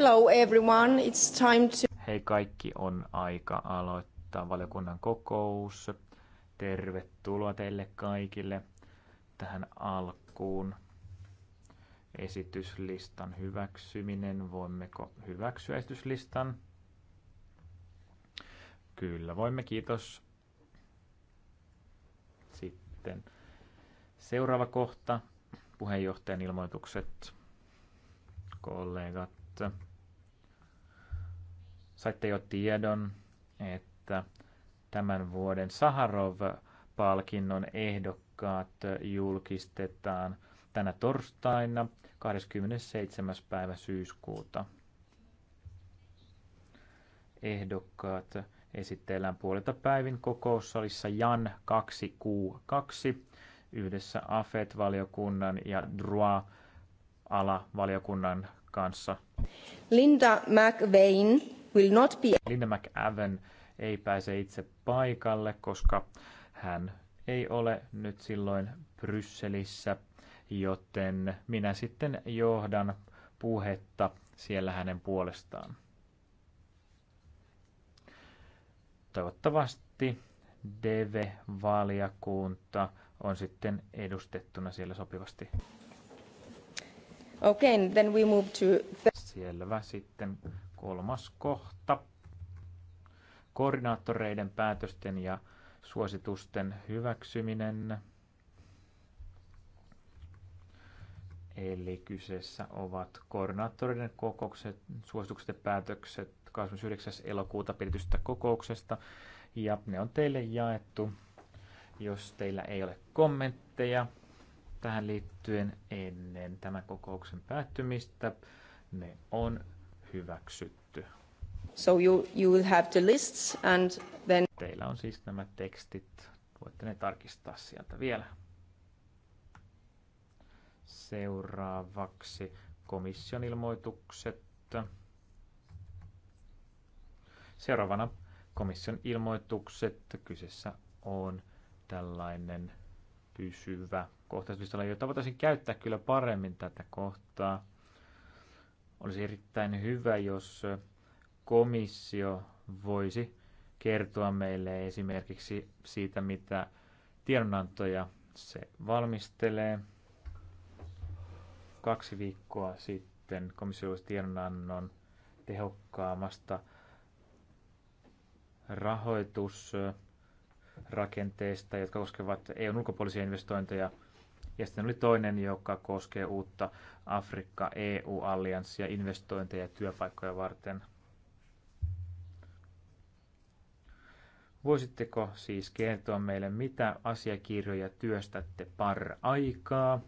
Hello everyone, it's time to... Hei kaikki, on aika aloittaa valiokunnan kokous. Tervetuloa teille kaikille tähän alkuun. Esityslistan hyväksyminen. Voimmeko hyväksyä esityslistan? Kyllä voimme, kiitos. Sitten seuraava kohta, puheenjohtajan ilmoitukset kollegat saitte jo tiedon, että tämän vuoden Saharov-palkinnon ehdokkaat julkistetaan tänä torstaina 27. päivä syyskuuta. Ehdokkaat esitellään puolilta päivin kokoussalissa Jan 2Q2 yhdessä AFET-valiokunnan ja DROA-alavaliokunnan kanssa. Linda McVeigh will not be... Linda McAven ei pääse itse paikalle, koska hän ei ole nyt silloin Brysselissä, joten minä sitten johdan puhetta siellä hänen puolestaan. Toivottavasti DV-valiokunta on sitten edustettuna siellä sopivasti. Okay, then we move to... Selvä. Sitten Kolmas kohta. Koordinaattoreiden päätösten ja suositusten hyväksyminen. Eli kyseessä ovat koordinaattoreiden kokoukset, suositukset ja päätökset 29. elokuuta pidetystä kokouksesta. Ja ne on teille jaettu. Jos teillä ei ole kommentteja tähän liittyen ennen tämän kokouksen päättymistä, ne on hyväksytty. So you, you will have the lists and then... Teillä on siis nämä tekstit. Voitte ne tarkistaa sieltä vielä. Seuraavaksi komission ilmoitukset. Seuraavana komission ilmoitukset. Kyseessä on tällainen pysyvä kohtaisuuslistalla, jota voitaisiin käyttää kyllä paremmin tätä kohtaa. Olisi erittäin hyvä, jos komissio voisi kertoa meille esimerkiksi siitä, mitä tiedonantoja se valmistelee. Kaksi viikkoa sitten komissio olisi tiedonannon tehokkaamasta rahoitusrakenteesta, jotka koskevat eu ulkopuolisia investointeja – ja sitten oli toinen, joka koskee uutta Afrikka-EU-allianssia investointeja ja työpaikkoja varten. Voisitteko siis kertoa meille, mitä asiakirjoja työstätte par aikaa?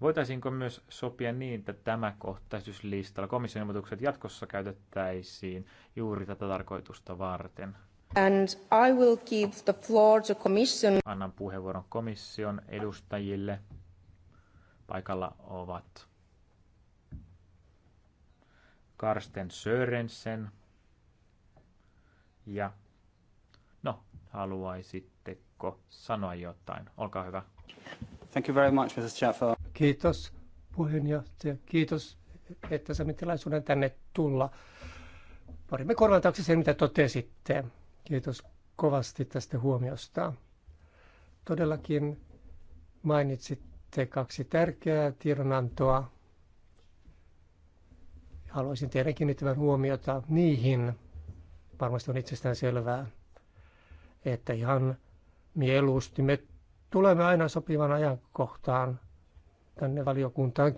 Voitaisiinko myös sopia niin, että tämä kohtaisuuslistalla komission ilmoitukset jatkossa käytettäisiin juuri tätä tarkoitusta varten? And I will give the floor to commission. Annan puheenvuoron komission edustajille. Paikalla ovat Karsten Sörensen. Ja no, haluaisitteko sanoa jotain? Olkaa hyvä. Thank you very much, Mrs. Chaffo. Kiitos puheenjohtaja. Kiitos, että saimme tilaisuuden tänne tulla. Parimme korvaltaaksi sen, mitä totesitte. Kiitos kovasti tästä huomiosta. Todellakin mainitsitte kaksi tärkeää tiedonantoa. Haluaisin teidän kiinnittävän huomiota niihin. Varmasti on itsestään selvää, että ihan mieluusti me tulemme aina sopivan ajankohtaan tänne valiokuntaan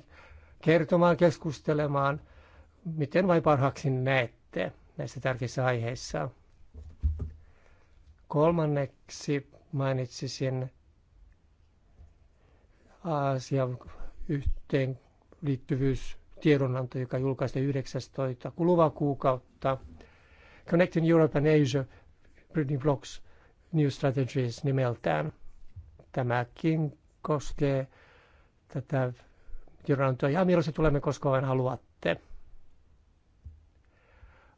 kertomaan, keskustelemaan, miten vain parhaaksi näette näissä tärkeissä aiheissa. Kolmanneksi mainitsisin Aasian yhteen liittyvyys tiedonanto, joka julkaistiin 19. kuluvaa kuukautta. Connecting Europe and Asia, Britney Vlogs New Strategies nimeltään. Tämäkin koskee tätä tiedonantoa ja milloin se tulemme, koska vain haluatte.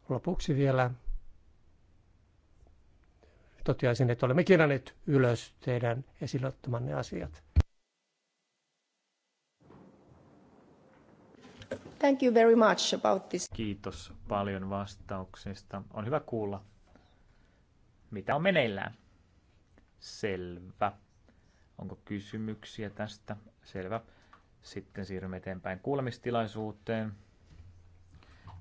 Lopuksi vielä toteaisin, että olemme kirjanneet ylös teidän esille ottamanne asiat. Thank you very much about this. Kiitos paljon vastauksista. On hyvä kuulla, mitä on meneillään. Selvä. Onko kysymyksiä tästä? Selvä. Sitten siirrymme eteenpäin kuulemistilaisuuteen.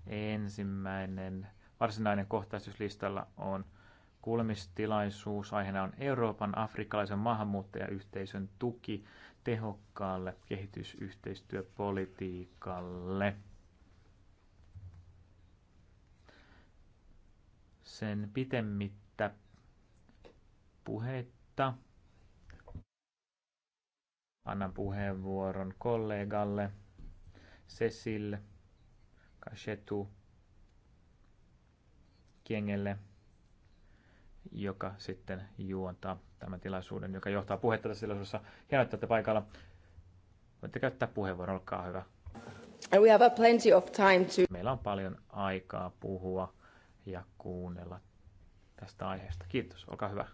Ensimmäinen varsinainen kohtaisuuslistalla on kuulemistilaisuus. Aiheena on Euroopan afrikkalaisen maahanmuuttajayhteisön tuki tehokkaalle kehitysyhteistyöpolitiikalle. Sen pitemmittä puhetta annan puheenvuoron kollegalle Cecil Kachetu Kengelle joka sitten juontaa tämän tilaisuuden, joka johtaa puhetta tässä tilaisuudessa. Hienoa, että paikalla. Voitte käyttää puheenvuoron, olkaa hyvä. We have plenty of time to... Meillä on paljon aikaa puhua ja kuunnella tästä aiheesta. Kiitos, olkaa hyvä.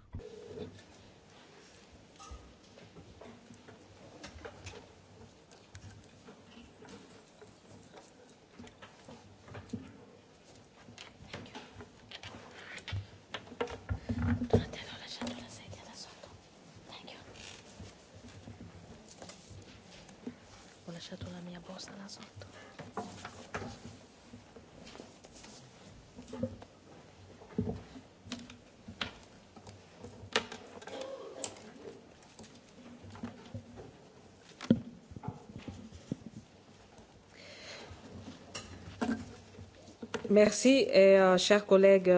Merci, et, euh, collègues.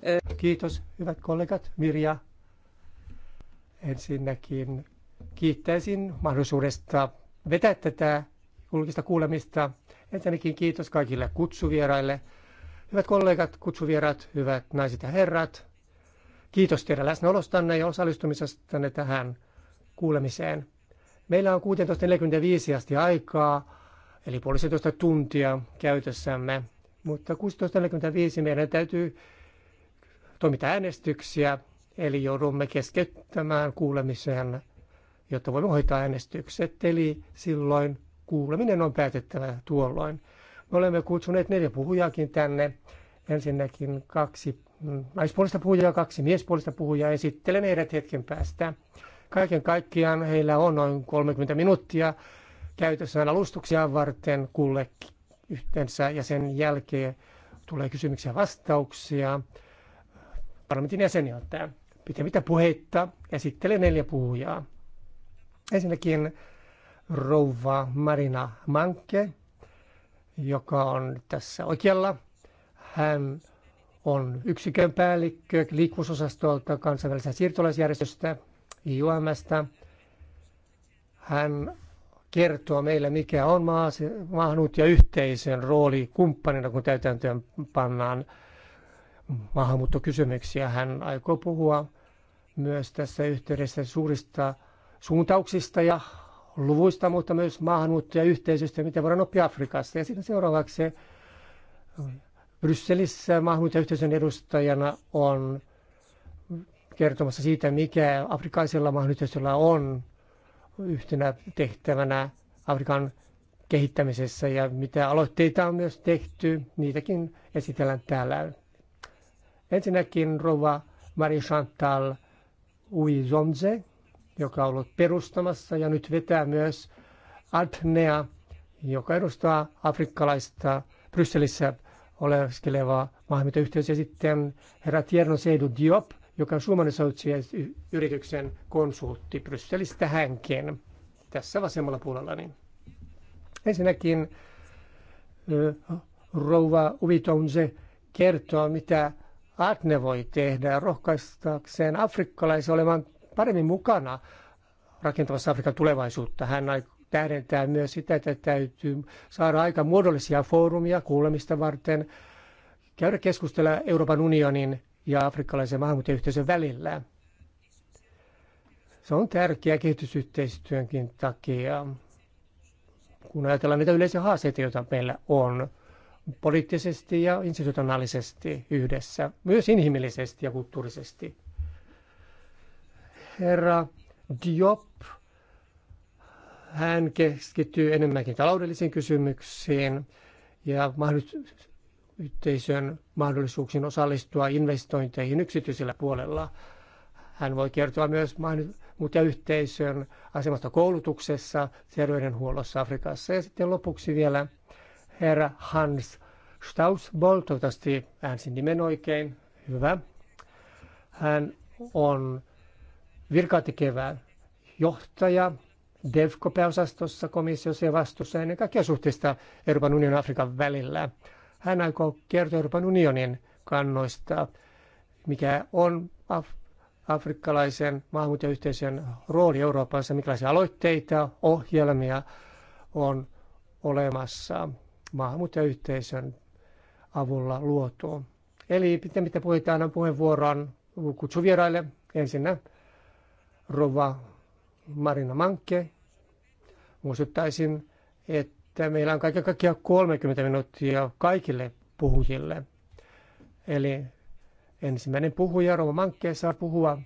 Uh, Kiitos, hyvät kollegat. Mirja, ensinnäkin kiittäisin mahdollisuudesta vetää tätä julkista kuulemista. Ensinnäkin kiitos kaikille kutsuvieraille. Hyvät kollegat, kutsuvierat, hyvät naiset ja herrat. Kiitos teidän läsnäolostanne ja osallistumisestanne tähän kuulemiseen. Meillä on 16.45 asti aikaa, eli puolisentoista tuntia käytössämme. Mutta 16.45 meidän täytyy toimita äänestyksiä, eli joudumme keskeyttämään kuulemisen, jotta voimme hoitaa äänestykset. Eli silloin kuuleminen on päätettävä tuolloin. Me olemme kutsuneet neljä puhujaakin tänne. Ensinnäkin kaksi naispuolista puhujaa, kaksi miespuolista puhujaa. Esittelen heidät hetken päästä. Kaiken kaikkiaan heillä on noin 30 minuuttia käytössään alustuksia varten kullekin yhteensä ja sen jälkeen tulee kysymyksiä ja vastauksia parlamentin jäseniltä. Pitemmittä puheitta esittelee neljä puhujaa. Ensinnäkin rouva Marina Manke, joka on tässä oikealla. Hän on yksikön päällikkö liikkuvuusosastolta kansainvälisestä siirtolaisjärjestöstä IOMstä. Hän kertoa meille, mikä on yhteisön rooli kumppanina, kun täytäntöön pannaan maahanmuuttokysymyksiä. Hän aikoo puhua myös tässä yhteydessä suurista suuntauksista ja luvuista, mutta myös yhteisöstä, mitä voidaan oppia Afrikasta. Ja siinä seuraavaksi Brysselissä yhteisön edustajana on kertomassa siitä, mikä afrikaisella maahanmuuttajalla on yhtenä tehtävänä Afrikan kehittämisessä ja mitä aloitteita on myös tehty, niitäkin esitellään täällä. Ensinnäkin rouva Marie Chantal Uizonze, joka on ollut perustamassa ja nyt vetää myös ADNEA, joka edustaa afrikkalaista Brysselissä oleskelevaa maahanmuuttoyhteisöä. Sitten herra Tierno Seidu Diop – joka on Suomen yrityksen konsultti Brysselistä hänkin tässä vasemmalla puolella. Niin. Ensinnäkin rouva Uvitonze kertoo, mitä Atne voi tehdä rohkaistaakseen afrikkalaisia olemaan paremmin mukana rakentamassa Afrikan tulevaisuutta. Hän tähdentää myös sitä, että täytyy saada aika muodollisia foorumia kuulemista varten, käydä keskustella Euroopan unionin ja afrikkalaisen maahanmuuttajayhteisön välillä. Se on tärkeää kehitysyhteistyönkin takia, kun ajatellaan niitä yleisiä haasteita, joita meillä on poliittisesti ja institutionaalisesti yhdessä, myös inhimillisesti ja kulttuurisesti. Herra Diop, hän keskittyy enemmänkin taloudellisiin kysymyksiin ja mahdollisuuksiin yhteisön mahdollisuuksiin osallistua investointeihin yksityisellä puolella. Hän voi kertoa myös ja yhteisön asemasta koulutuksessa, terveydenhuollossa Afrikassa. Ja sitten lopuksi vielä herra Hans Stausboll, toivottavasti äänsin nimen oikein, hyvä. Hän on virkatekevä johtaja DEVCO-pääosastossa komissiossa ja vastuussa ennen kaikkea suhteista Euroopan unionin ja Afrikan välillä. Hän aikoo kertoa Euroopan unionin kannoista, mikä on Af- afrikkalaisen maahanmuuttajayhteisön rooli Euroopassa, millaisia aloitteita, ohjelmia on olemassa maahanmuuttajayhteisön avulla luotu. Eli pitää mitä puhutaan puheenvuoron kutsuvieraille ensinnä Rova Marina Manke. Muistuttaisin, että että meillä on kaiken kaikkiaan 30 minuuttia kaikille puhujille. Eli ensimmäinen puhuja, Rova Mankke, saa puhua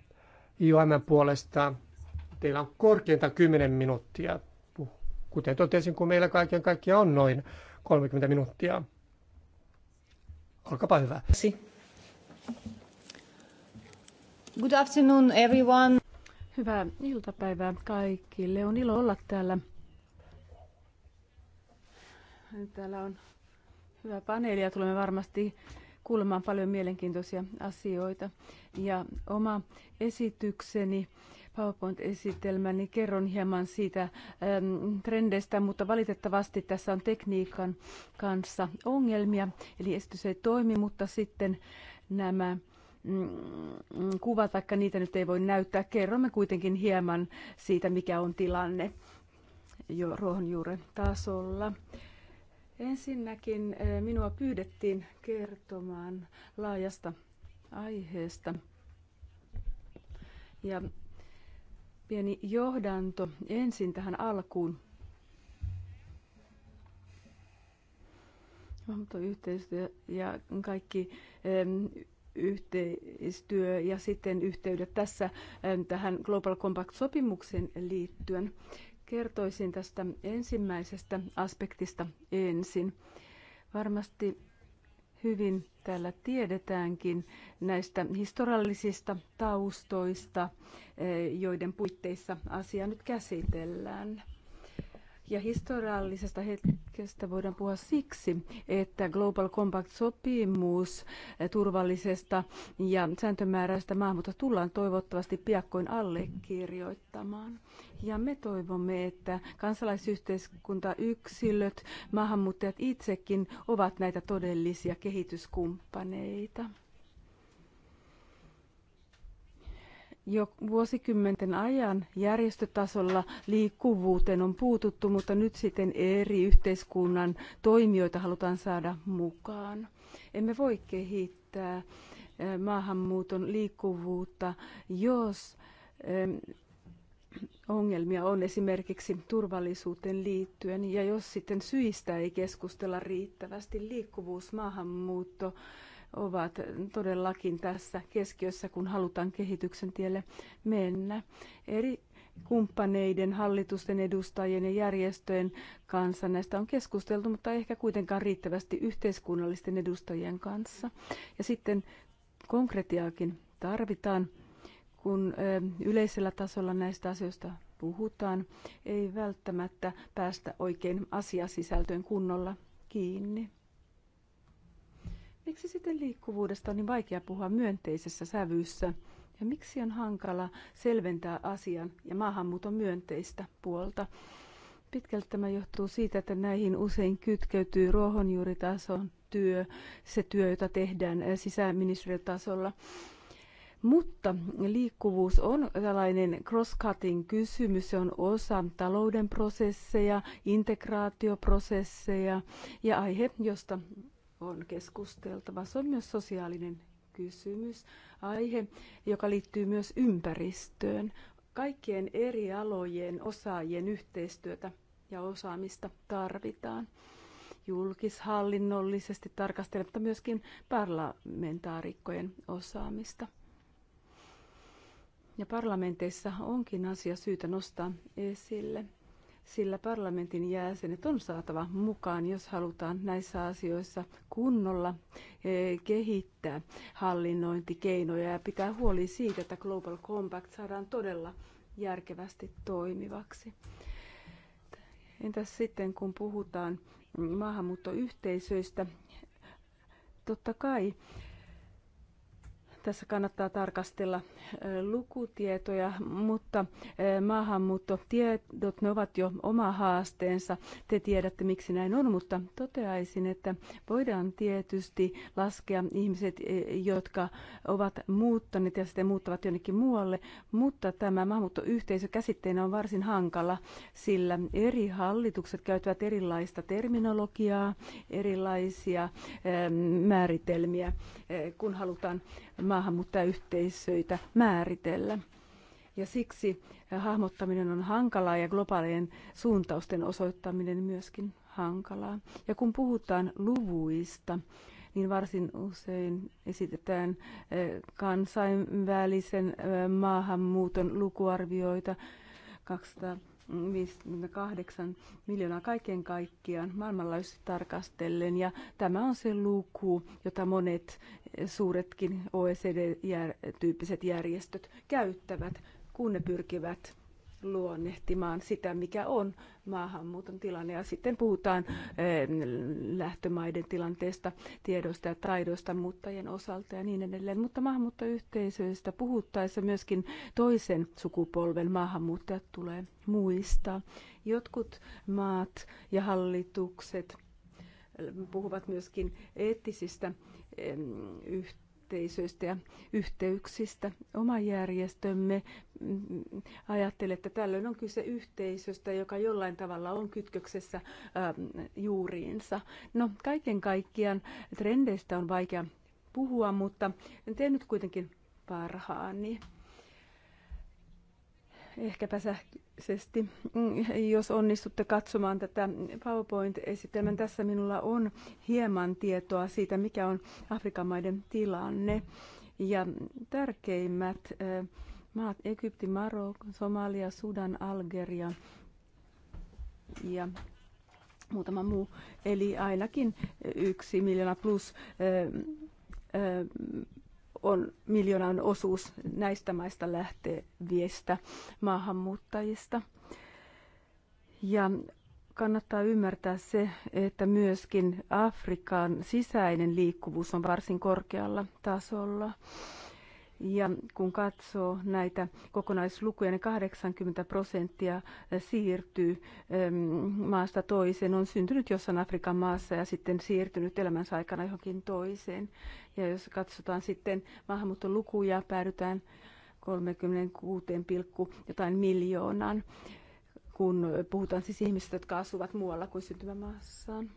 IOM puolesta. Teillä on korkeintaan 10 minuuttia. Kuten totesin, kun meillä kaiken kaikkiaan on noin 30 minuuttia. Olkapa hyvä. Good afternoon everyone. Hyvää iltapäivää kaikille. On ilo olla täällä Täällä on hyvä paneeli ja tulemme varmasti kuulemaan paljon mielenkiintoisia asioita. Ja oma esitykseni, PowerPoint-esitelmäni, niin kerron hieman siitä äm, trendestä, mutta valitettavasti tässä on tekniikan kanssa ongelmia. Eli esitys ei toimi, mutta sitten nämä mm, kuvat, vaikka niitä nyt ei voi näyttää. Kerromme kuitenkin hieman siitä, mikä on tilanne jo ruohonjuuren tasolla. Ensinnäkin eh, minua pyydettiin kertomaan laajasta aiheesta. Ja pieni johdanto ensin tähän alkuun. yhteistyö ja kaikki yhteistyö ja sitten yhteydet tässä tähän Global Compact-sopimukseen liittyen. Kertoisin tästä ensimmäisestä aspektista ensin. Varmasti hyvin täällä tiedetäänkin näistä historiallisista taustoista, eh, joiden puitteissa asia nyt käsitellään. Ja historiallisesta hetkestä voidaan puhua siksi, että Global Compact-sopimus turvallisesta ja sääntömääräistä maahanmuutta tullaan toivottavasti piakkoin allekirjoittamaan. Ja me toivomme, että kansalaisyhteiskunta, yksilöt, maahanmuuttajat itsekin ovat näitä todellisia kehityskumppaneita. jo vuosikymmenten ajan järjestötasolla liikkuvuuteen on puututtu, mutta nyt sitten eri yhteiskunnan toimijoita halutaan saada mukaan. Emme voi kehittää eh, maahanmuuton liikkuvuutta, jos ongelmia on esimerkiksi turvallisuuteen liittyen ja jos sitten syistä ei keskustella riittävästi liikkuvuus, maahanmuutto ovat todellakin tässä keskiössä, kun halutaan kehityksen tielle mennä. Eri kumppaneiden, hallitusten edustajien ja järjestöjen kanssa. Näistä on keskusteltu, mutta ehkä kuitenkaan riittävästi yhteiskunnallisten edustajien kanssa. Ja sitten konkretiaakin tarvitaan, kun yleisellä tasolla näistä asioista puhutaan, ei välttämättä päästä oikein asiasisältöön kunnolla kiinni. Miksi sitten liikkuvuudesta on niin vaikea puhua myönteisessä sävyssä? Ja miksi on hankala selventää asian ja maahanmuuton myönteistä puolta? Pitkälti tämä johtuu siitä, että näihin usein kytkeytyy ruohonjuuritason työ, se työ, jota tehdään sisäministeriötasolla. Mutta liikkuvuus on tällainen cross-cutting kysymys, se on osa talouden prosesseja, integraatioprosesseja ja aihe, josta on keskusteltava. Se on myös sosiaalinen kysymys, aihe, joka liittyy myös ympäristöön. Kaikkien eri alojen osaajien yhteistyötä ja osaamista tarvitaan julkishallinnollisesti tarkastelematta myöskin parlamentaarikkojen osaamista. Ja parlamenteissa onkin asia syytä nostaa esille – sillä parlamentin jäsenet on saatava mukaan, jos halutaan näissä asioissa kunnolla eh, kehittää hallinnointikeinoja ja pitää huoli siitä, että Global Compact saadaan todella järkevästi toimivaksi. Entäs sitten, kun puhutaan maahanmuuttoyhteisöistä, totta kai tässä kannattaa tarkastella lukutietoja, mutta maahanmuuttotiedot, ne ovat jo oma haasteensa. Te tiedätte, miksi näin on, mutta toteaisin, että voidaan tietysti laskea ihmiset, jotka ovat muuttaneet ja sitten muuttavat jonnekin muualle, mutta tämä maahanmuuttoyhteisö käsitteenä on varsin hankala, sillä eri hallitukset käyttävät erilaista terminologiaa, erilaisia määritelmiä, kun halutaan maahanmuuttajayhteisöitä määritellä. Ja siksi hahmottaminen on hankalaa ja globaalien suuntausten osoittaminen myöskin hankalaa. Ja kun puhutaan luvuista, niin varsin usein esitetään eh, kansainvälisen eh, maahanmuuton lukuarvioita 258 miljoonaa kaiken kaikkiaan maailmanlaajuisesti tarkastellen. Ja tämä on se luku, jota monet suuretkin OECD-tyyppiset järjestöt käyttävät, kun ne pyrkivät luonnehtimaan sitä, mikä on maahanmuuton tilanne. Ja sitten puhutaan eh, lähtömaiden tilanteesta, tiedoista ja taidoista muuttajien osalta ja niin edelleen. Mutta maahanmuuttoyhteisöistä puhuttaessa myöskin toisen sukupolven maahanmuuttajat tulee muistaa. Jotkut maat ja hallitukset – puhuvat myöskin eettisistä yhteisöistä ja yhteyksistä. Oma järjestömme mm, mm, ajattelee, että tällöin on kyse yhteisöstä, joka jollain tavalla on kytköksessä ähm, juuriinsa. No, kaiken kaikkiaan trendeistä on vaikea puhua, mutta tee nyt kuitenkin parhaani ehkäpä mahdollisesti, mm, jos onnistutte katsomaan tätä PowerPoint-esitelmän. Tässä minulla on hieman tietoa siitä, mikä on Afrikan maiden tilanne. Ja tärkeimmät maat, Egypti, Marokko, Somalia, Sudan, Algeria ja muutama muu, eli ainakin yksi miljoona plus on miljoonan osuus näistä maista lähteviestä maahanmuuttajista. Ja kannattaa ymmärtää se, että myöskin Afrikan sisäinen liikkuvuus on varsin korkealla tasolla. Ja kun katsoo näitä kokonaislukuja, niin 80 prosenttia eh, siirtyy maasta toiseen, on syntynyt jossain Afrikan maassa ja sitten siirtynyt elämänsä aikana johonkin toiseen. Ja jos katsotaan sitten maahanmuuton lukuja, päädytään 36, jotain miljoonaan, kun puhutaan siis ihmisistä, jotka asuvat muualla kuin syntymämaassaan.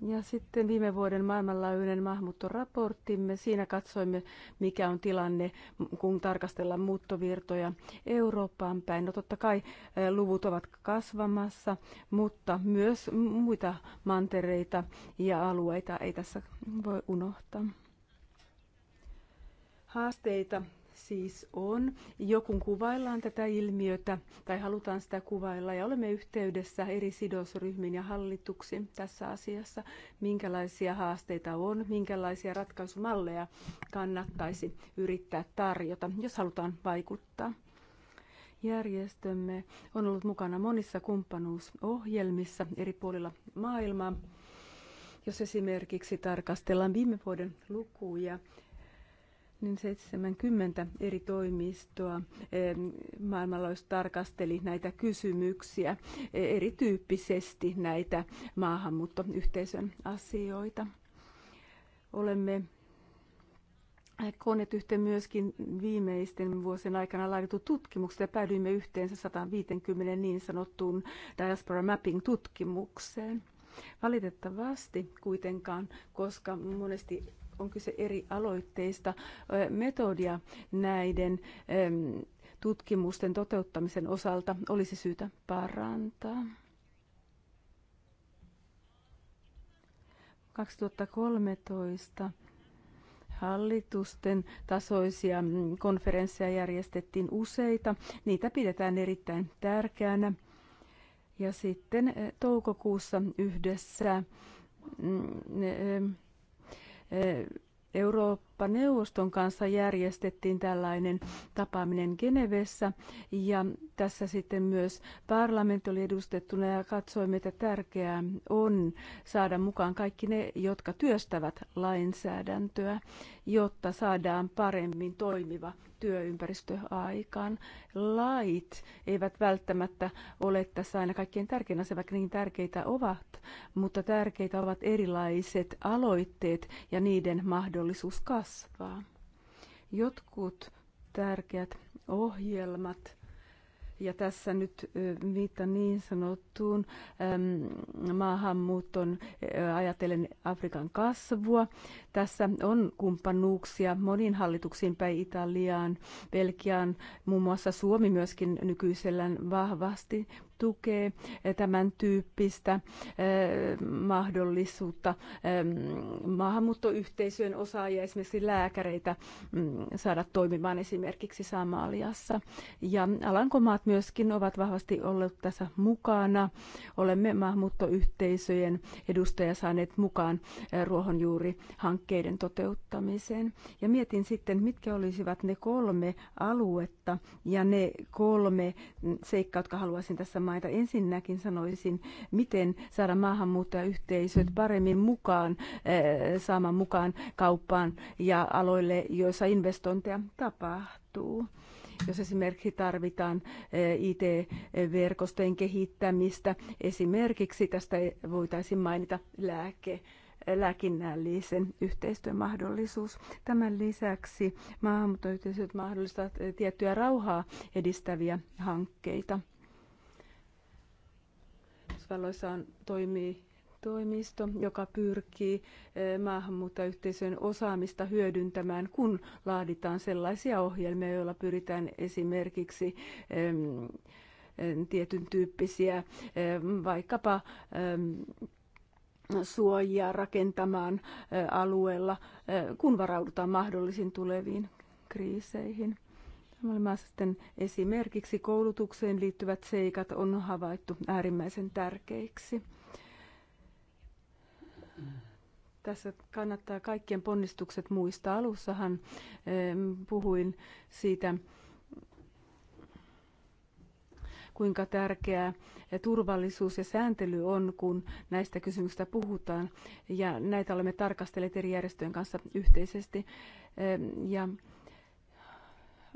Ja sitten viime vuoden maailmanlaajuinen maahanmuuttoraporttimme. Siinä katsoimme, mikä on tilanne, kun tarkastellaan muuttovirtoja Eurooppaan päin. No totta kai luvut ovat kasvamassa, mutta myös muita mantereita ja alueita ei tässä voi unohtaa. Haasteita siis on, jokun kuvaillaan tätä ilmiötä tai halutaan sitä kuvailla ja olemme yhteydessä eri sidosryhmiin ja hallituksiin tässä asiassa, minkälaisia haasteita on, minkälaisia ratkaisumalleja kannattaisi yrittää tarjota, jos halutaan vaikuttaa. Järjestömme on ollut mukana monissa kumppanuusohjelmissa eri puolilla maailmaa. Jos esimerkiksi tarkastellaan viime vuoden lukuja, niin 70 eri toimistoa eh, maailmalla tarkasteli näitä kysymyksiä, eh, erityyppisesti näitä maahanmuuttoyhteisön asioita. Olemme koneet yhteen myöskin viimeisten vuosien aikana laadittu tutkimukset ja päädyimme yhteensä 150 niin sanottuun Diaspora Mapping-tutkimukseen. Valitettavasti kuitenkaan, koska monesti on kyse eri aloitteista, metodia näiden tutkimusten toteuttamisen osalta olisi syytä parantaa. 2013 hallitusten tasoisia mm, konferensseja järjestettiin useita. Niitä pidetään erittäin tärkeänä. Ja sitten toukokuussa yhdessä mm, Eurooppa-neuvoston kanssa järjestettiin tällainen tapaaminen Genevessä ja tässä sitten myös parlamentti oli edustettuna ja katsoimme, että tärkeää on saada mukaan kaikki ne, jotka työstävät lainsäädäntöä, jotta saadaan paremmin toimiva työympäristöaikaan. Lait eivät välttämättä ole tässä aina kaikkein tärkein asia, vaikka niin tärkeitä ovat, mutta tärkeitä ovat erilaiset aloitteet ja niiden mahdollisuus kasvaa. Jotkut tärkeät ohjelmat ja tässä nyt viittaan niin sanottuun maahanmuuton ajatellen Afrikan kasvua. Tässä on kumppanuuksia moniin hallituksiin päin Italiaan, Belgiaan, muun muassa Suomi myöskin nykyisellään vahvasti, tukee eh, tämän tyyppistä eh, mahdollisuutta maahanmuuttoyhteisöjen osaajia, esimerkiksi lääkäreitä, mm, saada toimimaan esimerkiksi Samaliassa. Ja Alankomaat myöskin ovat vahvasti olleet tässä mukana. Olemme maahanmuuttoyhteisöjen edustajia saaneet mukaan eh, ruohonjuurihankkeiden toteuttamiseen. Ja mietin sitten, mitkä olisivat ne kolme aluetta, tilannetta ja ne kolme seikkaa, jotka haluaisin tässä mainita. Ensinnäkin sanoisin, miten saada maahanmuuttajayhteisöt paremmin mukaan, eh, saamaan mukaan kauppaan ja aloille, joissa investointeja tapahtuu jos esimerkiksi tarvitaan eh, IT-verkostojen kehittämistä. Esimerkiksi tästä voitaisiin mainita lääke lääkinnällisen yhteistyön mahdollisuus. Tämän lisäksi maahanmuuttoyhteisöt mahdollistavat tiettyä rauhaa edistäviä hankkeita. Yhdysvalloissa on, toimii toimisto, joka pyrkii eh, maahanmuuttajayhteisön osaamista hyödyntämään, kun laaditaan sellaisia ohjelmia, joilla pyritään esimerkiksi tietyn tyyppisiä vaikkapa suojia rakentamaan alueella, kun varaudutaan mahdollisiin tuleviin kriiseihin. Tämä sitten esimerkiksi koulutukseen liittyvät seikat on havaittu äärimmäisen tärkeiksi. Tässä kannattaa kaikkien ponnistukset muistaa. Alussahan puhuin siitä, kuinka tärkeää turvallisuus ja sääntely on, kun näistä kysymyksistä puhutaan. Ja näitä olemme tarkastelleet eri järjestöjen kanssa yhteisesti. Ehm, ja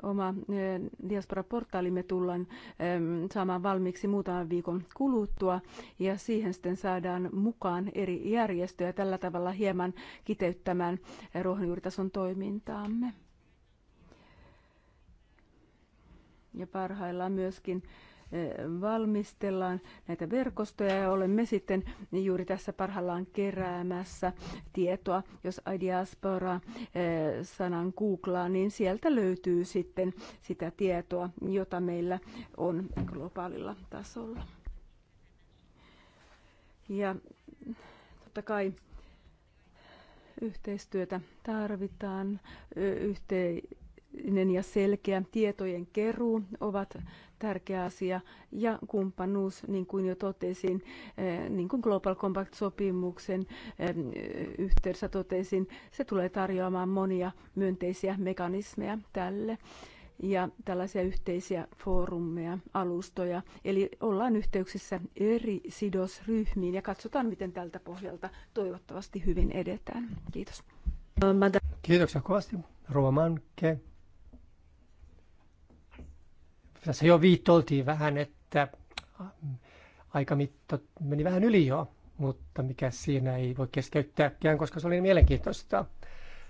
oma ehm, diaspora-portaalimme tullaan ehm, saamaan valmiiksi muutaman viikon kuluttua ja siihen sitten saadaan mukaan eri järjestöjä tällä tavalla hieman kiteyttämään ruohonjuuritason toimintaamme. Ja parhaillaan myöskin valmistellaan näitä verkostoja ja olemme sitten juuri tässä parhaillaan keräämässä tietoa. Jos diaspora eh, sanan googlaa, niin sieltä löytyy sitten sitä tietoa, jota meillä on globaalilla tasolla. Ja totta kai yhteistyötä tarvitaan, yhteinen ja selkeä tietojen keruu ovat tärkeä asia. Ja kumppanuus, niin kuin jo totesin, eh, niin kuin Global Compact-sopimuksen eh, yhteydessä totesin, se tulee tarjoamaan monia myönteisiä mekanismeja tälle ja tällaisia yhteisiä foorumeja, alustoja. Eli ollaan yhteyksissä eri sidosryhmiin ja katsotaan, miten tältä pohjalta toivottavasti hyvin edetään. Kiitos. Kiitoksia kovasti. Rova Manke, tässä jo viittoltiin vähän, että aika mitta meni vähän yli jo, mutta mikä siinä ei voi keskeyttääkään, koska se oli niin mielenkiintoista.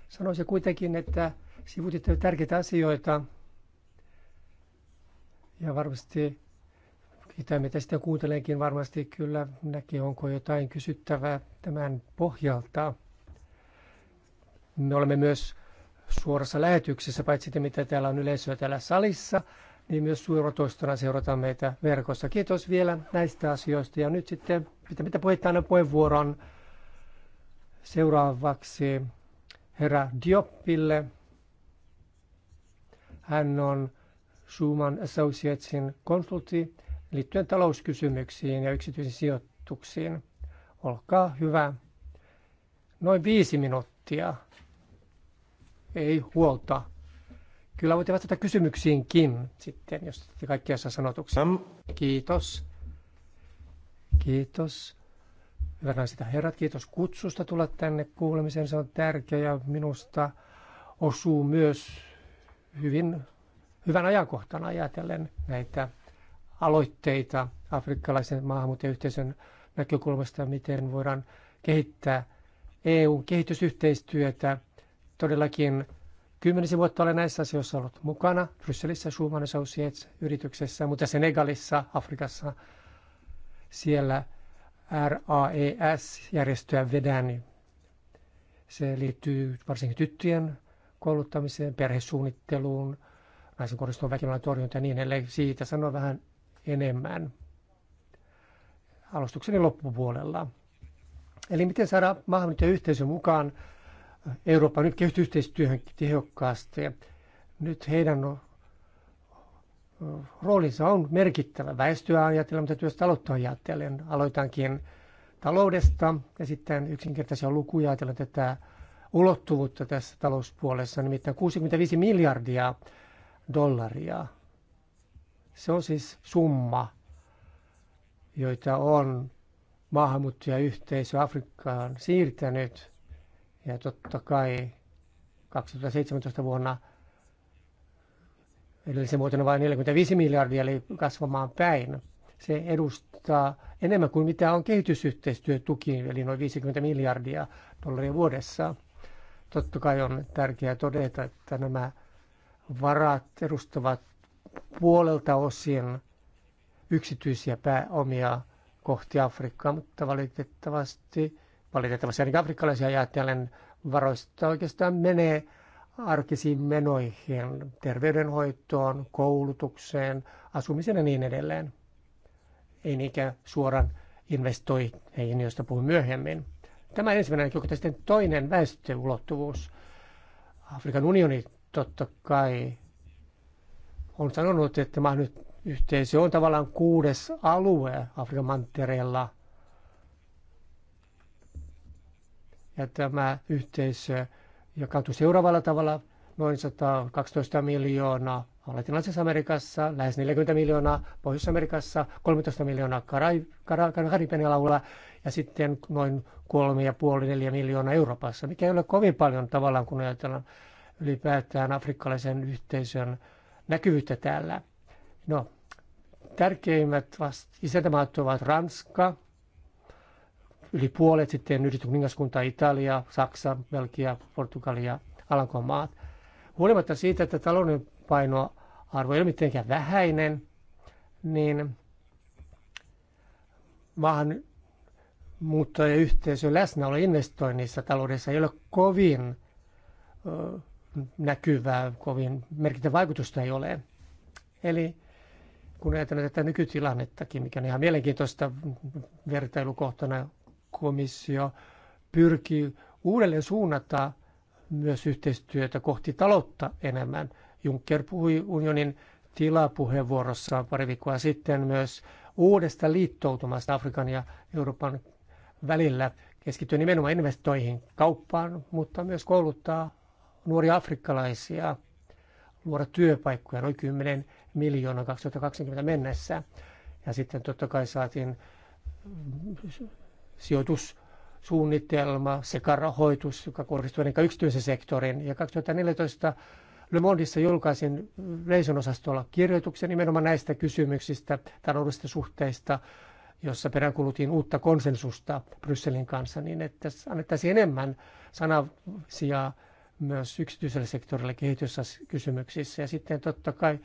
Sanoisin kuitenkin, että sivutitte tärkeitä asioita ja varmasti mitä mitä sitten kuuntelenkin varmasti kyllä näki, onko jotain kysyttävää tämän pohjalta. Me olemme myös suorassa lähetyksessä, paitsi te, mitä täällä on yleisöä täällä salissa, niin myös suoratoistona seurata meitä verkossa. Kiitos vielä näistä asioista. Ja nyt sitten, mitä, mitä puhutaan puheenvuoron seuraavaksi herra Dioppille. Hän on Schumann Associatesin konsultti liittyen talouskysymyksiin ja yksityisiin sijoituksiin. Olkaa hyvä. Noin viisi minuuttia. Ei huolta. Kyllä voitte vastata kysymyksiinkin sitten, jos te kaikkia saa sanotuksi. Kiitos. Kiitos. Hyvät naiset ja herrat, kiitos kutsusta tulla tänne kuulemiseen. Se on tärkeä ja minusta osuu myös hyvin hyvän ajankohtana ajatellen näitä aloitteita afrikkalaisen maahanmuuttajayhteisön näkökulmasta, miten voidaan kehittää EU kehitysyhteistyötä todellakin Kymmenisen vuotta olen näissä asioissa ollut mukana Brysselissä Schumann Associates-yrityksessä, mutta Senegalissa, Afrikassa, siellä RAES-järjestöä vedän. Se liittyy varsinkin tyttöjen kouluttamiseen, perhesuunnitteluun, naisen kohdistuvan väkivallan torjunta ja niin edelleen. Siitä sanon vähän enemmän alustukseni loppupuolella. Eli miten saada maahanmuuttajayhteisön mukaan Euroopan nyt kehitysyhteistyöhön tehokkaasti. Nyt heidän on, roolinsa on merkittävä väestöä ajatellen, mutta työstä aloittaa ajatellen. Aloitankin taloudesta ja sitten yksinkertaisia lukuja ajatellen tätä ulottuvuutta tässä talouspuolessa, nimittäin 65 miljardia dollaria. Se on siis summa, joita on maahanmuuttajayhteisö Afrikkaan siirtänyt – ja totta kai 2017 vuonna edellisen vuotena vain 45 miljardia, eli kasvamaan päin. Se edustaa enemmän kuin mitä on kehitysyhteistyötuki, eli noin 50 miljardia dollaria vuodessa. Totta kai on tärkeää todeta, että nämä varat edustavat puolelta osin yksityisiä pääomia kohti Afrikkaa, mutta valitettavasti Valitettavasti ainakin afrikkalaisia ajatellen varoista oikeastaan menee arkisiin menoihin, terveydenhoitoon, koulutukseen, asumiseen ja niin edelleen. Ei niinkään suoran investointeihin, joista puhun myöhemmin. Tämä ensimmäinen näkökulma. Sitten toinen väestöulottuvuus. Afrikan unioni totta kai on sanonut, että nyt yhteisö on tavallaan kuudes alue Afrikan mantereella – ja tämä yhteisö jakautui seuraavalla tavalla noin 112 miljoonaa Latinalaisessa Amerikassa, lähes 40 miljoonaa Pohjois-Amerikassa, 13 miljoonaa Karibian alueella ja sitten noin 3,5-4 miljoonaa Euroopassa, mikä ei ole kovin paljon tavallaan, kun ajatellaan ylipäätään afrikkalaisen yhteisön näkyvyyttä täällä. No, tärkeimmät vast- isäntämaat ovat Ranska, yli puolet sitten yhdistetty kuningaskunta Italia, Saksa, Belgia, Portugalia, Alankomaat. Huolimatta siitä, että talouden painoarvo ei ole mitenkään vähäinen, niin maahan muuttajayhteisön läsnäolo investoinnissa taloudessa ei ole kovin ö, näkyvää, kovin merkittävä vaikutusta ei ole. Eli kun ajatellaan tätä nykytilannettakin, mikä on ihan mielenkiintoista vertailukohtana komissio pyrkii uudelleen suunnata myös yhteistyötä kohti taloutta enemmän. Juncker puhui unionin tilapuheenvuorossa pari viikkoa sitten myös uudesta liittoutumasta Afrikan ja Euroopan välillä. Keskittyy nimenomaan investoihin, kauppaan, mutta myös kouluttaa nuoria afrikkalaisia, luoda työpaikkoja noin 10 miljoonaa 2020 mennessä. Ja sitten totta kai saatiin sijoitussuunnitelma sekä rahoitus, joka kohdistuu ennen yksityisen sektorin. Ja 2014 Le Mondissa julkaisin Leison osastolla kirjoituksen nimenomaan näistä kysymyksistä, taloudellisista suhteista, jossa peräänkulutin uutta konsensusta Brysselin kanssa, niin että annettaisiin enemmän sanasia myös yksityisellä sektorilla kehityskysymyksissä. Ja sitten totta kai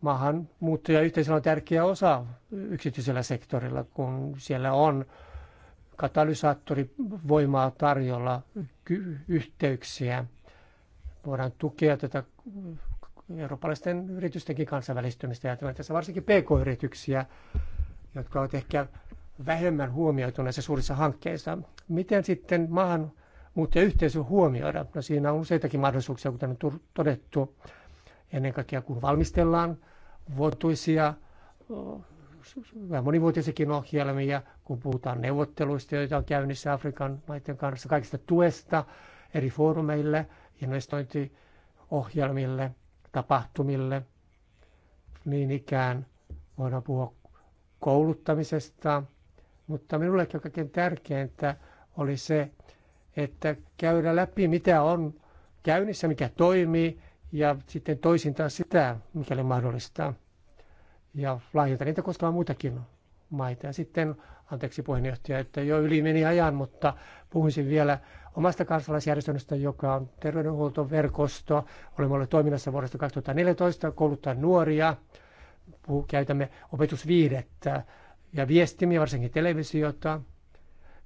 maahanmuutto ja yhteisöllä on tärkeä osa yksityisellä sektorilla, kun siellä on katalysaattorivoimaa tarjolla, yhteyksiä. Voidaan tukea tätä eurooppalaisten yritystenkin kansainvälistymistä ja tässä varsinkin pk-yrityksiä, jotka ovat ehkä vähemmän huomioitu näissä suurissa hankkeissa. Miten sitten maahan mutta yhteisö huomioida. No siinä on useitakin mahdollisuuksia, kuten on todettu, ennen kaikkea kun valmistellaan vuotuisia vähän monivuotisiakin ohjelmia, kun puhutaan neuvotteluista, joita on käynnissä Afrikan maiden kanssa, kaikista tuesta eri foorumeille, investointiohjelmille, tapahtumille. Niin ikään voidaan puhua kouluttamisesta, mutta minulle kaikkein tärkeintä oli se, että käydä läpi, mitä on käynnissä, mikä toimii, ja sitten toisintaan sitä, mikäli mahdollista ja lahjoita niitä koskemaan muitakin maita. Ja sitten, anteeksi puheenjohtaja, että jo yli meni ajan, mutta puhuisin vielä omasta kansalaisjärjestöstä, joka on terveydenhuoltoverkosto. Olemme olleet toiminnassa vuodesta 2014, kouluttaa nuoria, käytämme opetusviihdettä ja viestimiä, varsinkin televisiota,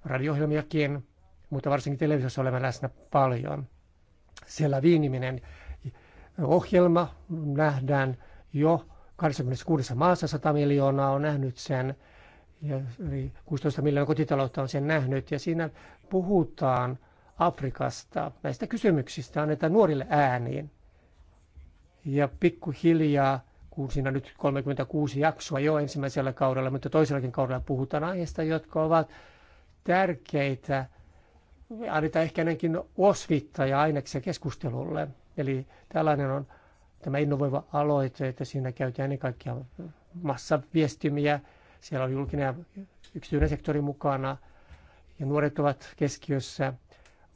radio-ohjelmiakin, mutta varsinkin televisiossa olemme läsnä paljon. Siellä viiniminen ohjelma nähdään jo 26 maassa 100 miljoonaa on nähnyt sen ja 16 miljoonaa kotitaloutta on sen nähnyt. Ja siinä puhutaan Afrikasta, näistä kysymyksistä annetaan nuorille ääniin. Ja pikkuhiljaa, kun siinä nyt 36 jaksoa jo ensimmäisellä kaudella, mutta toisellakin kaudella puhutaan aiheista, jotka ovat tärkeitä. Annetaan ehkä ennenkin osvittaja ja aineksia keskustelulle. Eli tällainen on tämä innovoiva aloite, että siinä käytetään ennen kaikkea massaviestimiä, siellä on julkinen ja yksityinen sektori mukana ja nuoret ovat keskiössä.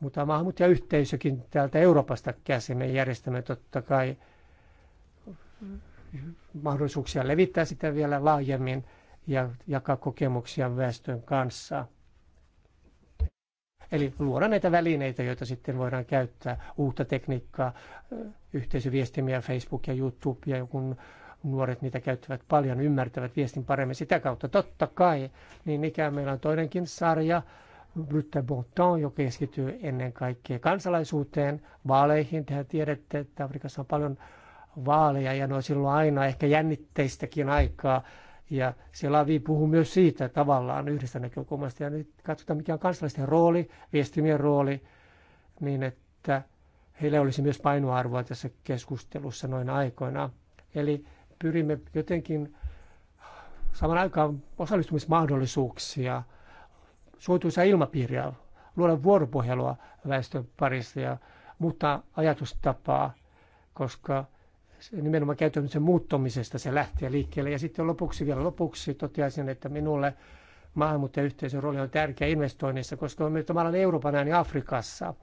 Mutta maahanmuuttajayhteisökin täältä Euroopasta käsin me järjestämme totta kai mahdollisuuksia levittää sitä vielä laajemmin ja jakaa kokemuksia väestön kanssa. Eli luoda näitä välineitä, joita sitten voidaan käyttää, uutta tekniikkaa, yhteisöviestimiä, Facebook ja YouTube, ja kun nuoret niitä käyttävät paljon, ymmärtävät viestin paremmin sitä kautta. Totta kai, niin ikään meillä on toinenkin sarja, Brutte Bonton, joka keskittyy ennen kaikkea kansalaisuuteen, vaaleihin. Tehän tiedätte, että Afrikassa on paljon vaaleja ja ne on silloin aina ehkä jännitteistäkin aikaa ja lavi puhuu myös siitä tavallaan yhdestä näkökulmasta. Ja nyt katsotaan, mikä on kansalaisten rooli, viestimien rooli, niin että heillä olisi myös painoarvoa tässä keskustelussa noin aikoina. Eli pyrimme jotenkin saman aikaan osallistumismahdollisuuksia, suotuisaa ilmapiiriä, luoda vuoropuhelua väestön parissa ja muuttaa ajatustapaa, koska nimenomaan käyttäytymisen muuttumisesta se lähtee liikkeelle. Ja sitten lopuksi vielä lopuksi toteaisin, että minulle maahanmuuttajayhteisön rooli on tärkeä investoinnissa, koska me tavallaan Euroopan ääni Afrikassa.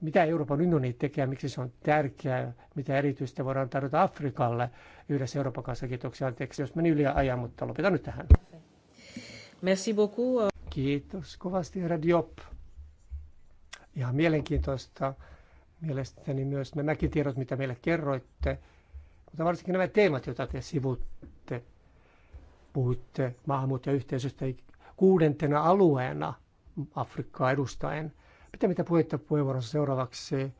Mitä Euroopan unioni tekee, miksi se on tärkeää, mitä erityistä voidaan tarjota Afrikalle yhdessä Euroopan kanssa. Kiitoksia, anteeksi, jos meni yli ajan, mutta lopetan nyt tähän. Merci beaucoup. Kiitos kovasti, Radio Ihan mielenkiintoista Mielestäni myös nämäkin tiedot, mitä meille kerroitte, mutta varsinkin nämä teemat, joita te sivutte, puhutte maahanmuuttajayhteisöstä kuudentena alueena Afrikkaa edustaen. Mitä mitä puhetta puheenvuorossa seuraavaksi?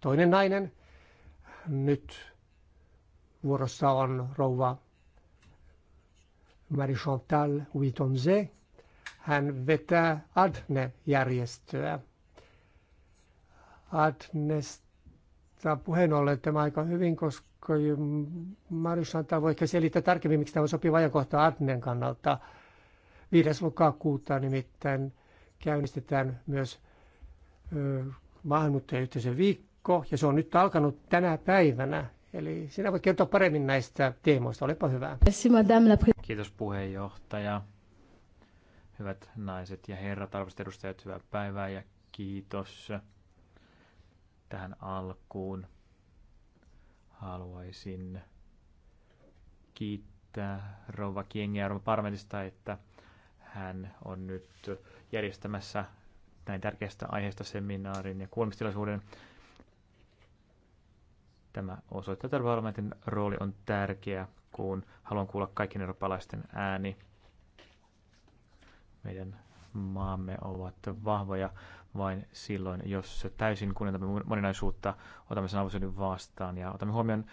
Toinen nainen. Nyt vuorossa on rouva Marie-Chantal Huitonze. Hän vetää ADNE-järjestöä Adnesta puheen ollen tämä aika hyvin, koska Marisantaa voi ehkä selittää tarkemmin, miksi tämä on sopiva ajankohta Adnen kannalta. 5. lokakuuta nimittäin käynnistetään myös maahanmuuttajayhteisön viikko, ja se on nyt alkanut tänä päivänä. Eli sinä voit kertoa paremmin näistä teemoista, olepa hyvä. Kiitos puheenjohtaja. Hyvät naiset ja herrat, arvoisat edustajat, hyvää päivää ja kiitos tähän alkuun haluaisin kiittää Rova Kiengiä parmenista, että hän on nyt järjestämässä näin tärkeästä aiheesta seminaarin ja kuulemistilaisuuden. Tämä osoittaa, että parlamentin rooli on tärkeä, kun haluan kuulla kaikkien eurooppalaisten ääni. Meidän maamme ovat vahvoja vain silloin, jos täysin kunnioitamme moninaisuutta, otamme sen vastaan ja otamme huomioon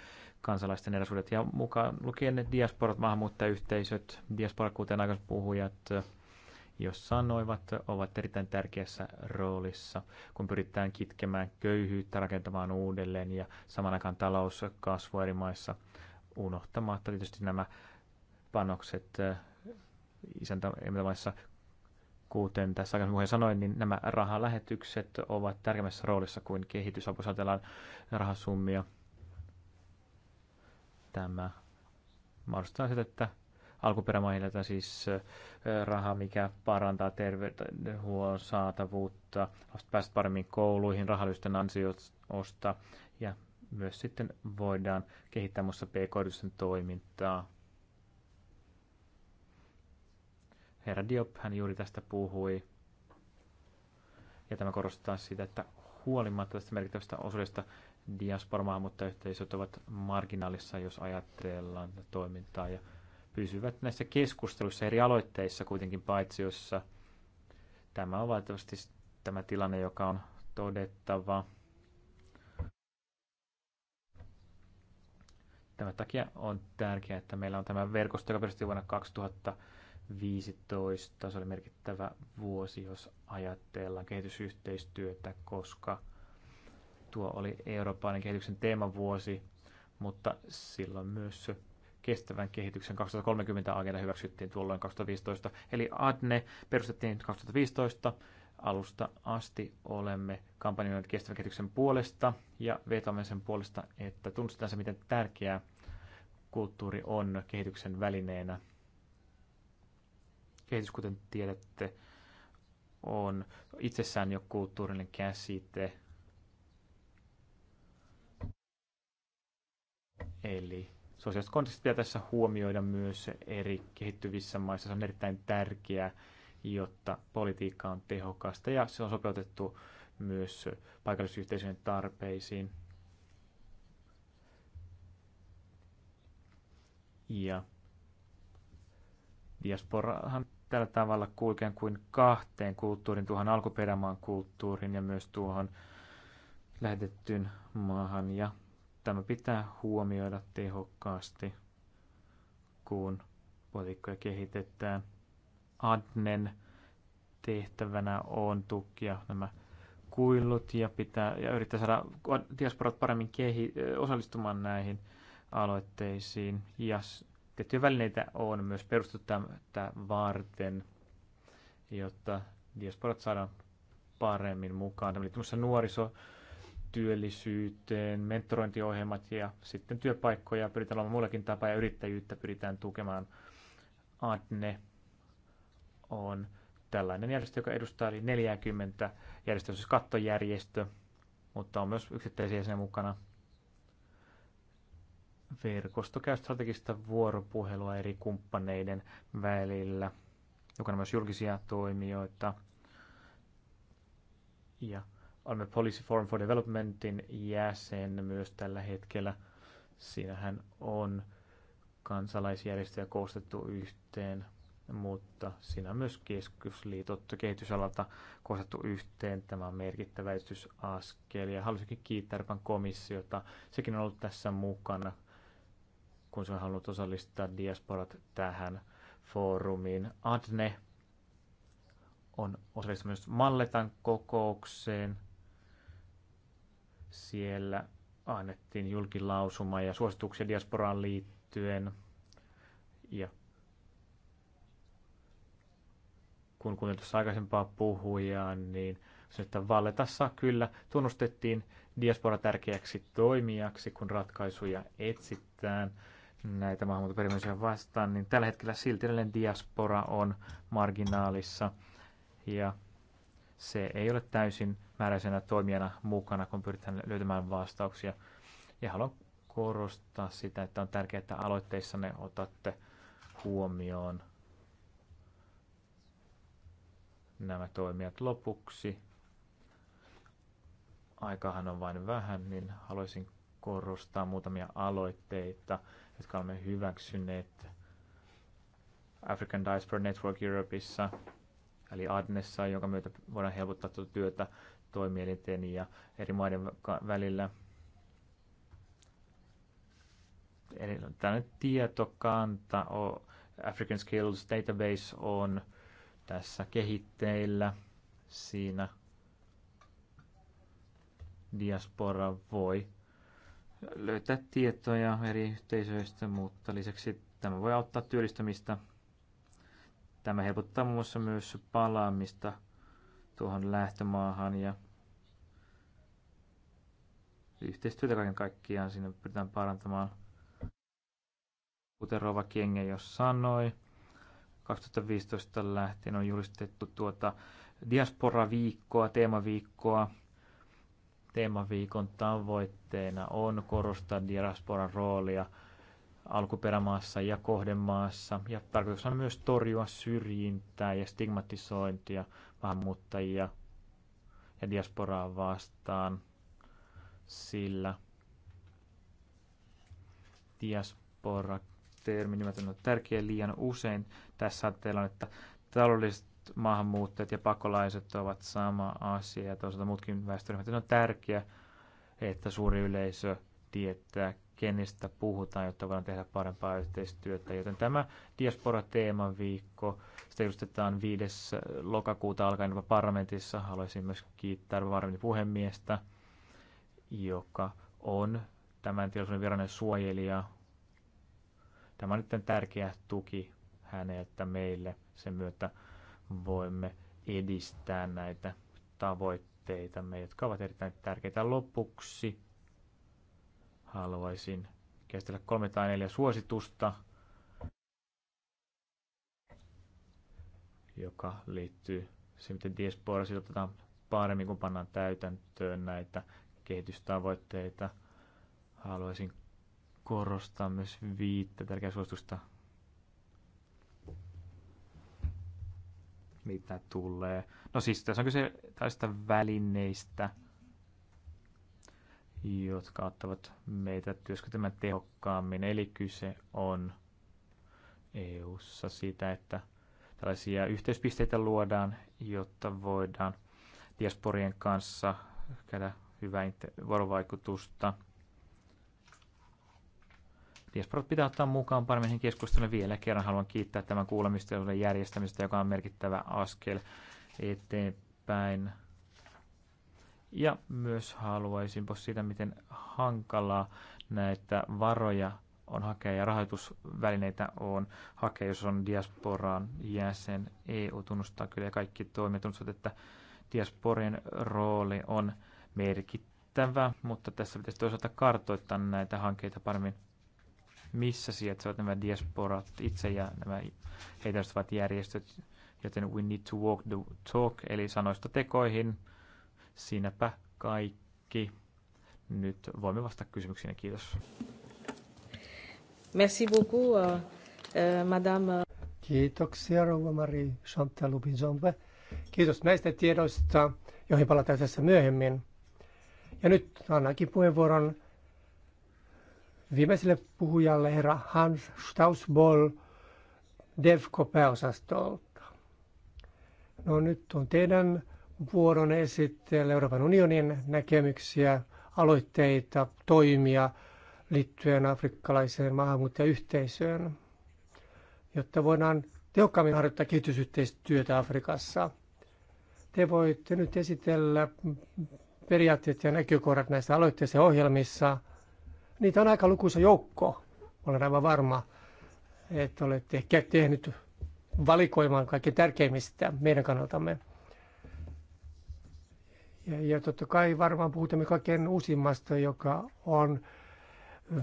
kansalaisten erosuudet ja mukaan lukien ne diasporat, maahanmuuttajayhteisöt, diasporat, kuten aikaisemmin puhujat, jos sanoivat, ovat erittäin tärkeässä roolissa, kun pyritään kitkemään köyhyyttä, rakentamaan uudelleen ja saman aikaan talouskasvua eri maissa unohtamatta tietysti nämä panokset isäntämaissa Kuten tässä aikaisemmin sanoin, niin nämä rahalähetykset ovat tärkeimmässä roolissa kuin kehitysapu, jos ajatellaan rahasummia. Tämä mahdollistaa sitä, että alkuperämaille siis raha, mikä parantaa terveydenhuollon saatavuutta, lapset pääsevät paremmin kouluihin rahallisten ansiosta ja myös sitten voidaan kehittää muassa pk toimintaa. Herra Diop, hän juuri tästä puhui. Ja tämä korostaa sitä, että huolimatta tästä merkittävästä osuudesta yhteisöt ovat marginaalissa, jos ajatellaan toimintaa ja pysyvät näissä keskusteluissa eri aloitteissa kuitenkin paitsi, jossa tämä on valitettavasti tämä tilanne, joka on todettava. Tämän takia on tärkeää, että meillä on tämä verkosto, joka perustettiin vuonna 2000 2015. Se oli merkittävä vuosi, jos ajatellaan kehitysyhteistyötä, koska tuo oli eurooppalainen kehityksen teemavuosi, mutta silloin myös kestävän kehityksen 2030-agenda hyväksyttiin tuolloin 2015. Eli ADNE perustettiin 2015. Alusta asti olemme kampanjoineet kestävän kehityksen puolesta ja vetoamme sen puolesta, että tunnustetaan se, miten tärkeää kulttuuri on kehityksen välineenä – kehitys, kuten tiedätte, on itsessään jo kulttuurinen käsite. Eli sosiaaliset kontekstit pitää tässä huomioida myös eri kehittyvissä maissa. Se on erittäin tärkeää, jotta politiikka on tehokasta ja se on sopeutettu myös paikallisyhteisöjen tarpeisiin. Ja Diasporahan tällä tavalla kulkee kuin kahteen kulttuurin, tuohon alkuperämaan kulttuurin ja myös tuohon lähetettyyn maahan. Ja tämä pitää huomioida tehokkaasti, kun politiikkoja kehitetään. Adnen tehtävänä on tukia nämä kuillut ja, pitää, ja yrittää saada diasporat paremmin kehi, osallistumaan näihin aloitteisiin. Ja Tiettyjä välineitä on myös perustettu tätä varten, jotta diasporat saadaan paremmin mukaan. Tämä liittyy nuoriso, työllisyyteen, mentorointiohjelmat ja sitten työpaikkoja pyritään olemaan muullakin tapaa ja yrittäjyyttä pyritään tukemaan. ADNE on tällainen järjestö, joka edustaa eli 40 järjestöä, siis kattojärjestö, mutta on myös yksittäisiä sen mukana verkosto käy strategista vuoropuhelua eri kumppaneiden välillä, joka on myös julkisia toimijoita. Ja olemme Policy Forum for Developmentin jäsen myös tällä hetkellä. Siinähän on kansalaisjärjestöjä koostettu yhteen, mutta siinä on myös keskusliitot kehitysalalta koostettu yhteen. Tämä on merkittävä edistysaskel ja haluaisinkin kiittää Euroopan komissiota. Sekin on ollut tässä mukana kun se on halunnut osallistaa diasporat tähän foorumiin. Adne on osallistunut myös Malletan kokoukseen. Siellä annettiin julkilausuma ja suosituksia diasporaan liittyen. Ja kun tuossa aikaisempaa puhujaa, niin se, että Valletassa kyllä tunnustettiin diaspora tärkeäksi toimijaksi, kun ratkaisuja etsitään näitä maahanmuuttoperimisiä vastaan, niin tällä hetkellä silti edelleen diaspora on marginaalissa ja se ei ole täysin määräisenä toimijana mukana, kun pyritään löytämään vastauksia. Ja haluan korostaa sitä, että on tärkeää, että aloitteissanne otatte huomioon nämä toimijat lopuksi. Aikahan on vain vähän, niin haluaisin korostaa muutamia aloitteita, jotka olemme hyväksyneet African Diaspora Network Europeissa, eli ADNessa, jonka myötä voidaan helpottaa tuota työtä toimielinten ja eri maiden välillä. Eli tällainen tietokanta, African Skills Database on tässä kehitteillä. Siinä diaspora voi löytää tietoja eri yhteisöistä, mutta lisäksi tämä voi auttaa työllistämistä. Tämä helpottaa muun muassa myös palaamista tuohon lähtömaahan ja yhteistyötä kaiken kaikkiaan sinne pyritään parantamaan. Kuten Rova Kienge jo sanoi, 2015 lähtien on julistettu tuota diaspora viikkoa, teemaviikkoa, Teemaviikon tavoitteena on korostaa diasporan roolia alkuperämaassa ja kohdemaassa. Ja tarkoituksena on myös torjua syrjintää ja stigmatisointia maahanmuuttajia ja diasporaa vastaan, sillä diaspora-termi nimeltään on tärkeä liian usein tässä ajatellaan, että taloudelliset maahanmuuttajat ja pakolaiset ovat sama asia ja toisaalta muutkin väestöryhmät. On tärkeää, että suuri yleisö tietää, kenestä puhutaan, jotta voidaan tehdä parempaa yhteistyötä. Joten tämä Diaspora-teeman viikko, sitä edustetaan 5. lokakuuta alkaen jopa parlamentissa. Haluaisin myös kiittää varmin puhemiestä, joka on tämän tilaisuuden virallinen suojelija. Tämä on nyt tärkeä tuki häneltä meille sen myötä voimme edistää näitä tavoitteitamme, jotka ovat erittäin tärkeitä. Lopuksi haluaisin käsitellä kolme tai neljä suositusta, joka liittyy se, miten diaspora sijoitetaan paremmin, kun pannaan täytäntöön näitä kehitystavoitteita. Haluaisin korostaa myös viittä tärkeää suositusta mitä tulee. No siis tässä on kyse tästä välineistä, jotka auttavat meitä työskentelemään tehokkaammin. Eli kyse on EU-ssa siitä, että tällaisia yhteispisteitä luodaan, jotta voidaan diasporien kanssa käydä hyvää vuorovaikutusta – Diasporat pitää ottaa mukaan paremmin keskustelun Vielä kerran haluan kiittää tämän kuulemistelun järjestämistä, joka on merkittävä askel eteenpäin. Ja myös haluaisin siitä, miten hankalaa näitä varoja on hakea ja rahoitusvälineitä on hakea, jos on diasporan jäsen. EU tunnustaa kyllä kaikki toimet, että diasporin rooli on merkittävä, mutta tässä pitäisi toisaalta kartoittaa näitä hankkeita paremmin missä sijaitsevat nämä diasporat itse ja nämä heitä edustavat järjestöt, joten we need to walk the talk, eli sanoista tekoihin. Siinäpä kaikki. Nyt voimme vastata kysymyksiin. Kiitos. Merci beaucoup, uh, madame. Kiitoksia, rouva Mari Chantal Lubizombe. Kiitos näistä tiedoista, joihin palataan tässä myöhemmin. Ja nyt annankin puheenvuoron viimeiselle puhujalle herra Hans Stausboll devko pääosastolta. No nyt on teidän vuoronne esitellä Euroopan unionin näkemyksiä, aloitteita, toimia liittyen afrikkalaiseen maahanmuuttajayhteisöön, jotta voidaan tehokkaammin harjoittaa kehitysyhteistyötä Afrikassa. Te voitte nyt esitellä periaatteet ja näkökohdat näissä aloitteissa ja ohjelmissa – Niitä on aika lukuisa joukko. Olen aivan varma, että olette ehkä tehnyt valikoimaan kaikkein tärkeimmistä meidän kannaltamme. Ja, ja totta kai varmaan puhutaan kaikkein uusimmasta, joka on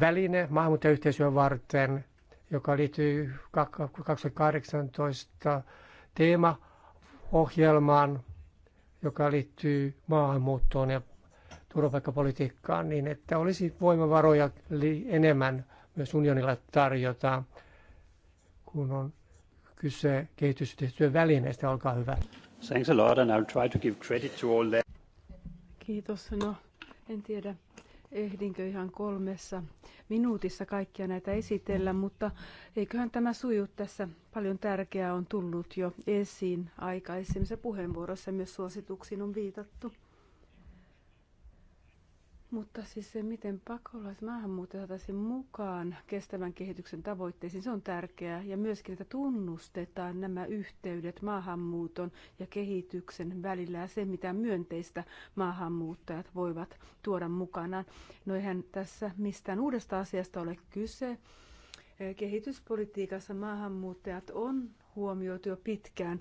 väline maahanmuuttajayhteisöön varten, joka liittyy 2018 teemaohjelmaan, joka liittyy maahanmuuttoon ja turvapaikkapolitiikkaan niin, että olisi voimavaroja enemmän myös unionilla tarjota, kun on kyse kehitysyhteistyön välineistä. Olkaa hyvä. Thanks a lot and I'll try to give credit to all that. Kiitos. No, en tiedä ehdinkö ihan kolmessa minuutissa kaikkia näitä esitellä, mutta eiköhän tämä suju tässä. Paljon tärkeää on tullut jo esiin aikaisemmissa puheenvuorossa, myös suosituksiin on viitattu. Mutta siis se, miten pakolaismaahanmuutto saataisiin mukaan kestävän kehityksen tavoitteisiin, se on tärkeää. Ja myöskin, että tunnustetaan nämä yhteydet maahanmuuton ja kehityksen välillä ja se, mitä myönteistä maahanmuuttajat voivat tuoda mukanaan. No eihän tässä mistään uudesta asiasta ole kyse. Kehityspolitiikassa maahanmuuttajat on huomioitu jo pitkään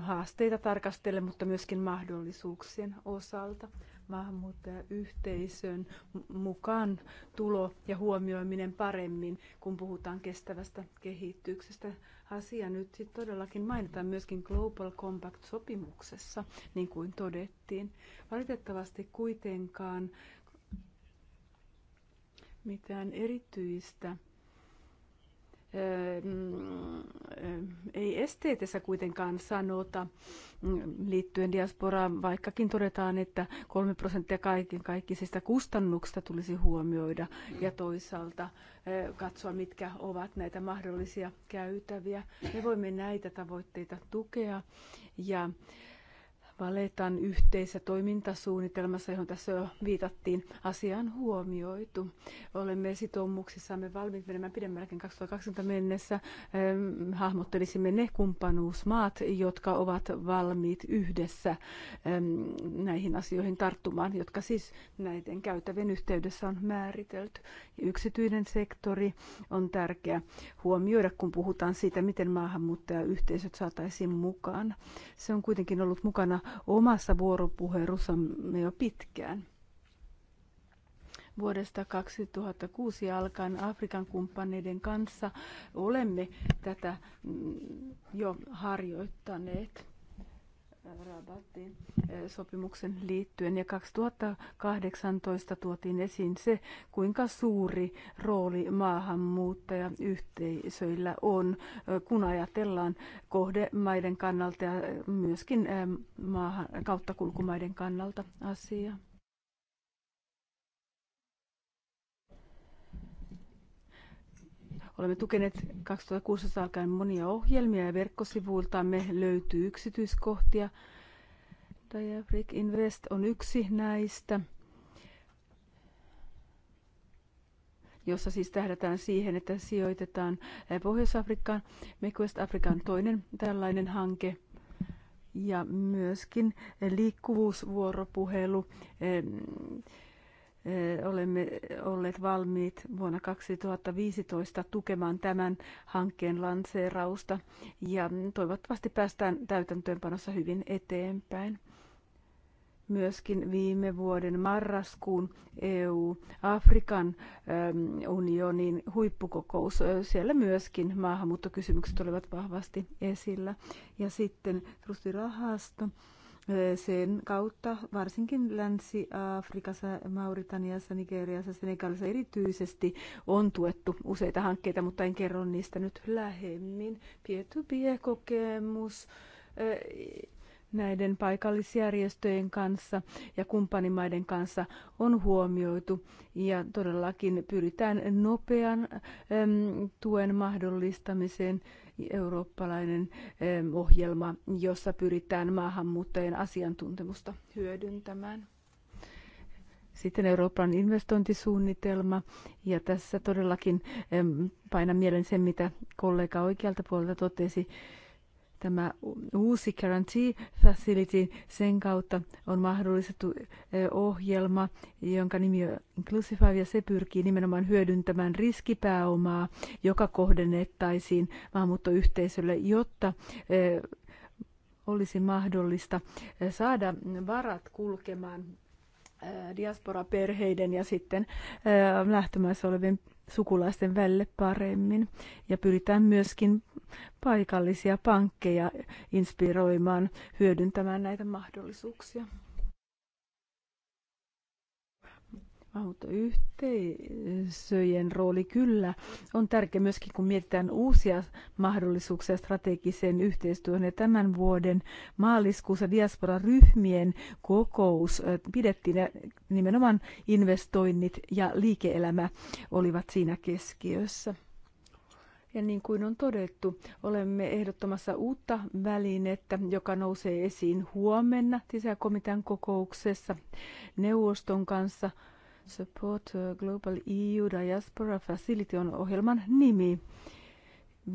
haasteita tarkastellen, mutta myöskin mahdollisuuksien osalta maahanmuuttajayhteisön mukaan tulo ja huomioiminen paremmin, kun puhutaan kestävästä kehityksestä. Asia nyt sit todellakin mainitaan myöskin Global Compact-sopimuksessa, niin kuin todettiin. Valitettavasti kuitenkaan mitään erityistä Öö, ei esteetessä kuitenkaan sanota liittyen diasporaan, vaikkakin todetaan, että 3 prosenttia kaiken kaikkisista kustannuksista tulisi huomioida ja toisaalta öö, katsoa, mitkä ovat näitä mahdollisia käytäviä. Me voimme näitä tavoitteita tukea ja Valetan yhteisessä toimintasuunnitelmassa, johon tässä jo viitattiin, asiaan huomioitu. Olemme sitoumuksissamme valmiit menemään pidemmälläkin 2020 mennessä. Ähm, hahmottelisimme ne kumppanuusmaat, jotka ovat valmiit yhdessä ähm, näihin asioihin tarttumaan, jotka siis näiden käytävien yhteydessä on määritelty. Yksityinen sektori on tärkeä huomioida, kun puhutaan siitä, miten maahanmuuttajayhteisöt saataisiin mukaan. Se on kuitenkin ollut mukana omassa vuoropuherussamme jo pitkään. Vuodesta 2006 alkaen Afrikan kumppaneiden kanssa olemme tätä jo harjoittaneet Rabattiin eh, sopimuksen liittyen ja 2018 tuotiin esiin se, kuinka suuri rooli maahanmuuttajayhteisöillä on, eh, kun ajatellaan kohdemaiden kannalta ja myöskin eh, maahan, kauttakulkumaiden kannalta asiaa. Olemme tukeneet 2016 alkaen monia ohjelmia ja verkkosivuiltamme löytyy yksityiskohtia. Diabrick Invest on yksi näistä, jossa siis tähdätään siihen, että sijoitetaan Pohjois-Afrikkaan. Mequest Afrika on toinen tällainen hanke ja myöskin liikkuvuusvuoropuhelu Eh, olemme olleet valmiit vuonna 2015 tukemaan tämän hankkeen lanseerausta ja toivottavasti päästään täytäntöönpanossa hyvin eteenpäin. Myöskin viime vuoden marraskuun EU-Afrikan ehm, unionin huippukokous, eh, siellä myöskin maahanmuuttokysymykset olivat vahvasti esillä. Ja sitten trustirahasto. rahasto sen kautta varsinkin Länsi-Afrikassa, Mauritaniassa, Nigeriassa, Senegalissa erityisesti on tuettu useita hankkeita, mutta en kerro niistä nyt lähemmin. Pietu to kokemus näiden paikallisjärjestöjen kanssa ja kumppanimaiden kanssa on huomioitu ja todellakin pyritään nopean äm, tuen mahdollistamiseen eurooppalainen ohjelma, jossa pyritään maahanmuuttajien asiantuntemusta hyödyntämään. Sitten Euroopan investointisuunnitelma, ja tässä todellakin painan mielen sen, mitä kollega oikealta puolelta totesi, tämä uusi Guarantee Facility, sen kautta on mahdollistettu e, ohjelma, jonka nimi on Inclusive, ja se pyrkii nimenomaan hyödyntämään riskipääomaa, joka kohdennettaisiin maahanmuuttoyhteisölle, jotta e, olisi mahdollista e, saada varat kulkemaan diasporaperheiden ja sitten lähtömaissa olevien sukulaisten välille paremmin. Ja pyritään myöskin paikallisia pankkeja inspiroimaan hyödyntämään näitä mahdollisuuksia. Mutta yhteisöjen rooli kyllä on tärkeä myöskin, kun mietitään uusia mahdollisuuksia strategiseen yhteistyöhön. Ja tämän vuoden maaliskuussa diasporaryhmien kokous pidettiin ja nimenomaan investoinnit ja liike-elämä olivat siinä keskiössä. Ja niin kuin on todettu, olemme ehdottomassa uutta välinettä, joka nousee esiin huomenna sisäkomitean kokouksessa neuvoston kanssa. Support uh, Global EU Diaspora Facility on ohjelman nimi.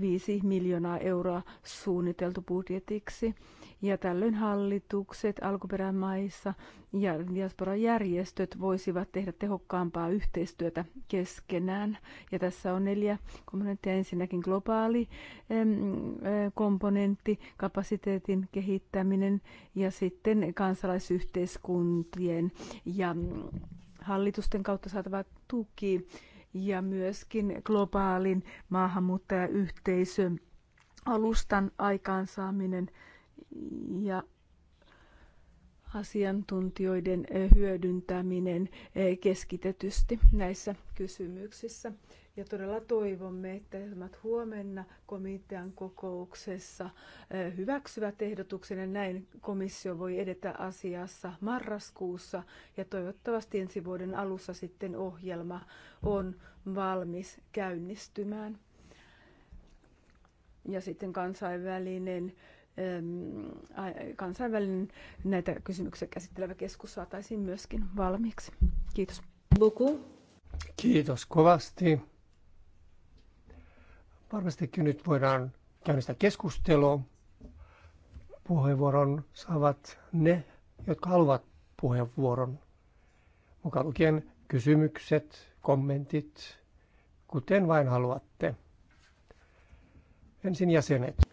5 miljoonaa euroa suunniteltu budjetiksi. Ja tällöin hallitukset alkuperämaissa ja järjestöt voisivat tehdä tehokkaampaa yhteistyötä keskenään. Ja tässä on neljä komponenttia. Ensinnäkin globaali komponentti, kapasiteetin kehittäminen ja sitten kansalaisyhteiskuntien ja hallitusten kautta saatava tuki ja myöskin globaalin maahanmuuttajayhteisön alustan aikaansaaminen ja asiantuntijoiden hyödyntäminen eh, keskitetysti näissä kysymyksissä. Ja todella toivomme, että jäsenmaat huomenna komitean kokouksessa eh, hyväksyvät ehdotuksen ja näin komissio voi edetä asiassa marraskuussa ja toivottavasti ensi vuoden alussa sitten ohjelma on valmis käynnistymään. Ja sitten kansainvälinen kansainvälinen näitä kysymyksiä käsittelevä keskus saataisiin myöskin valmiiksi. Kiitos. Beaucoup. Kiitos kovasti. Varmastikin nyt voidaan käynnistää keskustelua. Puheenvuoron saavat ne, jotka haluavat puheenvuoron, mukaan lukien kysymykset, kommentit, kuten vain haluatte. Ensin jäsenet.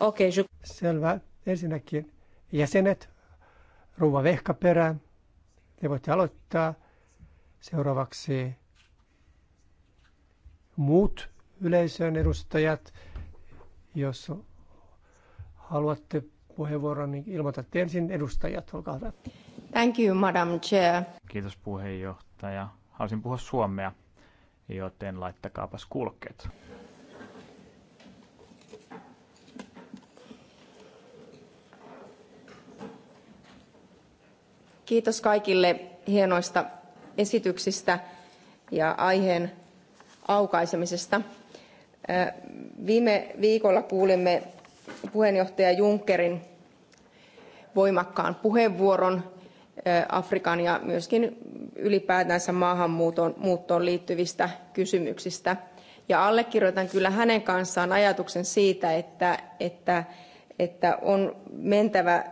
Okei, okay, Selvä. Ensinnäkin jäsenet, Rouva Vehkaperä, te voitte aloittaa. Seuraavaksi muut yleisön edustajat, jos haluatte puheenvuoron, niin ilmoitatte ensin edustajat, olkaa hyvä. Thank you, Madam Chair. Kiitos puheenjohtaja. Haluaisin puhua suomea, joten laittakaapas kulkeet. Kiitos kaikille hienoista esityksistä ja aiheen aukaisemisesta. Viime viikolla kuulimme puheenjohtaja Junckerin voimakkaan puheenvuoron Afrikan ja myöskin ylipäätänsä maahanmuuttoon liittyvistä kysymyksistä. Ja allekirjoitan kyllä hänen kanssaan ajatuksen siitä, että, että, että on mentävä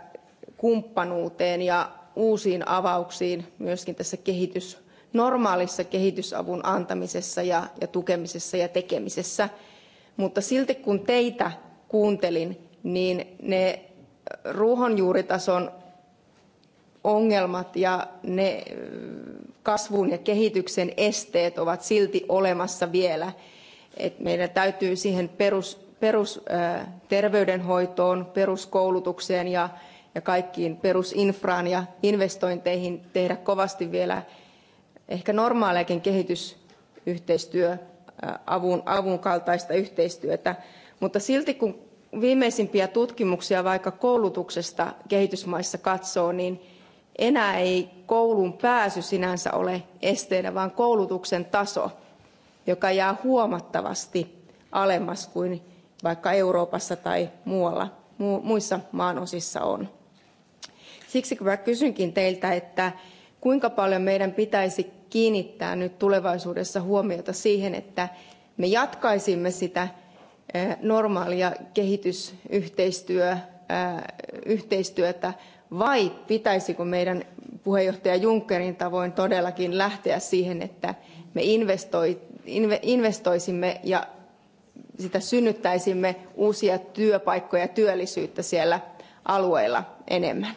kumppanuuteen ja uusiin avauksiin myöskin tässä kehitys, normaalissa kehitysavun antamisessa ja, ja tukemisessa ja tekemisessä. Mutta silti kun teitä kuuntelin, niin ne äh, ruohonjuuritason ongelmat ja ne äh, kasvun ja kehityksen esteet ovat silti olemassa vielä. Et meidän täytyy siihen perus, perusterveydenhoitoon, äh, peruskoulutukseen ja ja kaikkiin perusinfraan ja investointeihin tehdä kovasti vielä ehkä normaaleakin kehitysyhteistyö avun, avun kaltaista yhteistyötä. Mutta silti kun viimeisimpiä tutkimuksia vaikka koulutuksesta kehitysmaissa katsoo, niin enää ei koulun pääsy sinänsä ole esteenä, vaan koulutuksen taso, joka jää huomattavasti alemmas kuin vaikka Euroopassa tai muualla, muissa maanosissa on. Siksi kysynkin teiltä, että kuinka paljon meidän pitäisi kiinnittää nyt tulevaisuudessa huomiota siihen, että me jatkaisimme sitä normaalia kehitysyhteistyötä, vai pitäisikö meidän puheenjohtaja Junckerin tavoin todellakin lähteä siihen, että me investoi, investoisimme ja sitä synnyttäisimme uusia työpaikkoja ja työllisyyttä siellä alueilla enemmän.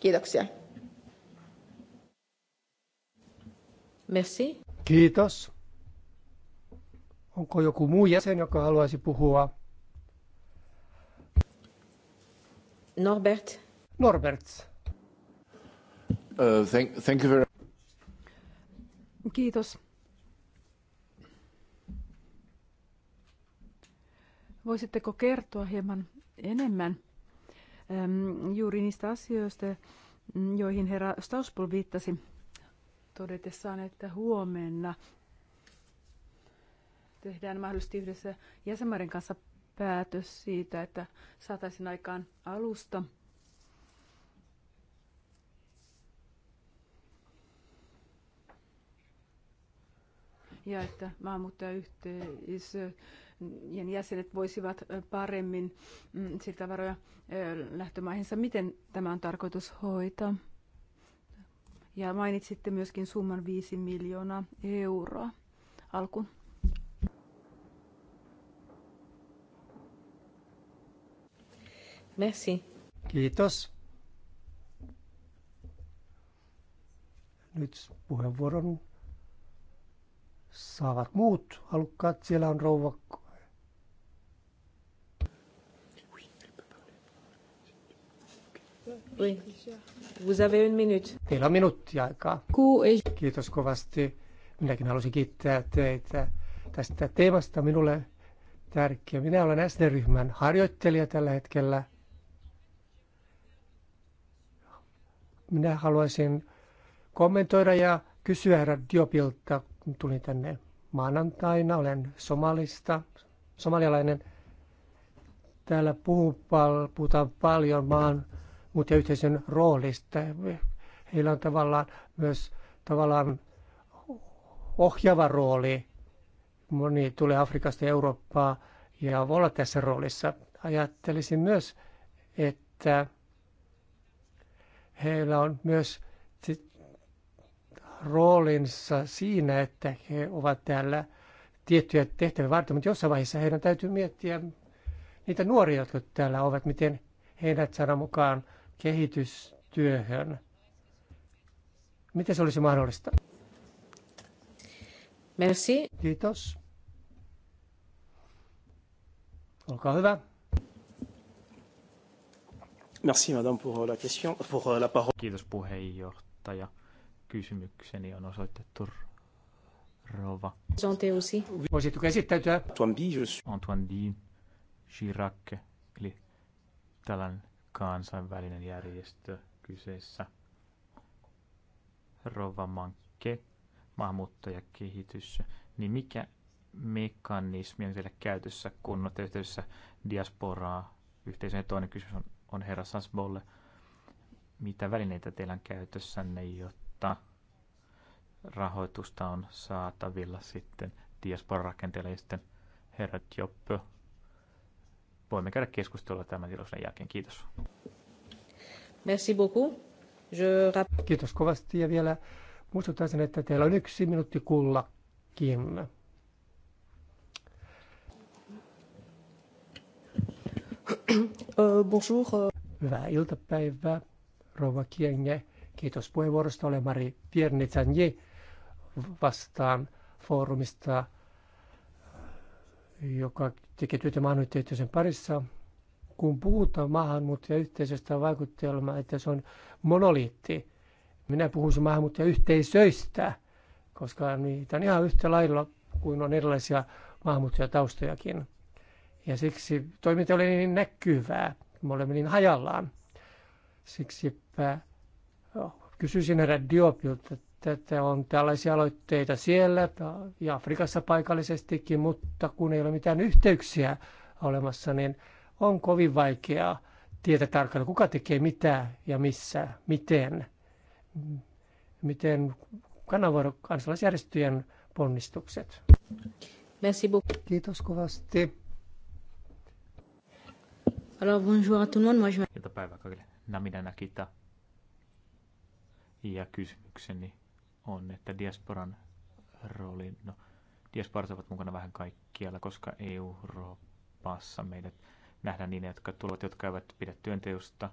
Kiitoksia. Merci. Kiitos. Onko joku muu jäsen, joka haluaisi puhua? Norbert. Norbert. Uh, thank, thank you very... Kiitos. Voisitteko kertoa hieman enemmän juuri niistä asioista, joihin herra Stauspol viittasi todetessaan, että huomenna tehdään mahdollisesti yhdessä jäsenmaiden kanssa päätös siitä, että saataisiin aikaan alusta, ja että maahanmuuttajayhteisö jäsenet voisivat paremmin mm, siirtää varoja lähtömaihinsa. Miten tämä on tarkoitus hoitaa? Ja mainitsitte myöskin summan 5 miljoonaa euroa alkuun. Merci. Kiitos. Nyt puheenvuoron saavat muut halukkaat. Siellä on rouva Oui. Vous avez une minute. Teillä on minuutti aikaa. Kiitos kovasti. Minäkin halusin kiittää teitä tästä teemasta minulle tärkeä. Minä olen SD-ryhmän harjoittelija tällä hetkellä. Minä haluaisin kommentoida ja kysyä herra Diopilta, kun tulin tänne maanantaina. Olen somalista, somalialainen. Täällä puhutaan paljon maan mutta yhteisön roolista. Heillä on tavallaan myös tavallaan ohjaava rooli. Moni tulee Afrikasta ja Eurooppaa ja voi olla tässä roolissa. Ajattelisin myös, että heillä on myös roolinsa siinä, että he ovat täällä tiettyjä tehtäviä varten, mutta jossain vaiheessa heidän täytyy miettiä niitä nuoria, jotka täällä ovat, miten heidät saadaan mukaan kehitystyöhön. Miten se olisi mahdollista? Merci. Kiitos. Olkaa hyvä. Merci madame pour euh, la question, pour euh, la parole. Kiitos puheenjohtaja. Kysymykseni on osoitettu Rova. aussi. Voisitko esittäytyä? Antoine D. Antoine Di, Chirac, eli tällainen kansainvälinen järjestö kyseessä. Rova Manke, maahanmuuttajakehitys, niin mikä mekanismi on siellä käytössä, kun olette yhteydessä diasporaa yhteisöön? Toinen kysymys on, on herra Sasbolle. Mitä välineitä teillä on käytössänne, jotta rahoitusta on saatavilla sitten diasporarakenteelle ja sitten herra Joppe? voimme käydä keskustelua tämän tilaisuuden jälkeen. Kiitos. Merci beaucoup. Je... Kiitos kovasti ja vielä muistuttaisin, että teillä on yksi minuutti kullakin. Euh, bonjour. Euh. Hyvää iltapäivää, rouva Kienge. Kiitos puheenvuorosta. Olen Mari Piernitsanji vastaan foorumista joka tekee työtä maahanmuuttajayhteisön parissa. Kun puhutaan maahanmuuttajayhteisöstä, vaikutelma, että se on monoliitti. Minä puhuisin maahanmuuttajayhteisöistä, koska niitä on ihan yhtä lailla kuin on erilaisia maahanmuuttajataustojakin. Ja siksi toiminta oli niin näkyvää, me olemme niin hajallaan. Siksipä no, kysyisin herra Diopilta että on tällaisia aloitteita siellä ja Afrikassa paikallisestikin, mutta kun ei ole mitään yhteyksiä olemassa, niin on kovin vaikeaa tietää tarkalleen, kuka tekee mitä ja missä, miten, miten kanavoida kansalaisjärjestöjen ponnistukset. Merci beaucoup. Kiitos kovasti. Alors bonjour à tout le monde, moi je... Iltapäivää kaikille. Namina Nakita. Ja kysymykseni on, että diasporan rooli, no diasporat ovat mukana vähän kaikkialla, koska Euroopassa meidät nähdään niin, jotka tulevat, jotka eivät pidä työnteosta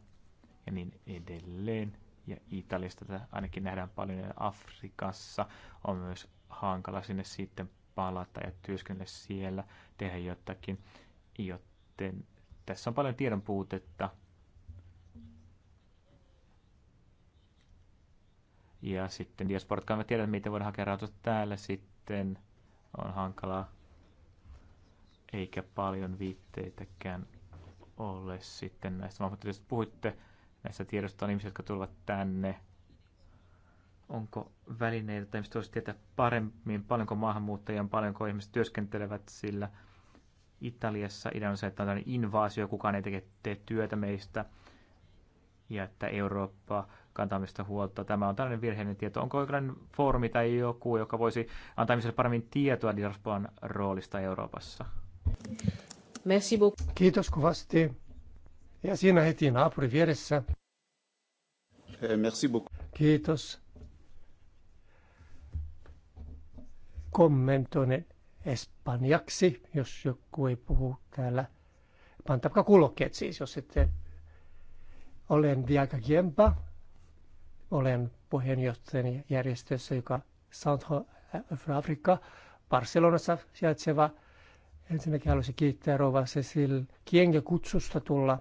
ja niin edelleen. Ja Italiasta tätä ainakin nähdään paljon ja Afrikassa on myös hankala sinne sitten palata ja työskennellä siellä, tehdä jotakin, joten tässä on paljon tiedon puutetta Ja sitten diasporatkaan me tiedät, miten voidaan hakea rahoitusta täällä sitten. On hankalaa. Eikä paljon viitteitäkään ole sitten näistä vammaisista puhuitte. Näistä tiedosta on ihmisiä, jotka tulevat tänne. Onko välineitä tai ihmiset tietää paremmin, paljonko maahanmuuttajia on, paljonko ihmiset työskentelevät sillä. Italiassa idea on se, että on tällainen invaasio, kukaan ei tee työtä meistä. Ja että Eurooppa kantamista huolta. Tämä on tällainen virheellinen tieto. Onko jonkinlainen foorumi tai joku, joka voisi antaa ihmiselle paremmin tietoa diasporan roolista Euroopassa? Merci beaucoup. Kiitos kovasti. Ja siinä heti naapuri vieressä. Eh, merci beaucoup. Kiitos. Kommentoinen espanjaksi, jos joku ei puhu täällä. Pantapka kuulokkeet siis, jos ette olen Diaga Giempa, olen puheenjohtajan järjestössä, joka Santo for Africa Barcelonassa sijaitseva. Ensinnäkin haluaisin kiittää Rova Cecil Kienge kutsusta tulla.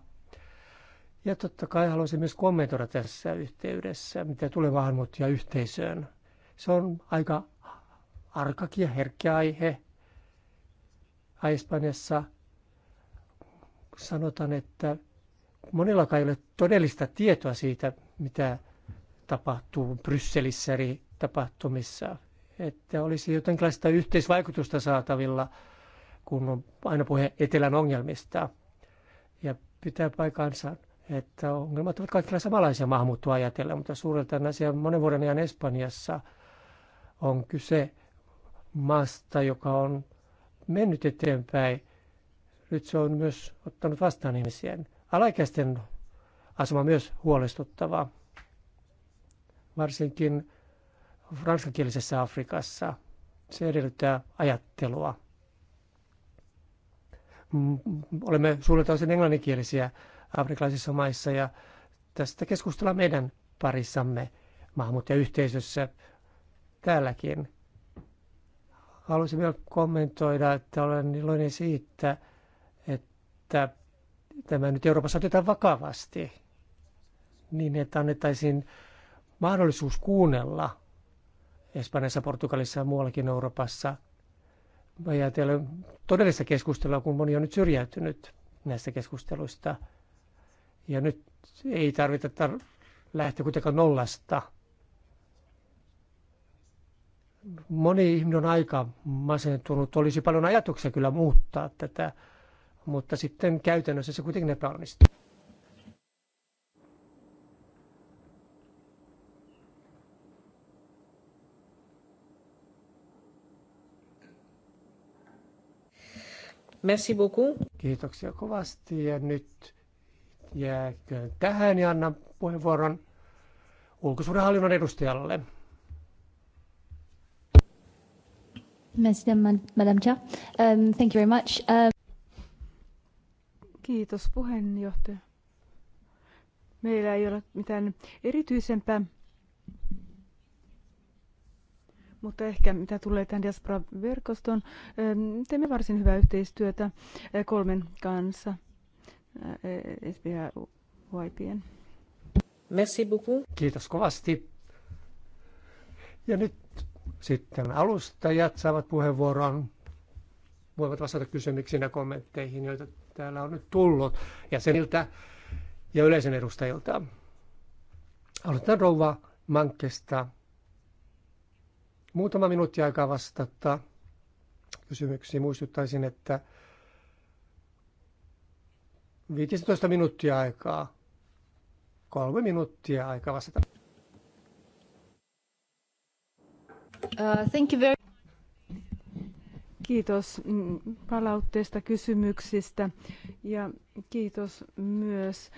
Ja totta kai haluaisin myös kommentoida tässä yhteydessä, mitä tulee yhteisöön. Se on aika arkakin ja herkkä aihe. Espanjassa sanotaan, että monillakaan ei ole todellista tietoa siitä, mitä tapahtuu Brysselissä eri tapahtumissa, että olisi jotenkinlaista yhteisvaikutusta saatavilla, kun on aina puhe etelän ongelmista. Ja pitää paikansa, että ongelmat ovat kaikilla samanlaisia maahanmuuttoa ajatellen, mutta suurelta asia monen vuoden ajan Espanjassa on kyse maasta, joka on mennyt eteenpäin. Nyt se on myös ottanut vastaan ihmisiä. Alaikäisten asema myös huolestuttavaa varsinkin ranskankielisessä Afrikassa. Se edellyttää ajattelua. Olemme suurelta osin englanninkielisiä afrikkalaisissa maissa ja tästä keskustellaan meidän parissamme maahanmuuttajayhteisössä täälläkin. Haluaisin vielä kommentoida, että olen iloinen siitä, että tämä nyt Euroopassa otetaan vakavasti niin, että annettaisiin mahdollisuus kuunnella Espanjassa, Portugalissa ja muuallakin Euroopassa ajattelen todellista keskustelua, kun moni on nyt syrjäytynyt näistä keskusteluista. Ja nyt ei tarvita tar- lähteä kuitenkaan nollasta. Moni ihminen on aika masentunut. Olisi paljon ajatuksia kyllä muuttaa tätä, mutta sitten käytännössä se kuitenkin epäonnistuu. Merci beaucoup. Kiitoksia kovasti ja nyt jääköön tähän ja annan puheenvuoron ulkosuudenhallinnon edustajalle. Merci, Madame Chair. Um, thank you very much. Um... Kiitos puheenjohtaja. Meillä ei ole mitään erityisempää Mutta ehkä mitä tulee tämän diaspora-verkoston, teemme varsin hyvää yhteistyötä eh, kolmen kanssa, eh, eh, SBA-YPn. Merci beaucoup. Kiitos kovasti. Ja nyt sitten alustajat saavat puheenvuoron, voivat vastata kysymyksiin ja kommentteihin, joita täällä on nyt tullut jäseniltä ja yleisen edustajilta. Aloitetaan rouva Mankesta muutama minuutti aikaa vastata kysymyksiin. Muistuttaisin, että 15 minuuttia aikaa, kolme minuuttia aikaa vastata. Uh, thank you very Kiitos mm, palautteesta, kysymyksistä ja kiitos myös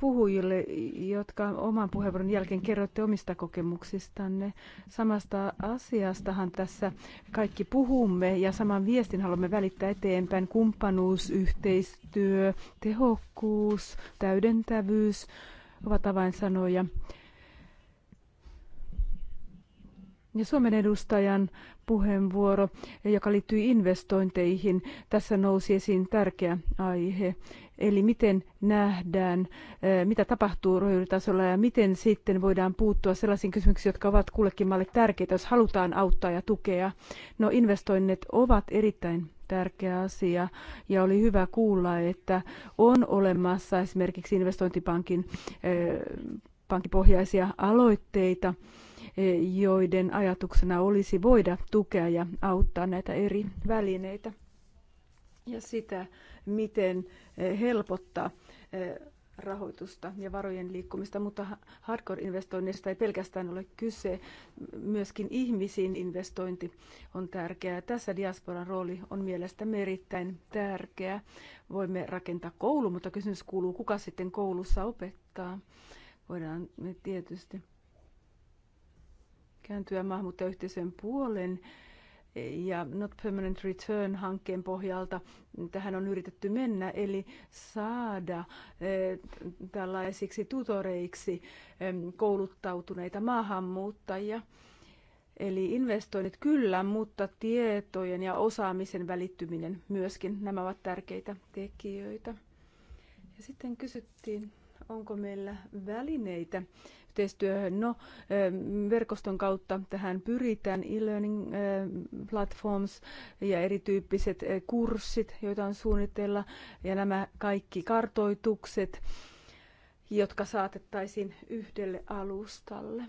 puhujille, jotka oman puheenvuoron jälkeen kerrotte omista kokemuksistanne. Samasta asiastahan tässä kaikki puhumme ja saman viestin haluamme välittää eteenpäin. Kumppanuus, yhteistyö, tehokkuus, täydentävyys ovat avainsanoja. Ja Suomen edustajan puheenvuoro, joka liittyy investointeihin, tässä nousi esiin tärkeä aihe. Eli miten nähdään, eh, mitä tapahtuu ruohonjuuritasolla ja miten sitten voidaan puuttua sellaisiin kysymyksiin, jotka ovat kullekin maalle tärkeitä, jos halutaan auttaa ja tukea. No investoinnit ovat erittäin tärkeä asia ja oli hyvä kuulla, että on olemassa esimerkiksi investointipankin eh, pankipohjaisia aloitteita, eh, joiden ajatuksena olisi voida tukea ja auttaa näitä eri välineitä ja sitä, miten eh, helpottaa eh, rahoitusta ja varojen liikkumista, mutta hardcore-investoinnista ei pelkästään ole kyse. Myöskin ihmisiin investointi on tärkeää. Tässä diasporan rooli on mielestäni erittäin tärkeä. Voimme rakentaa koulu, mutta kysymys kuuluu, kuka sitten koulussa opettaa. Voidaan tietysti kääntyä maahanmuuttajayhteisön puolen ja Not Permanent Return-hankkeen pohjalta tähän on yritetty mennä, eli saada eh, tällaisiksi tutoreiksi kouluttautuneita maahanmuuttajia. Eli investoinnit kyllä, mutta tietojen ja osaamisen välittyminen myöskin, nämä ovat tärkeitä tekijöitä. Ja sitten kysyttiin, onko meillä välineitä, yhteistyöhön. No, eh, verkoston kautta tähän pyritään e-learning eh, platforms ja erityyppiset eh, kurssit, joita on suunnitella, ja nämä kaikki kartoitukset, jotka saatettaisiin yhdelle alustalle.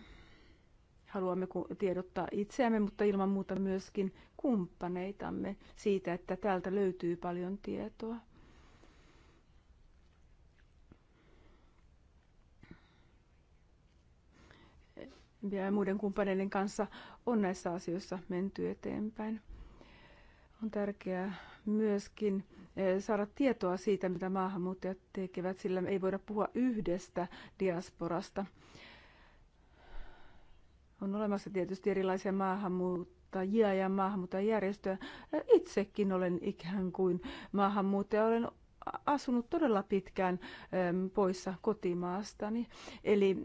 Haluamme tiedottaa itseämme, mutta ilman muuta myöskin kumppaneitamme siitä, että täältä löytyy paljon tietoa. ja muiden kumppaneiden kanssa on näissä asioissa menty eteenpäin. On tärkeää myöskin eh, saada tietoa siitä, mitä maahanmuuttajat tekevät, sillä me ei voida puhua yhdestä diasporasta. On olemassa tietysti erilaisia maahanmuuttajia ja maahanmuuttajajärjestöjä. Itsekin olen ikään kuin maahanmuuttaja. Olen asunut todella pitkään poissa kotimaastani. Eli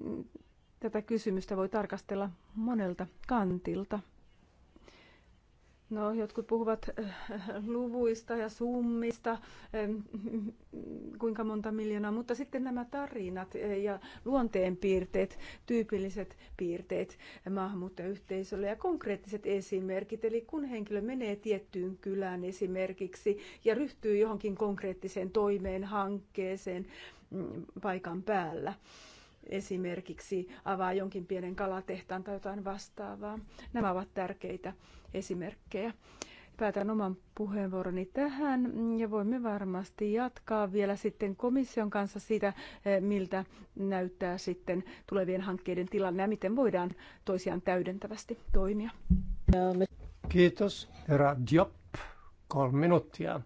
Tätä kysymystä voi tarkastella monelta kantilta. No, jotkut puhuvat äh, luvuista ja summista, ähm, kuinka monta miljoonaa, mutta sitten nämä tarinat äh, ja luonteenpiirteet, tyypilliset piirteet maahanmuuttajayhteisölle ja konkreettiset esimerkit. Eli kun henkilö menee tiettyyn kylään esimerkiksi ja ryhtyy johonkin konkreettiseen toimeen, hankkeeseen mm, paikan päällä esimerkiksi avaa jonkin pienen kalatehtaan tai jotain vastaavaa. Nämä ovat tärkeitä esimerkkejä. Päätän oman puheenvuoroni tähän ja voimme varmasti jatkaa vielä sitten komission kanssa siitä, eh, miltä näyttää sitten tulevien hankkeiden tilanne ja miten voidaan toisiaan täydentävästi toimia. Kiitos. Herra Diop, kolme minuuttia.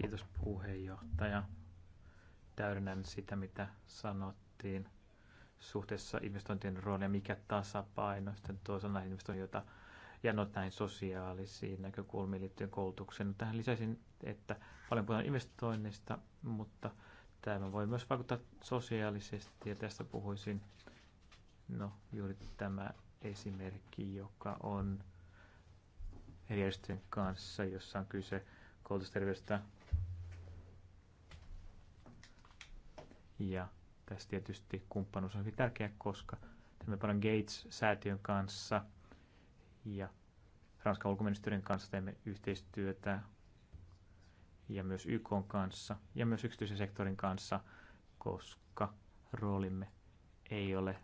Kiitos puheenjohtaja. Täydennän sitä, mitä sanot prosenttiin suhteessa investointien roolia, mikä tasapaino sitten toisaalta näihin investointeihin, ja no näihin sosiaalisiin näkökulmiin liittyen koulutukseen. No, tähän lisäisin, että paljon puhutaan investoinnista, mutta tämä voi myös vaikuttaa sosiaalisesti, ja tästä puhuisin no, juuri tämä esimerkki, joka on järjestöjen kanssa, jossa on kyse koulutusterveydestä ja tässä tietysti kumppanuus on hyvin tärkeä, koska teemme paljon Gates-säätiön kanssa ja Ranskan ulkoministeriön kanssa teemme yhteistyötä ja myös YK kanssa ja myös yksityisen sektorin kanssa, koska roolimme ei ole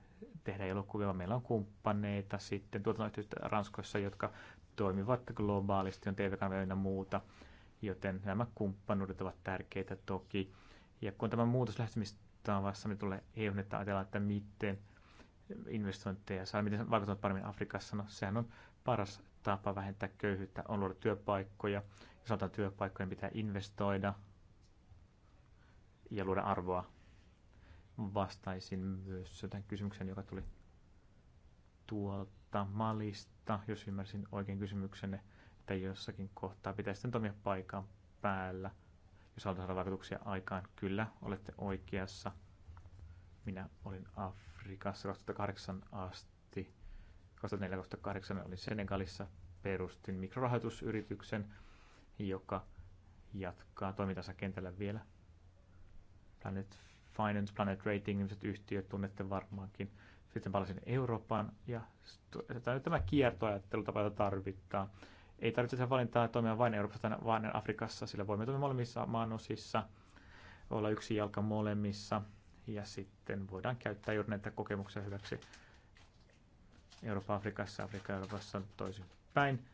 tehdä elokuvia, vaan meillä on kumppaneita sitten tuotantoyhtiöitä Ranskoissa, jotka toimivat globaalisti, on TV-kanavia ja muuta, joten nämä kumppanuudet ovat tärkeitä toki. Ja kun tämä muutos lähestymistä mittavassa, mitä tulee EU, niin että ajatellaan, että miten investointeja saa, miten vaikuttavat paremmin Afrikassa. No, sehän on paras tapa vähentää köyhyyttä, on luoda työpaikkoja. Jos otetaan työpaikkoja, niin pitää investoida ja luoda arvoa. Vastaisin myös tämän kysymyksen, joka tuli tuolta Malista, jos ymmärsin oikein kysymyksenne, että jossakin kohtaa pitäisi sitten toimia paikan päällä jos halutaan saada vaikutuksia aikaan. Kyllä, olette oikeassa. Minä olin Afrikassa 2008 asti. 2004-2008 olin Senegalissa. Perustin mikrorahoitusyrityksen, joka jatkaa toimintansa kentällä vielä. Planet Finance, Planet Rating, nimiset yhtiöt tunnette varmaankin. Sitten palasin Eurooppaan ja tämä kiertoajattelutapa, jota tarvitaan ei tarvitse tehdä valintaa toimia vain Euroopassa tai vain Afrikassa, sillä voimme toimia molemmissa maanosissa, olla yksi jalka molemmissa ja sitten voidaan käyttää juuri näitä kokemuksia hyväksi Euroopan Afrikassa, Afrikka Euroopassa toisinpäin.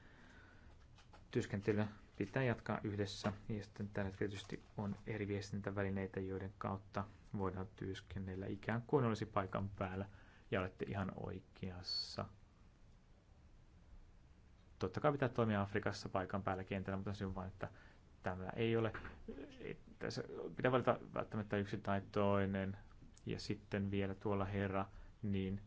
Työskentelyä pitää jatkaa yhdessä ja sitten täällä tietysti on eri viestintävälineitä, joiden kautta voidaan työskennellä ikään kuin olisi paikan päällä ja olette ihan oikeassa totta kai pitää toimia Afrikassa paikan päällä kentällä, mutta se on vain, että tämä ei ole, tässä pitää valita välttämättä yksi tai toinen. Ja sitten vielä tuolla herra, niin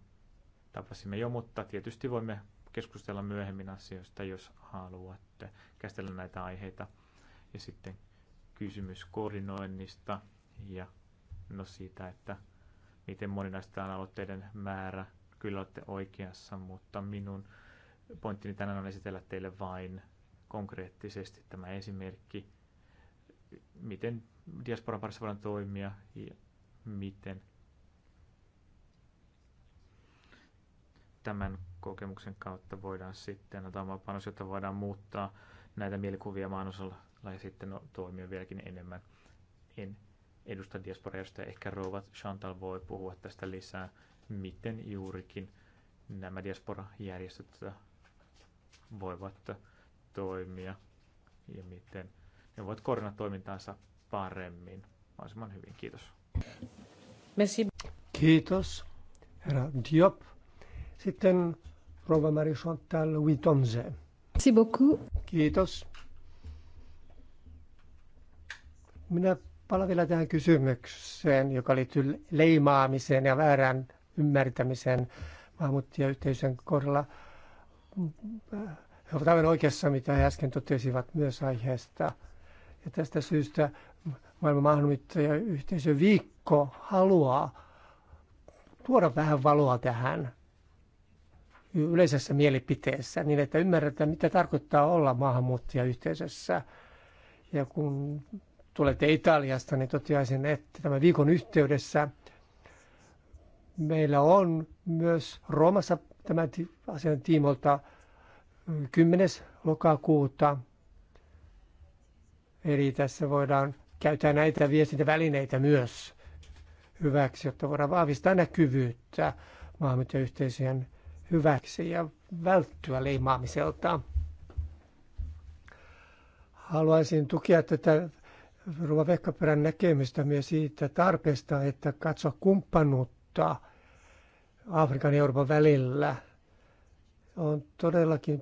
tapasimme jo, mutta tietysti voimme keskustella myöhemmin asioista, jos haluatte käsitellä näitä aiheita. Ja sitten kysymys koordinoinnista ja no siitä, että miten moninaista on aloitteiden määrä. Kyllä olette oikeassa, mutta minun Pointtini tänään on esitellä teille vain konkreettisesti tämä esimerkki, miten diasporan parissa voidaan toimia ja miten tämän kokemuksen kautta voidaan sitten antaa oma panos, jotta voidaan muuttaa näitä mielikuvia maan osalla ja sitten toimia vieläkin enemmän. En edusta diasporajärjestöjä, ehkä Rovat Chantal voi puhua tästä lisää, miten juurikin nämä diasporajärjestöt voivat toimia ja miten ne voivat koordinoida toimintaansa paremmin mahdollisimman hyvin. Kiitos. Merci. Kiitos, herra Diop. Sitten rouva Marie-Chantal Witonze. Merci beaucoup. Kiitos. Minä palaan vielä tähän kysymykseen, joka liittyy leimaamiseen ja väärään ymmärtämiseen maahanmuuttajayhteisön kohdalla he ovat aivan oikeassa, mitä he äsken totesivat myös aiheesta. Ja tästä syystä maailman yhteisö viikko haluaa tuoda vähän valoa tähän yleisessä mielipiteessä, niin että ymmärretään, mitä tarkoittaa olla maahanmuuttajayhteisössä. Ja kun tulette Italiasta, niin toteaisin, että tämän viikon yhteydessä meillä on myös Roomassa tämän asian tiimolta 10. Mm, lokakuuta. Eli tässä voidaan käyttää näitä viestintävälineitä myös hyväksi, jotta voidaan vahvistaa näkyvyyttä maahanmuuttajayhteisöjen hyväksi ja välttyä leimaamiselta. Haluaisin tukea tätä Ruva Vekkaperän näkemystä myös siitä tarpeesta, että katsoa kumppanuutta – Afrikan ja Euroopan välillä. On todellakin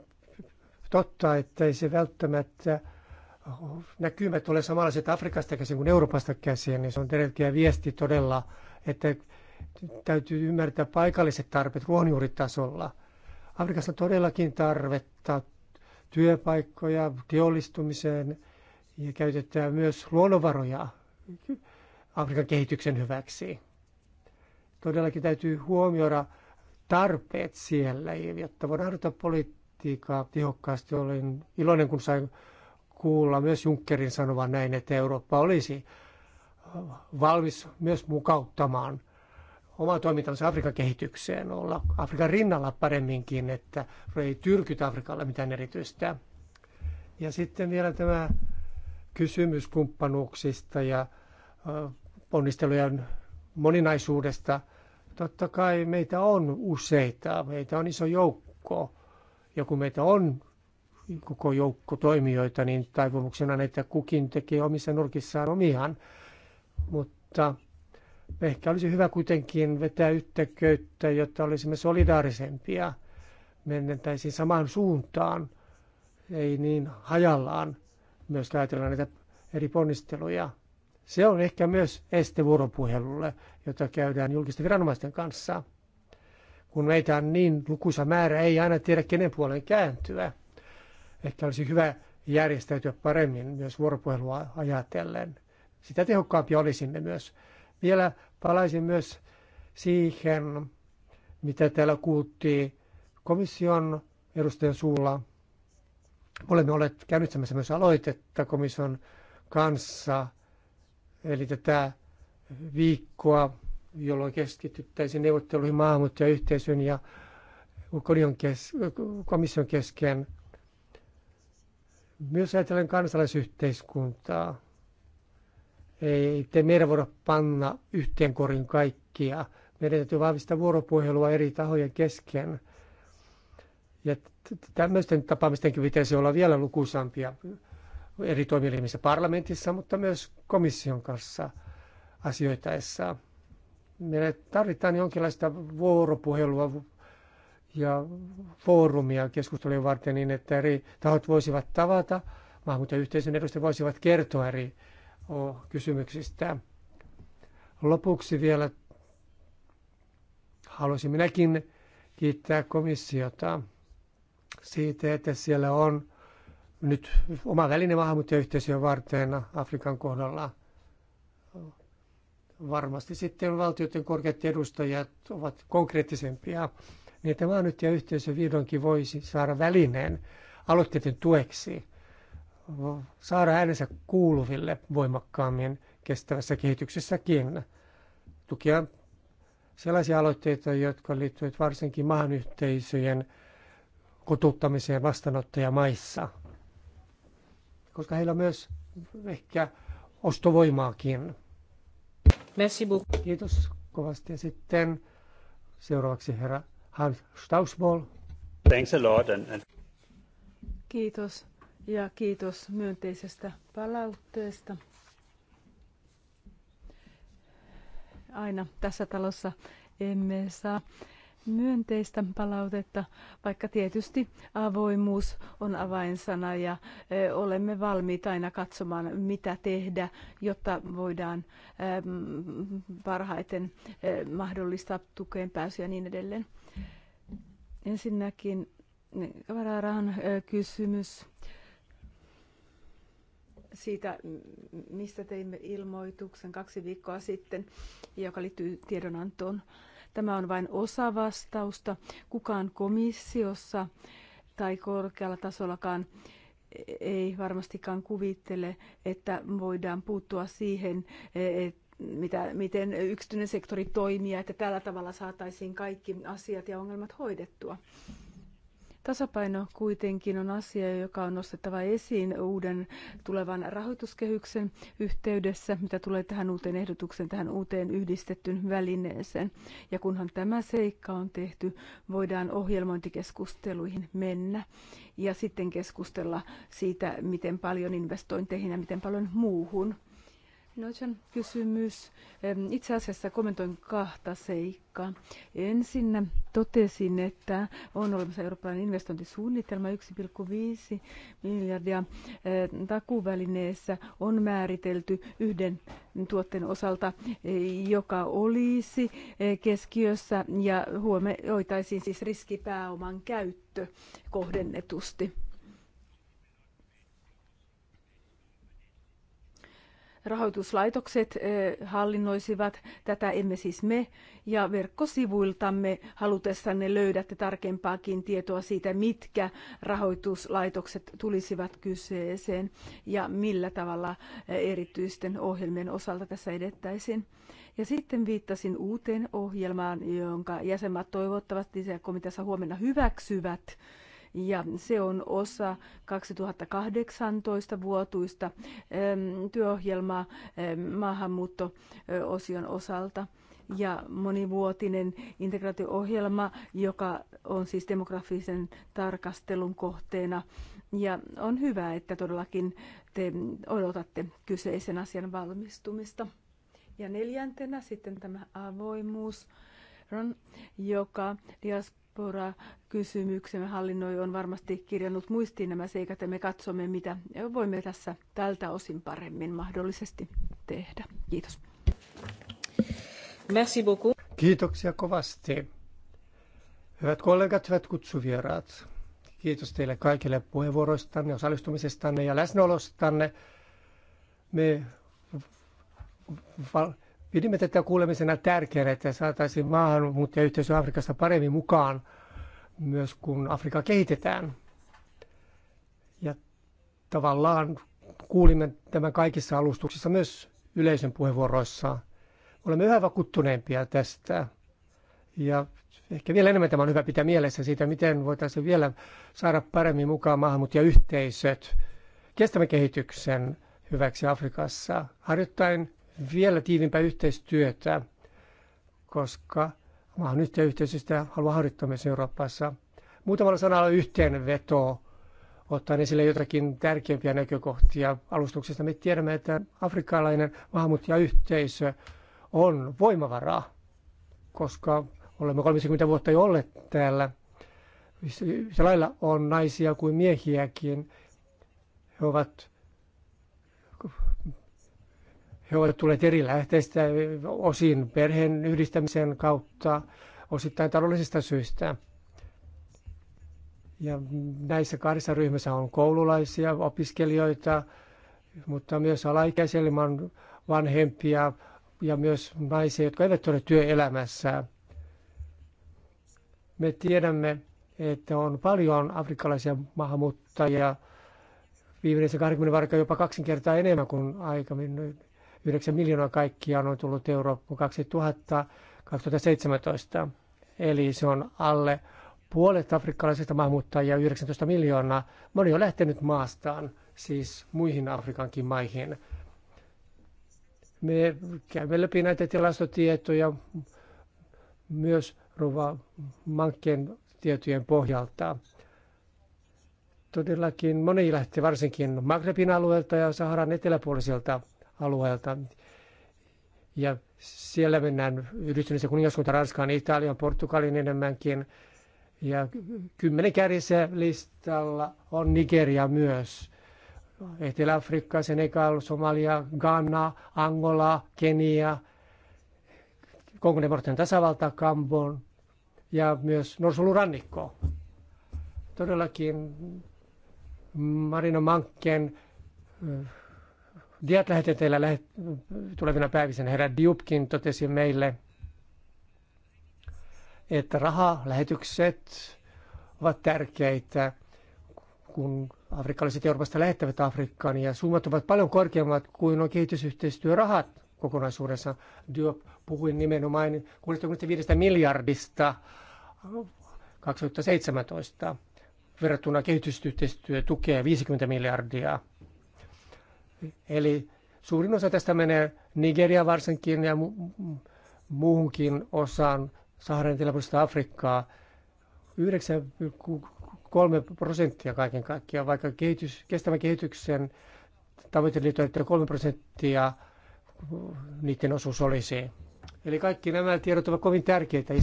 totta, että ei se välttämättä näkymät ole samanlaiset Afrikasta käsin kuin Euroopasta käsin, niin se on tärkeä viesti todella, että täytyy ymmärtää paikalliset tarpeet ruohonjuuritasolla. Afrikassa on todellakin tarvetta työpaikkoja, teollistumiseen ja käytetään myös luonnonvaroja Afrikan kehityksen hyväksi todellakin täytyy huomioida tarpeet siellä, jotta voidaan harjoittaa politiikkaa tehokkaasti. olin iloinen, kun sain kuulla myös Junckerin sanovan näin, että Eurooppa olisi valmis myös mukauttamaan oma toimintansa Afrikan kehitykseen, olla Afrikan rinnalla paremminkin, että ei tyrkytä Afrikalle mitään erityistä. Ja sitten vielä tämä kysymys kumppanuuksista ja ponnistelujen moninaisuudesta. Totta kai meitä on useita, meitä on iso joukko. Ja kun meitä on koko joukko toimijoita, niin taipumuksena että kukin tekee omissa nurkissaan omihan. Mutta ehkä olisi hyvä kuitenkin vetää yhtä köyttä, jotta olisimme solidaarisempia. Mennettäisiin samaan suuntaan, ei niin hajallaan. Myös ajatella näitä eri ponnisteluja. Se on ehkä myös este vuoropuhelulle, jota käydään julkisten viranomaisten kanssa. Kun meitä on niin lukuisa määrä, ei aina tiedä kenen puolen kääntyä. Ehkä olisi hyvä järjestäytyä paremmin myös vuoropuhelua ajatellen. Sitä tehokkaampia olisimme myös. Vielä palaisin myös siihen, mitä täällä kuultiin komission edustajan suulla. Olemme olleet käynnistämässä myös aloitetta komission kanssa Eli tätä viikkoa, jolloin keskityttäisiin neuvotteluihin maahanmuuttajayhteisön ja kes, komission kesken. Myös ajatellen kansalaisyhteiskuntaa. Ei te meidän voida panna yhteen korin kaikkia. Meidän täytyy vahvistaa vuoropuhelua eri tahojen kesken. Ja tämmöisten tapaamistenkin pitäisi olla vielä lukuisampia eri toimielimissä parlamentissa, mutta myös komission kanssa asioitaessa. me tarvitaan jonkinlaista vuoropuhelua ja foorumia keskustelujen varten niin, että eri tahot voisivat tavata, maahanmuuttajayhteisön edustajat voisivat kertoa eri kysymyksistä. Lopuksi vielä haluaisin minäkin kiittää komissiota siitä, että siellä on nyt oma väline maahanmuuttajayhteisöjen varten Afrikan kohdalla. Varmasti sitten valtioiden korkeat edustajat ovat konkreettisempia, niin että maannyttäjäyhteisö vihdoinkin voisi saada välineen aloitteiden tueksi, saada äänensä kuuluville voimakkaammin kestävässä kehityksessäkin, tukea sellaisia aloitteita, jotka liittyvät varsinkin maanyhteisöjen kotuttamiseen maissa koska heillä on myös ehkä ostovoimaakin. Merci beaucoup. Kiitos kovasti. Ja sitten seuraavaksi herra Hans Stausbol. Thanks a lot. And... Kiitos ja kiitos myönteisestä palautteesta. Aina tässä talossa emme saa myönteistä palautetta, vaikka tietysti avoimuus on avainsana ja e, olemme valmiita aina katsomaan, mitä tehdä, jotta voidaan parhaiten e, mahdollistaa tukeen pääsyä ja niin edelleen. Ensinnäkin e, vararahan kysymys siitä, mistä teimme ilmoituksen kaksi viikkoa sitten, joka liittyy tiedonantoon Tämä on vain osa vastausta. Kukaan komissiossa tai korkealla tasollakaan ei varmastikaan kuvittele, että voidaan puuttua siihen, että mitä, miten yksityinen sektori toimii, että tällä tavalla saataisiin kaikki asiat ja ongelmat hoidettua. Tasapaino kuitenkin on asia, joka on nostettava esiin uuden tulevan rahoituskehyksen yhteydessä, mitä tulee tähän uuteen ehdotukseen, tähän uuteen yhdistettyyn välineeseen. Ja kunhan tämä seikka on tehty, voidaan ohjelmointikeskusteluihin mennä ja sitten keskustella siitä, miten paljon investointeihin ja miten paljon muuhun on kysymys. Itse asiassa kommentoin kahta seikkaa. Ensinnä totesin, että on olemassa Euroopan investointisuunnitelma 1,5 miljardia eh, takuvälineessä on määritelty yhden tuotteen osalta, eh, joka olisi eh, keskiössä ja huomioitaisiin siis riskipääoman käyttö kohdennetusti. rahoituslaitokset eh, hallinnoisivat. Tätä emme siis me. Ja verkkosivuiltamme halutessanne löydätte tarkempaakin tietoa siitä, mitkä rahoituslaitokset tulisivat kyseeseen ja millä tavalla eh, erityisten ohjelmien osalta tässä edettäisiin. Ja sitten viittasin uuteen ohjelmaan, jonka jäsenmaat toivottavasti komiteassa huomenna hyväksyvät ja se on osa 2018 vuotuista työohjelmaa maahanmuutto-osion osalta ja monivuotinen integraatio-ohjelma, joka on siis demografisen tarkastelun kohteena. Ja on hyvä, että todellakin te odotatte kyseisen asian valmistumista. Ja neljäntenä sitten tämä avoimuus, joka diaspora Pora kysymyksen hallinnoi on varmasti kirjannut muistiin nämä seikat ja me katsomme, mitä voimme tässä tältä osin paremmin mahdollisesti tehdä. Kiitos. Merci beaucoup. Kiitoksia kovasti. Hyvät kollegat, hyvät kutsuvieraat. Kiitos teille kaikille puheenvuoroistanne, osallistumisestanne ja läsnäolostanne. Me val- Pidimme tätä kuulemisena tärkeänä, että saataisiin maahanmuuttajayhteisö Afrikassa paremmin mukaan myös kun Afrika kehitetään. Ja tavallaan kuulimme tämän kaikissa alustuksissa myös yleisön puheenvuoroissa. Olemme yhä vakuuttuneempia tästä. Ja ehkä vielä enemmän tämä on hyvä pitää mielessä siitä, miten voitaisiin vielä saada paremmin mukaan maahanmuuttajayhteisöt kestävän kehityksen hyväksi Afrikassa, harjoittain vielä tiivimpää yhteistyötä, koska maahan yhteisöstä haluaa harjoittaa myös Euroopassa. Muutamalla sanalla yhteenveto, ottaen esille jotakin tärkeimpiä näkökohtia alustuksesta. Me tiedämme, että afrikkalainen maahanmuuttajayhteisö on voimavara, koska olemme 30 vuotta jo olleet täällä. Se lailla on naisia kuin miehiäkin. He ovat he ovat tulleet eri lähteistä, osin perheen yhdistämisen kautta, osittain taloudellisista syistä. Ja näissä kahdessa ryhmässä on koululaisia, opiskelijoita, mutta myös alaikäisiä vanhempia ja myös naisia, jotka eivät ole työelämässä. Me tiedämme, että on paljon afrikkalaisia maahanmuuttajia, viimeisen 20 vuoden jopa kaksin kertaa enemmän kuin aikaisemmin. 9 miljoonaa kaikkiaan on tullut Eurooppa 2017. Eli se on alle puolet afrikkalaisista maahanmuuttajia, 19 miljoonaa. Moni on lähtenyt maastaan, siis muihin Afrikankin maihin. Me käymme läpi näitä tilastotietoja myös Ruva Mankkeen tietojen pohjalta. Todellakin moni lähtee varsinkin Magrebin alueelta ja Saharan eteläpuolisilta alueelta. Ja siellä mennään yhdistyneeseen kuningaskunta Ranskaan, Italian, Portugalin enemmänkin. Ja kymmenen kärjessä listalla on Nigeria myös. Etelä-Afrikka, Senegal, Somalia, Ghana, Angola, Kenia, Kongo-Demokratian tasavalta, Kambon ja myös Norsulurannikko. Todellakin Marino Manken Diat lähet- tulevina päivinä herra Diupkin totesi meille, että rahalähetykset ovat tärkeitä, kun afrikkalaiset Euroopasta lähettävät Afrikkaan ja summat ovat paljon korkeammat kuin on kehitysyhteistyörahat kokonaisuudessa. Diop puhui nimenomaan 65 miljardista 2017 verrattuna kehitysyhteistyötukea 50 miljardia Eli suurin osa tästä menee Nigeria varsinkin ja mu- muuhunkin osaan Saharan tilapuolista Afrikkaa. 9,3 prosenttia kaiken kaikkiaan, vaikka kehitys, kestävän kehityksen liittyy, että 3 prosenttia niiden osuus olisi. Eli kaikki nämä tiedot ovat kovin tärkeitä.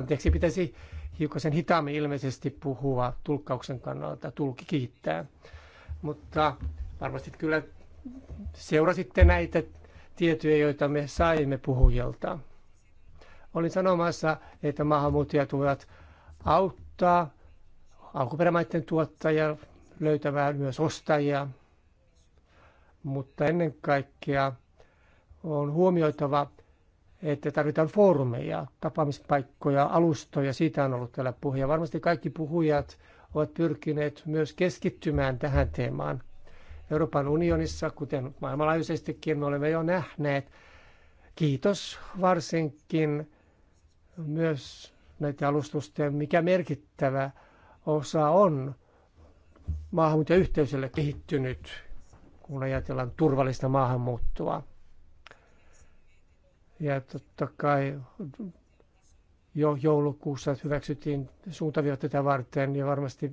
Anteeksi, pitäisi hiukan sen hitaammin ilmeisesti puhua tulkkauksen kannalta, tulki kiittää. Mutta varmasti kyllä seurasitte näitä tietoja, joita me saimme puhujilta. Olin sanomassa, että maahanmuuttajat voivat auttaa alkuperämaiden tuottajia löytämään myös ostajia, mutta ennen kaikkea on huomioitava, että tarvitaan foorumeja, tapaamispaikkoja, alustoja. Siitä on ollut täällä puhuja. Varmasti kaikki puhujat ovat pyrkineet myös keskittymään tähän teemaan. Euroopan unionissa, kuten maailmanlaajuisestikin, me olemme jo nähneet. Kiitos varsinkin myös näiden alustusten, mikä merkittävä osa on maahanmuuttajayhteisölle kehittynyt, kun ajatellaan turvallista maahanmuuttoa. Ja totta kai jo joulukuussa hyväksyttiin suuntaviot tätä varten ja varmasti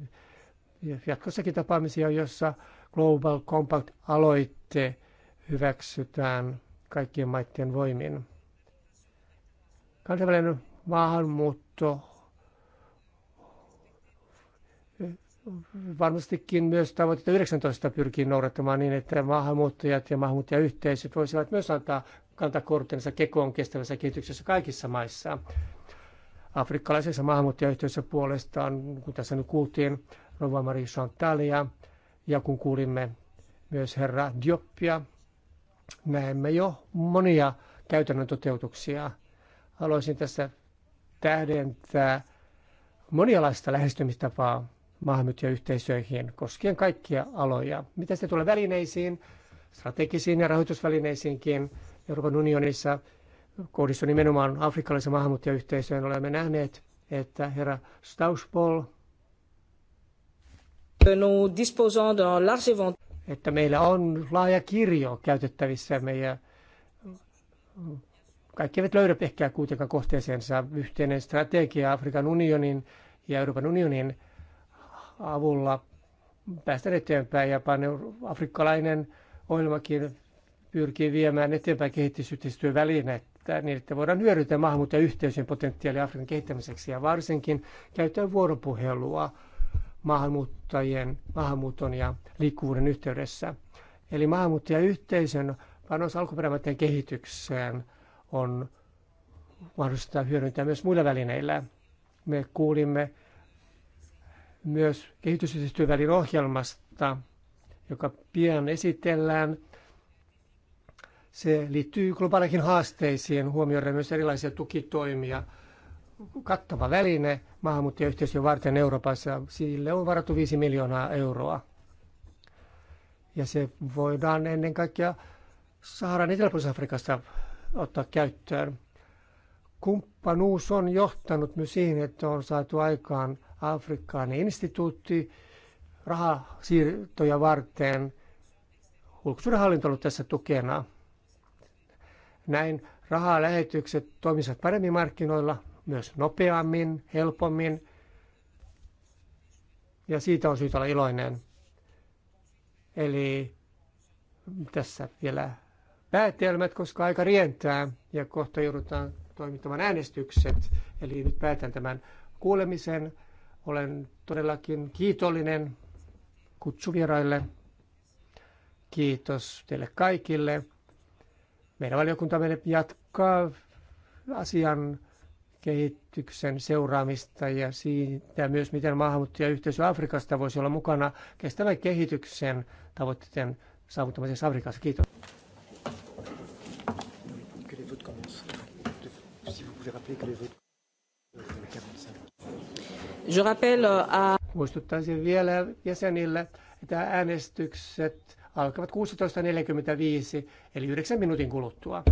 jatkossakin tapaamisia, jossa Global Compact-aloitte hyväksytään kaikkien maiden voimin. Kansainvälinen maahanmuutto varmastikin myös tavoitteita 19 pyrkii noudattamaan niin, että maahanmuuttajat ja maahanmuuttajayhteisöt voisivat myös antaa kantakortensa kekoon kestävässä kehityksessä kaikissa maissa. Afrikkalaisessa maahanmuuttajayhteisössä puolestaan, kun tässä nyt kuultiin Rova Marie Chantalia ja kun kuulimme myös herra Dioppia, näemme jo monia käytännön toteutuksia. Haluaisin tässä tähdentää monialaista lähestymistapaa yhteisöihin koskien kaikkia aloja. Mitä se tulee välineisiin, strategisiin ja rahoitusvälineisiinkin Euroopan unionissa kohdistuu nimenomaan afrikkalaisen maahanmuuttajayhteisöön. Olemme nähneet, että herra Stausbol että meillä on laaja kirjo käytettävissä meidän kaikki eivät löydä ehkä kuitenkaan kohteeseensa yhteinen strategia Afrikan unionin ja Euroopan unionin avulla päästään eteenpäin ja afrikkalainen ohjelmakin pyrkii viemään eteenpäin kehitysyhteistyövälinettä niin, että voidaan hyödyntää yhteisön potentiaalia Afrikan kehittämiseksi ja varsinkin käyttää vuoropuhelua maahanmuuttajien, maahanmuuton ja liikkuvuuden yhteydessä. Eli maahanmuuttajayhteisön panos alkuperämaiden kehitykseen on mahdollista hyödyntää myös muilla välineillä. Me kuulimme myös kehitysyhteistyövälin ohjelmasta, joka pian esitellään. Se liittyy globaaleihin haasteisiin, huomioiden myös erilaisia tukitoimia. Kattava väline maahanmuuttajayhteisö varten Euroopassa, sille on varattu 5 miljoonaa euroa. Ja se voidaan ennen kaikkea Saharan etelä Afrikassa ottaa käyttöön. Kumppanuus on johtanut myös siihen, että on saatu aikaan Afrikkaan instituutti rahasiirtoja varten. Ulkosuudenhallinto on ollut tässä tukena. Näin rahalähetykset toimisivat paremmin markkinoilla, myös nopeammin, helpommin. Ja siitä on syytä olla iloinen. Eli tässä vielä päätelmät, koska aika rientää ja kohta joudutaan toimittamaan äänestykset. Eli nyt päätän tämän kuulemisen. Olen todellakin kiitollinen kutsuvieraille. Kiitos teille kaikille. Meidän valiokuntamme jatkaa asian kehityksen seuraamista ja siitä myös, miten maahanmuuttajayhteisö Afrikasta voisi olla mukana kestävän kehityksen tavoitteiden saavuttamisessa Afrikassa. Kiitos. Je rappelle euh, à... Muistuttaisin vielä jäsenille, että äänestykset alkavat 16.45, eli 9 minuutin kuluttua.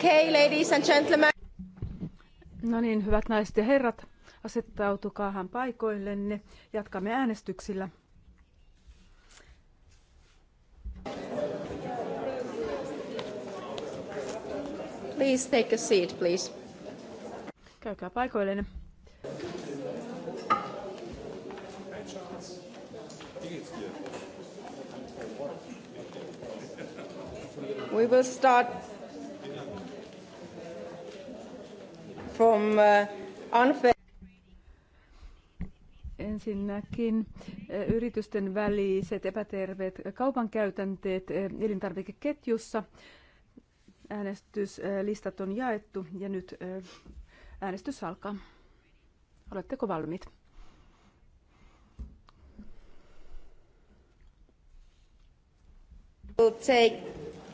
Okay, ladies and gentlemen. No niin, hyvät naiset ja herrat, asettautukaahan paikoillenne. Jatkamme äänestyksillä. Please take a seat, please. Käykää paikoillenne. We will start from eh, unfair Ensinnäkin eh, yritysten väliset epäterveet kaupankäytänteet eh, elintarvikeketjussa. Äänestyslistat on jaettu ja nyt äänestys alkaa. Oletteko valmiit? We'll take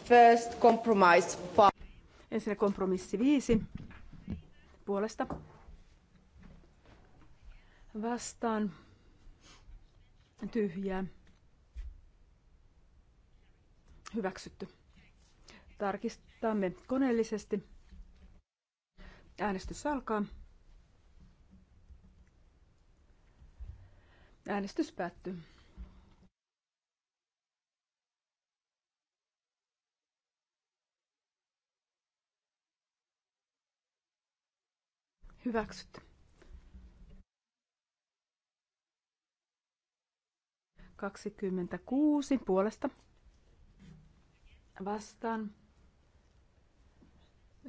first compromise. Ensinnä kompromissi viisi puolesta vastaan tyhjää hyväksytty. Tarkistamme koneellisesti. Äänestys alkaa. Äänestys päättyy. Hyväksytty. kuusi puolesta. Vastaan.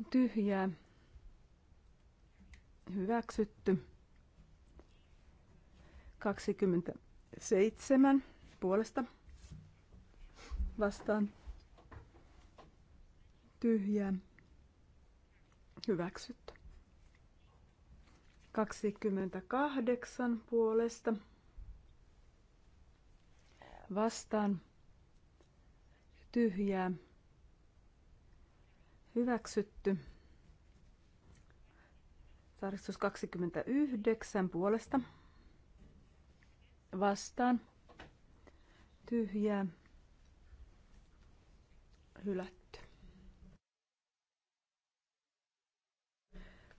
Tyhjää. Hyväksytty. 27 puolesta vastaan tyhjää hyväksytty. 28 puolesta vastaan tyhjää hyväksytty. Tarkistus 29 puolesta vastaan tyhjää hylätty.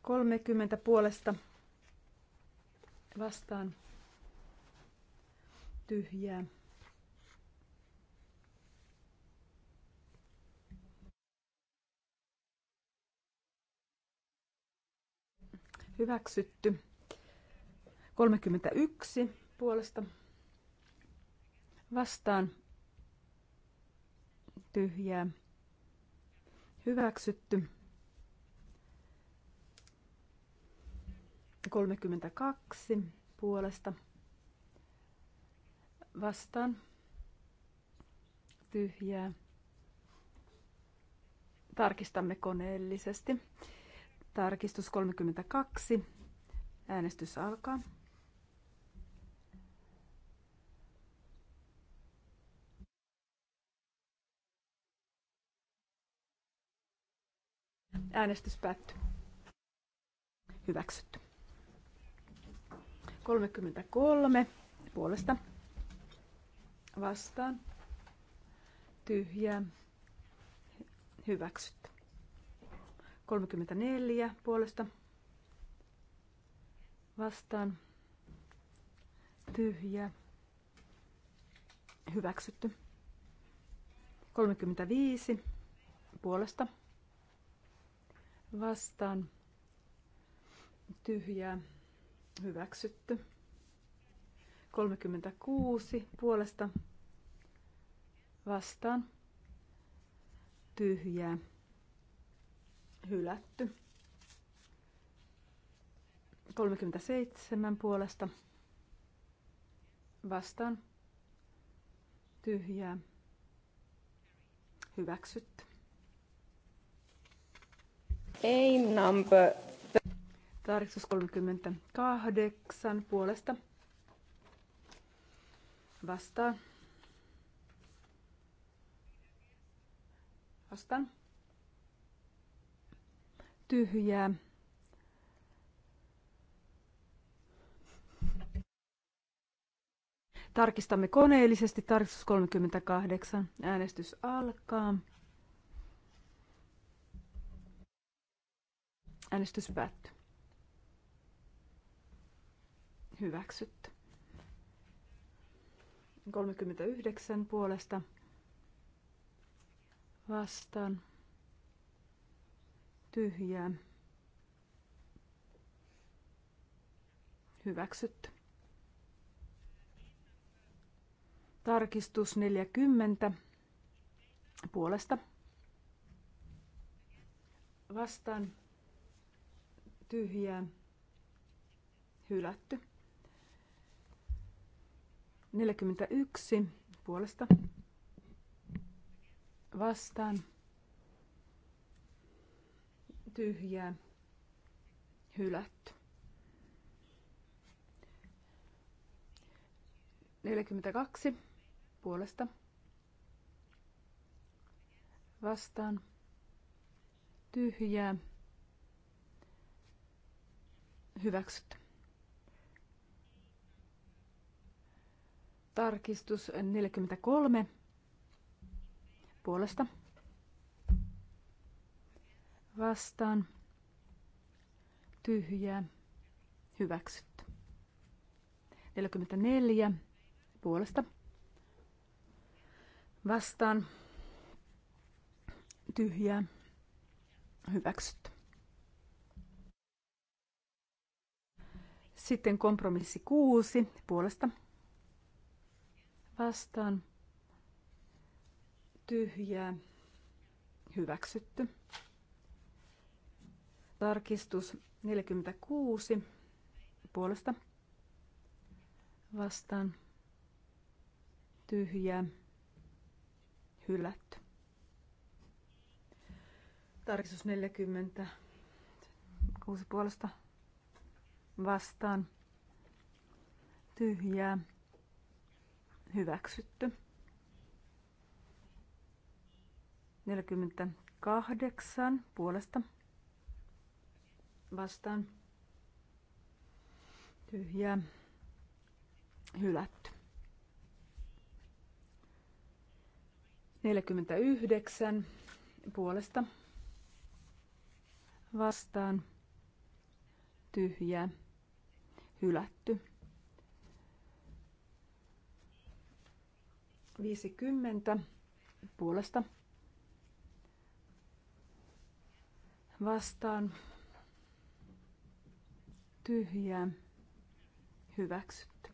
30 puolesta vastaan tyhjää. Hyväksytty. 31 puolesta vastaan tyhjää. Hyväksytty. 32 puolesta vastaan tyhjää. Tarkistamme koneellisesti. Tarkistus 32. Äänestys alkaa. Äänestys päättyy. Hyväksytty. 33 puolesta vastaan. Tyhjää. Hyväksytty. 34 puolesta vastaan. Tyhjää. Hyväksytty. 35 puolesta vastaan. Tyhjää Hyväksytty. 36 puolesta vastaan. Tyhjää. Hylätty. 37 puolesta vastaan. Tyhjää. Hyväksytty. Ei number Tarkistus 38 puolesta vastaan. Vastaan. Tyhjää. Tarkistamme koneellisesti. Tarkistus 38. Äänestys alkaa. Äänestys päättyy. Hyväksytty. 39 puolesta vastaan tyhjää. Hyväksytty. Tarkistus 40 puolesta vastaan tyhjää hylätty. 41 puolesta vastaan tyhjää hylätty. 42 puolesta vastaan tyhjää hyväksytty. Tarkistus 43 puolesta. Vastaan. Tyhjää. Hyväksytty. 44 puolesta. Vastaan. Tyhjää. Hyväksytty. Sitten kompromissi 6 puolesta vastaan tyhjää hyväksytty. Tarkistus 46 puolesta vastaan tyhjää hylätty. Tarkistus 46 puolesta vastaan tyhjää Hyväksytty. 48 puolesta. Vastaan. Tyhjää. Hylätty. 49 puolesta. Vastaan. Tyhjää. Hylätty. 50 puolesta vastaan tyhjää hyväksytty.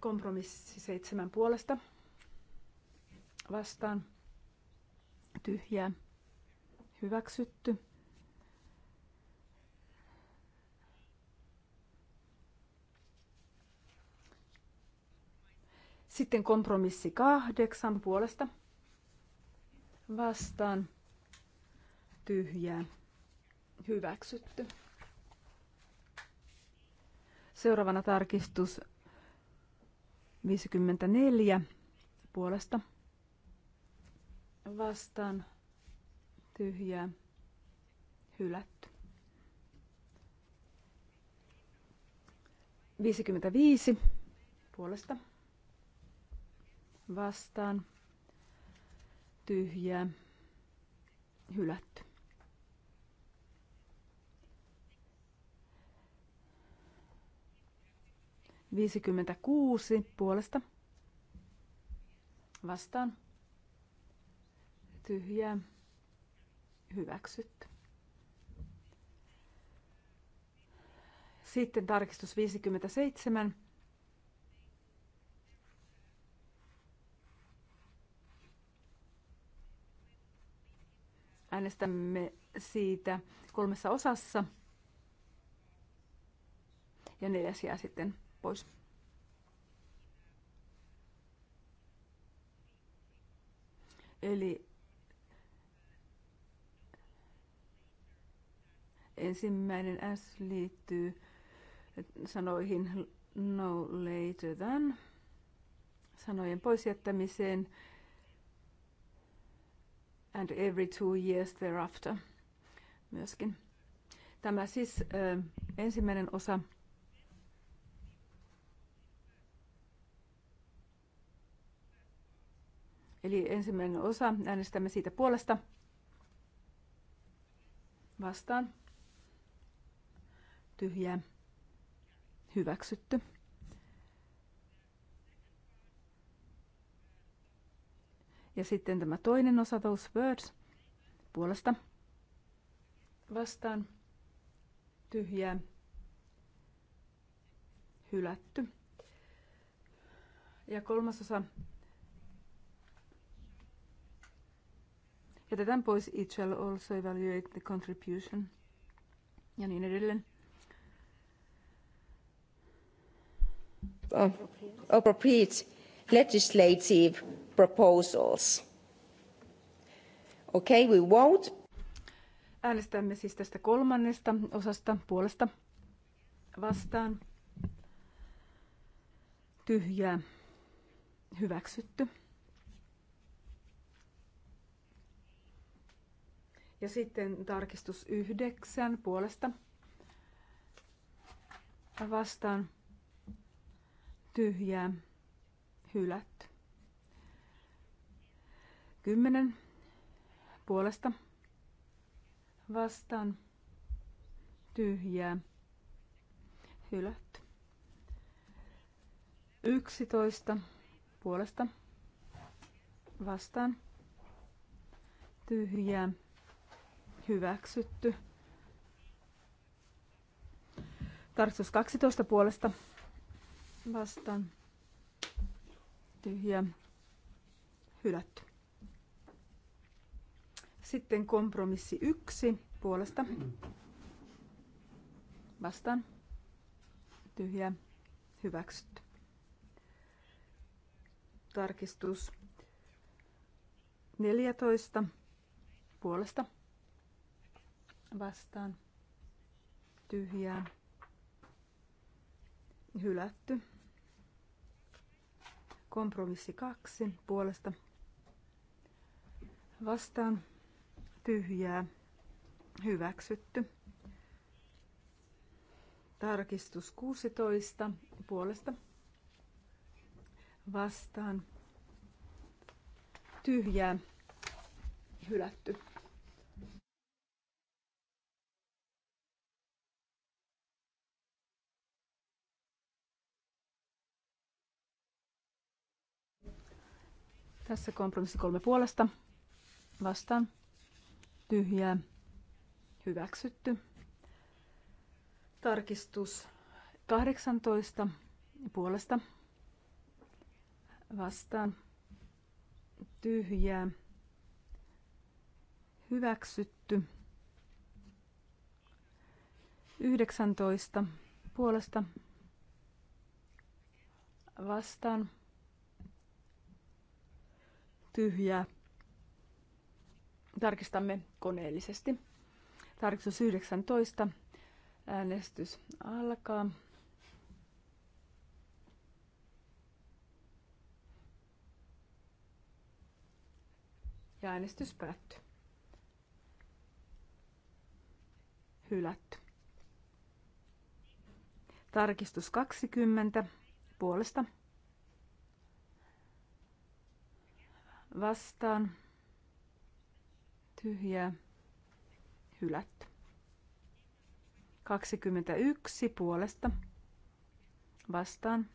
Kompromissi seitsemän puolesta vastaan tyhjää hyväksytty. Sitten kompromissi kahdeksan puolesta vastaan tyhjää hyväksytty. Seuraavana tarkistus 54 puolesta vastaan tyhjää hylätty. 55 puolesta vastaan tyhjää hylätty. kuusi puolesta vastaan tyhjää hyväksytty. Sitten tarkistus 57 Äänestämme siitä kolmessa osassa ja neljäs jää sitten pois. Eli ensimmäinen S liittyy sanoihin no later than, sanojen poisjättämiseen and every two years thereafter myöskin. Tämä siis ö, ensimmäinen osa. Eli ensimmäinen osa, äänestämme siitä puolesta vastaan. tyhjä Hyväksytty. Ja sitten tämä toinen osa, those words, puolesta vastaan tyhjää hylätty. Ja kolmas osa jätetään pois it shall also evaluate the contribution ja niin edelleen. Appropriate legislative proposals. Okay, we won't. Äänestämme siis tästä kolmannesta osasta puolesta vastaan. Tyhjää. Hyväksytty. Ja sitten tarkistus yhdeksän puolesta vastaan tyhjää hylätty. 10 puolesta vastaan tyhjää hylätty. 11 puolesta vastaan tyhjää hyväksytty. Tarkistus 12 puolesta vastaan tyhjää hylätty. Sitten kompromissi yksi puolesta. Vastaan. Tyhjä. Hyväksytty. Tarkistus 14 puolesta. Vastaan. Tyhjää. Hylätty. Kompromissi 2 puolesta. Vastaan tyhjää hyväksytty. Tarkistus 16 puolesta vastaan tyhjää hylätty. Tässä kompromissi kolme puolesta vastaan tyhjää, hyväksytty. Tarkistus 18 puolesta vastaan tyhjää, hyväksytty. 19 puolesta vastaan tyhjää, Tarkistamme koneellisesti. Tarkistus 19. Äänestys alkaa. Ja äänestys päättyy. Hylätty. Tarkistus 20 puolesta. Vastaan tyhjää, hylätty. 21 puolesta vastaan,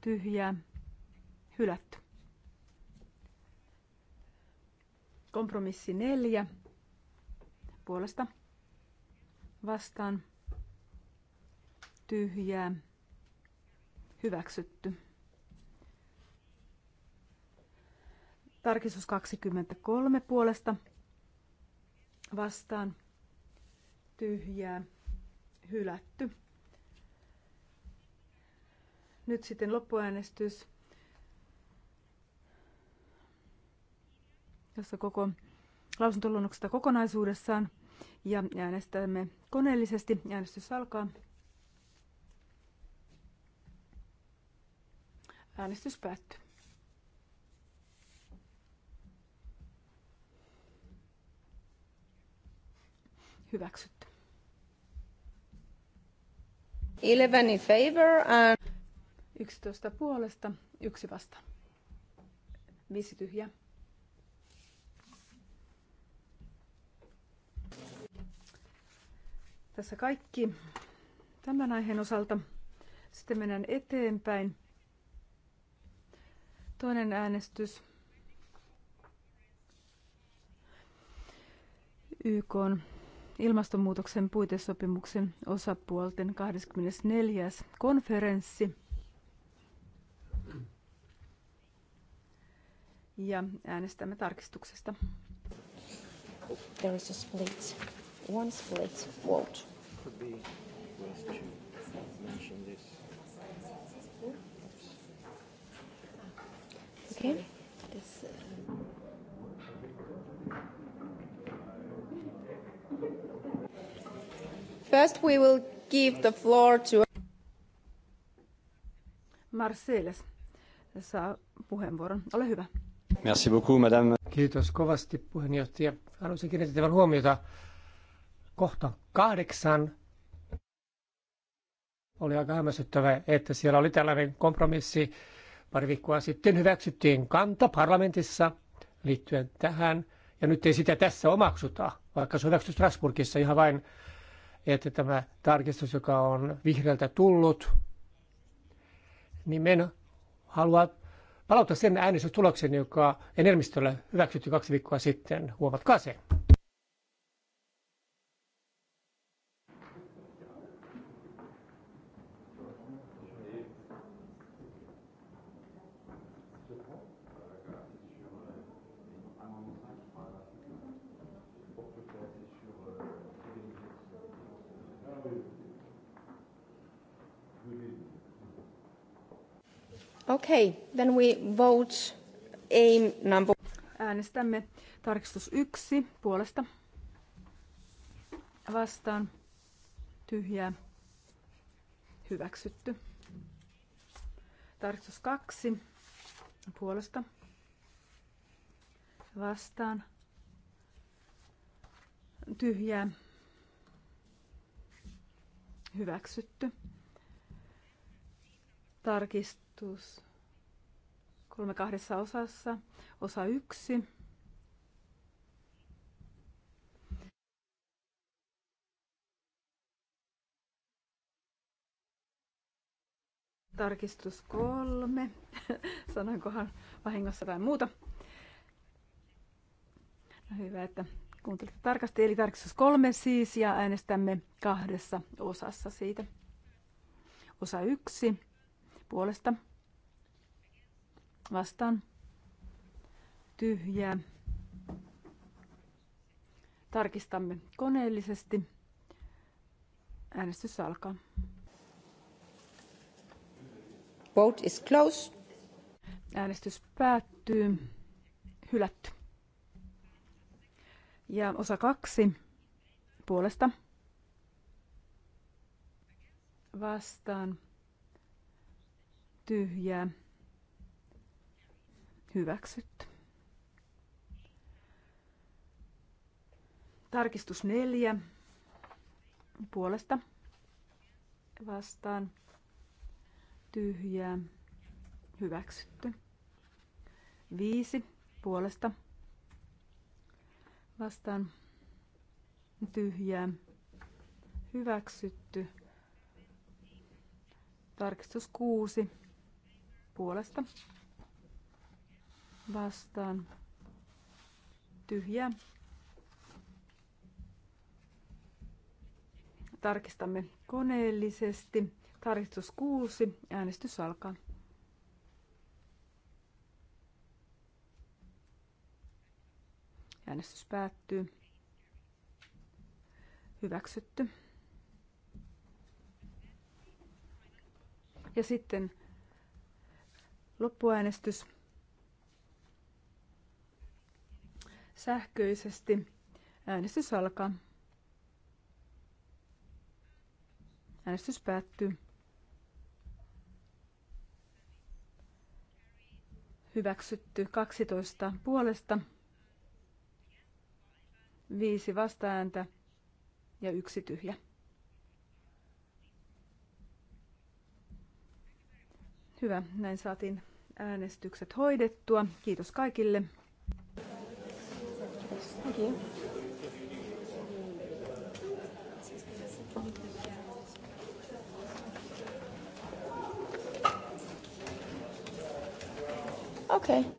tyhjää, hylätty. Kompromissi 4 puolesta vastaan, tyhjää, hyväksytty. Tarkistus 23 puolesta vastaan tyhjää hylätty. Nyt sitten loppuäänestys, jossa koko lausuntoluonnoksesta kokonaisuudessaan ja äänestämme koneellisesti. Äänestys alkaa. Äänestys päättyy. Hyväksytty. 11 in favor and... 11 puolesta, yksi vasta. Viisi tyhjä. Tässä kaikki tämän aiheen osalta. Sitten mennään eteenpäin. Toinen äänestys. YK on ilmastonmuutoksen puitesopimuksen osapuolten 24. konferenssi. Ja äänestämme tarkistuksesta. There is a split. One split vote. Okay. First we will give the floor to... Marseilles saa puheenvuoron. Ole hyvä. Merci beaucoup, madame. Kiitos kovasti puheenjohtaja. Haluaisin kiinnittää huomiota kohta kahdeksan. Oli aika hämmästyttävä, että siellä oli tällainen kompromissi. Pari viikkoa sitten hyväksyttiin kanta parlamentissa liittyen tähän. Ja nyt ei sitä tässä omaksuta, vaikka se on hyväksytty Strasbourgissa ihan vain että tämä tarkistus, joka on vihreältä tullut, niin me haluaa palauttaa sen äänestystuloksen, joka enemmistöllä hyväksytty kaksi viikkoa sitten. Huomatkaa se. Okay, then we vote aim number... Äänestämme tarkistus yksi puolesta. Vastaan. Tyhjää. Hyväksytty. Tarkistus kaksi puolesta. Vastaan. Tyhjää. Hyväksytty. Tarkistus tarkistus kolme kahdessa osassa. Osa yksi. Tarkistus kolme. Sanoinkohan vahingossa tai muuta. No hyvä, että kuuntelitte tarkasti. Eli tarkistus kolme siis ja äänestämme kahdessa osassa siitä. Osa yksi puolesta vastaan tyhjää. Tarkistamme koneellisesti. Äänestys alkaa. Vote is close Äänestys päättyy. Hylätty. Ja osa kaksi puolesta. Vastaan. Tyhjää. Hyväksytty. Tarkistus neljä puolesta vastaan tyhjää hyväksytty. Viisi puolesta vastaan tyhjää hyväksytty. Tarkistus kuusi puolesta vastaan tyhjä. Tarkistamme koneellisesti. Tarkistus 6. Äänestys alkaa. Äänestys päättyy. Hyväksytty. Ja sitten loppuäänestys. sähköisesti. Äänestys alkaa. Äänestys päättyy. Hyväksytty 12 puolesta, 5 vastaääntä ja yksi tyhjä. Hyvä, näin saatiin äänestykset hoidettua. Kiitos kaikille aquí. Okay.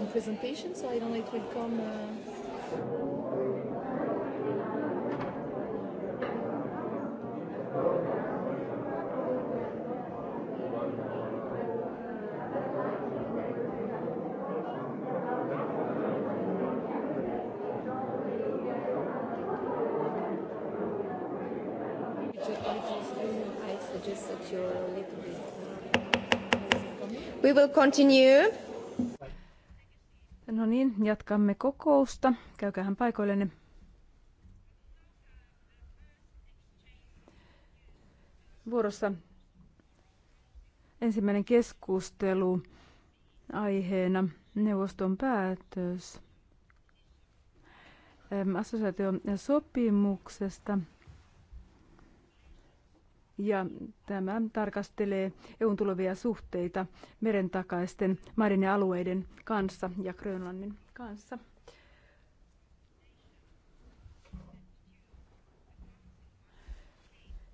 some presentation, so I don't know, if we'll come... Uh We will continue niin, jatkamme kokousta. Käykäähän paikoillenne. Vuorossa ensimmäinen keskustelu aiheena neuvoston päätös assosiaation sopimuksesta ja tämä tarkastelee EUn tulevia suhteita merentakaisten maiden ja alueiden kanssa ja Grönlannin kanssa.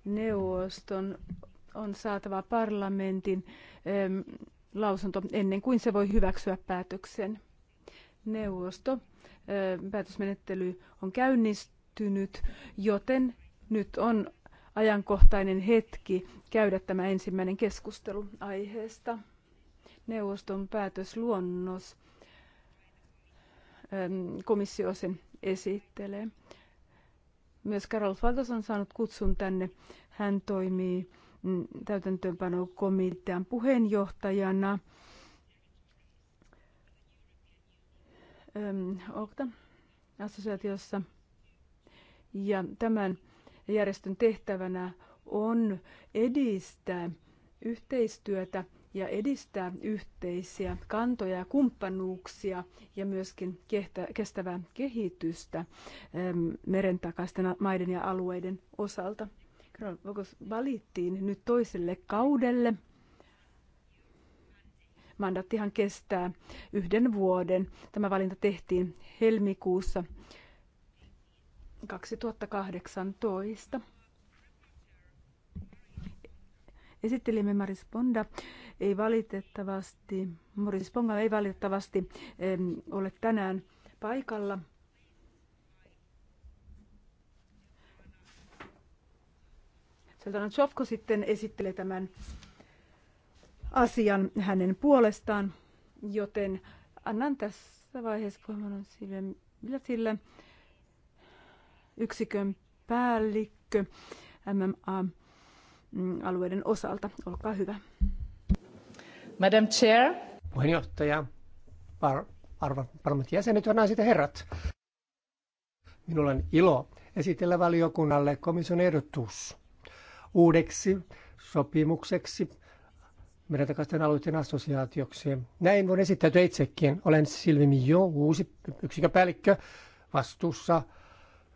Neuvoston on saatava parlamentin lausunto ennen kuin se voi hyväksyä päätöksen. Neuvosto päätösmenettely on käynnistynyt, joten nyt on ajankohtainen hetki käydä tämä ensimmäinen keskustelu aiheesta. Neuvoston päätösluonnos. Ähm, komissio sen esittelee. Myös Karol Faltos on saanut kutsun tänne. Hän toimii mm, täytäntöönpanokomitean puheenjohtajana. Ähm, Okta assosiaatiossa. Ja tämän Järjestön tehtävänä on edistää yhteistyötä ja edistää yhteisiä kantoja ja kumppanuuksia ja myöskin kestävää kehitystä ähm, merentakaisten maiden ja alueiden osalta. Kronvokos valittiin nyt toiselle kaudelle. Mandaattihan kestää yhden vuoden. Tämä valinta tehtiin helmikuussa 2018. Esittelimme Maris Ponda. Ei valitettavasti, Maris Ponga ei valitettavasti ole tänään paikalla. Seltana Chofko sitten esittelee tämän asian hänen puolestaan, joten annan tässä vaiheessa puheenvuoron Silvia Milasille yksikön päällikkö MMA-alueiden osalta. Olkaa hyvä. Madam Chair. Puheenjohtaja, par, arvo, parlamentin jäsenet ja naiset ja herrat. Minulla on ilo esitellä valiokunnalle komission ehdotus uudeksi sopimukseksi merentakaisten alueiden assosiaatioksi. Näin voin esittäytyä itsekin. Olen Silvi Mio, uusi yksikköpäällikkö vastuussa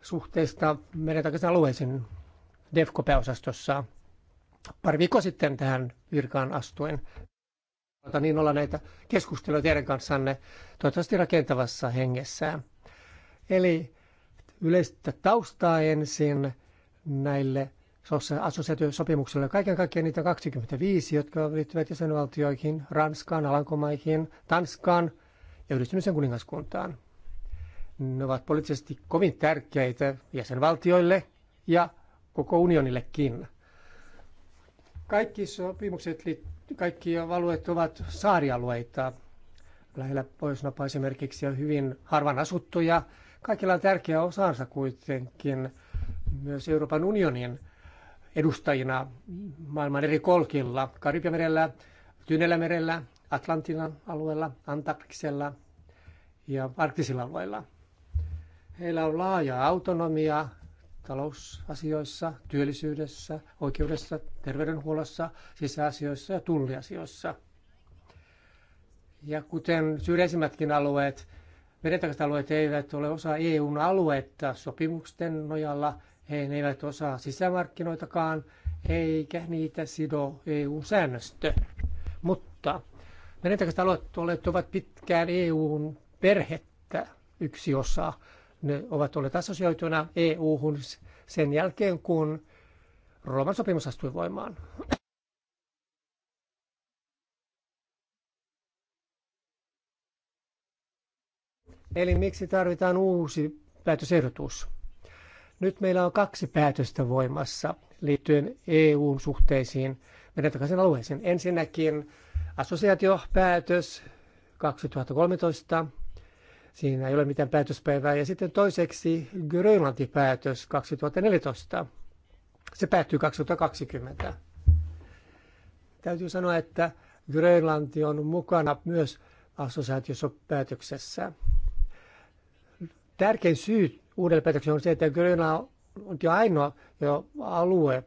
suhteesta merentakaisin alueeseen DEFCO-pääosastossa pari viikkoa sitten tähän virkaan astuen. Otan niin olla näitä keskusteluja teidän kanssanne toivottavasti rakentavassa hengessä. Eli yleistä taustaa ensin näille sopimuksille Kaiken kaikkiaan niitä 25, jotka liittyvät jäsenvaltioihin, Ranskaan, Alankomaihin, Tanskaan ja yhdistymisen kuningaskuntaan. Ne ovat poliittisesti kovin tärkeitä jäsenvaltioille ja koko unionillekin. Kaikki sopimukset, kaikki alueet ovat saarialueita, lähellä Pohjois-Napa esimerkiksi, on hyvin harvan asuttuja. Kaikilla on tärkeä osansa kuitenkin myös Euroopan unionin edustajina maailman eri kolkilla, Karibiamerellä, Tyynellämerellä, Atlantin alueella, Antarktisella ja arktisilla alueilla. Heillä on laaja autonomia talousasioissa, työllisyydessä, oikeudessa, terveydenhuollossa, sisäasioissa ja tulliasioissa. Ja kuten syrjäisimmätkin alueet, merentakaiset alueet eivät ole osa EUn aluetta sopimusten nojalla, he eivät osaa sisämarkkinoitakaan, eikä niitä sido EUn säännöstö. Mutta merentakaiset alueet ovat pitkään EUn perhettä yksi osa. Ne ovat olleet assosioituna EU-hun sen jälkeen, kun Rooman sopimus astui voimaan. Eli miksi tarvitaan uusi päätösehdotus? Nyt meillä on kaksi päätöstä voimassa liittyen EUn suhteisiin meidän takaisin alueeseen. Ensinnäkin assosiaatiopäätös 2013 Siinä ei ole mitään päätöspäivää. Ja sitten toiseksi Grönlanti päätös 2014. Se päättyy 2020. Täytyy sanoa, että Grönlanti on mukana myös assosiaatiosopäätöksessä. Tärkein syy uudelle päätökselle on se, että Grönlanti on jo ainoa jo alue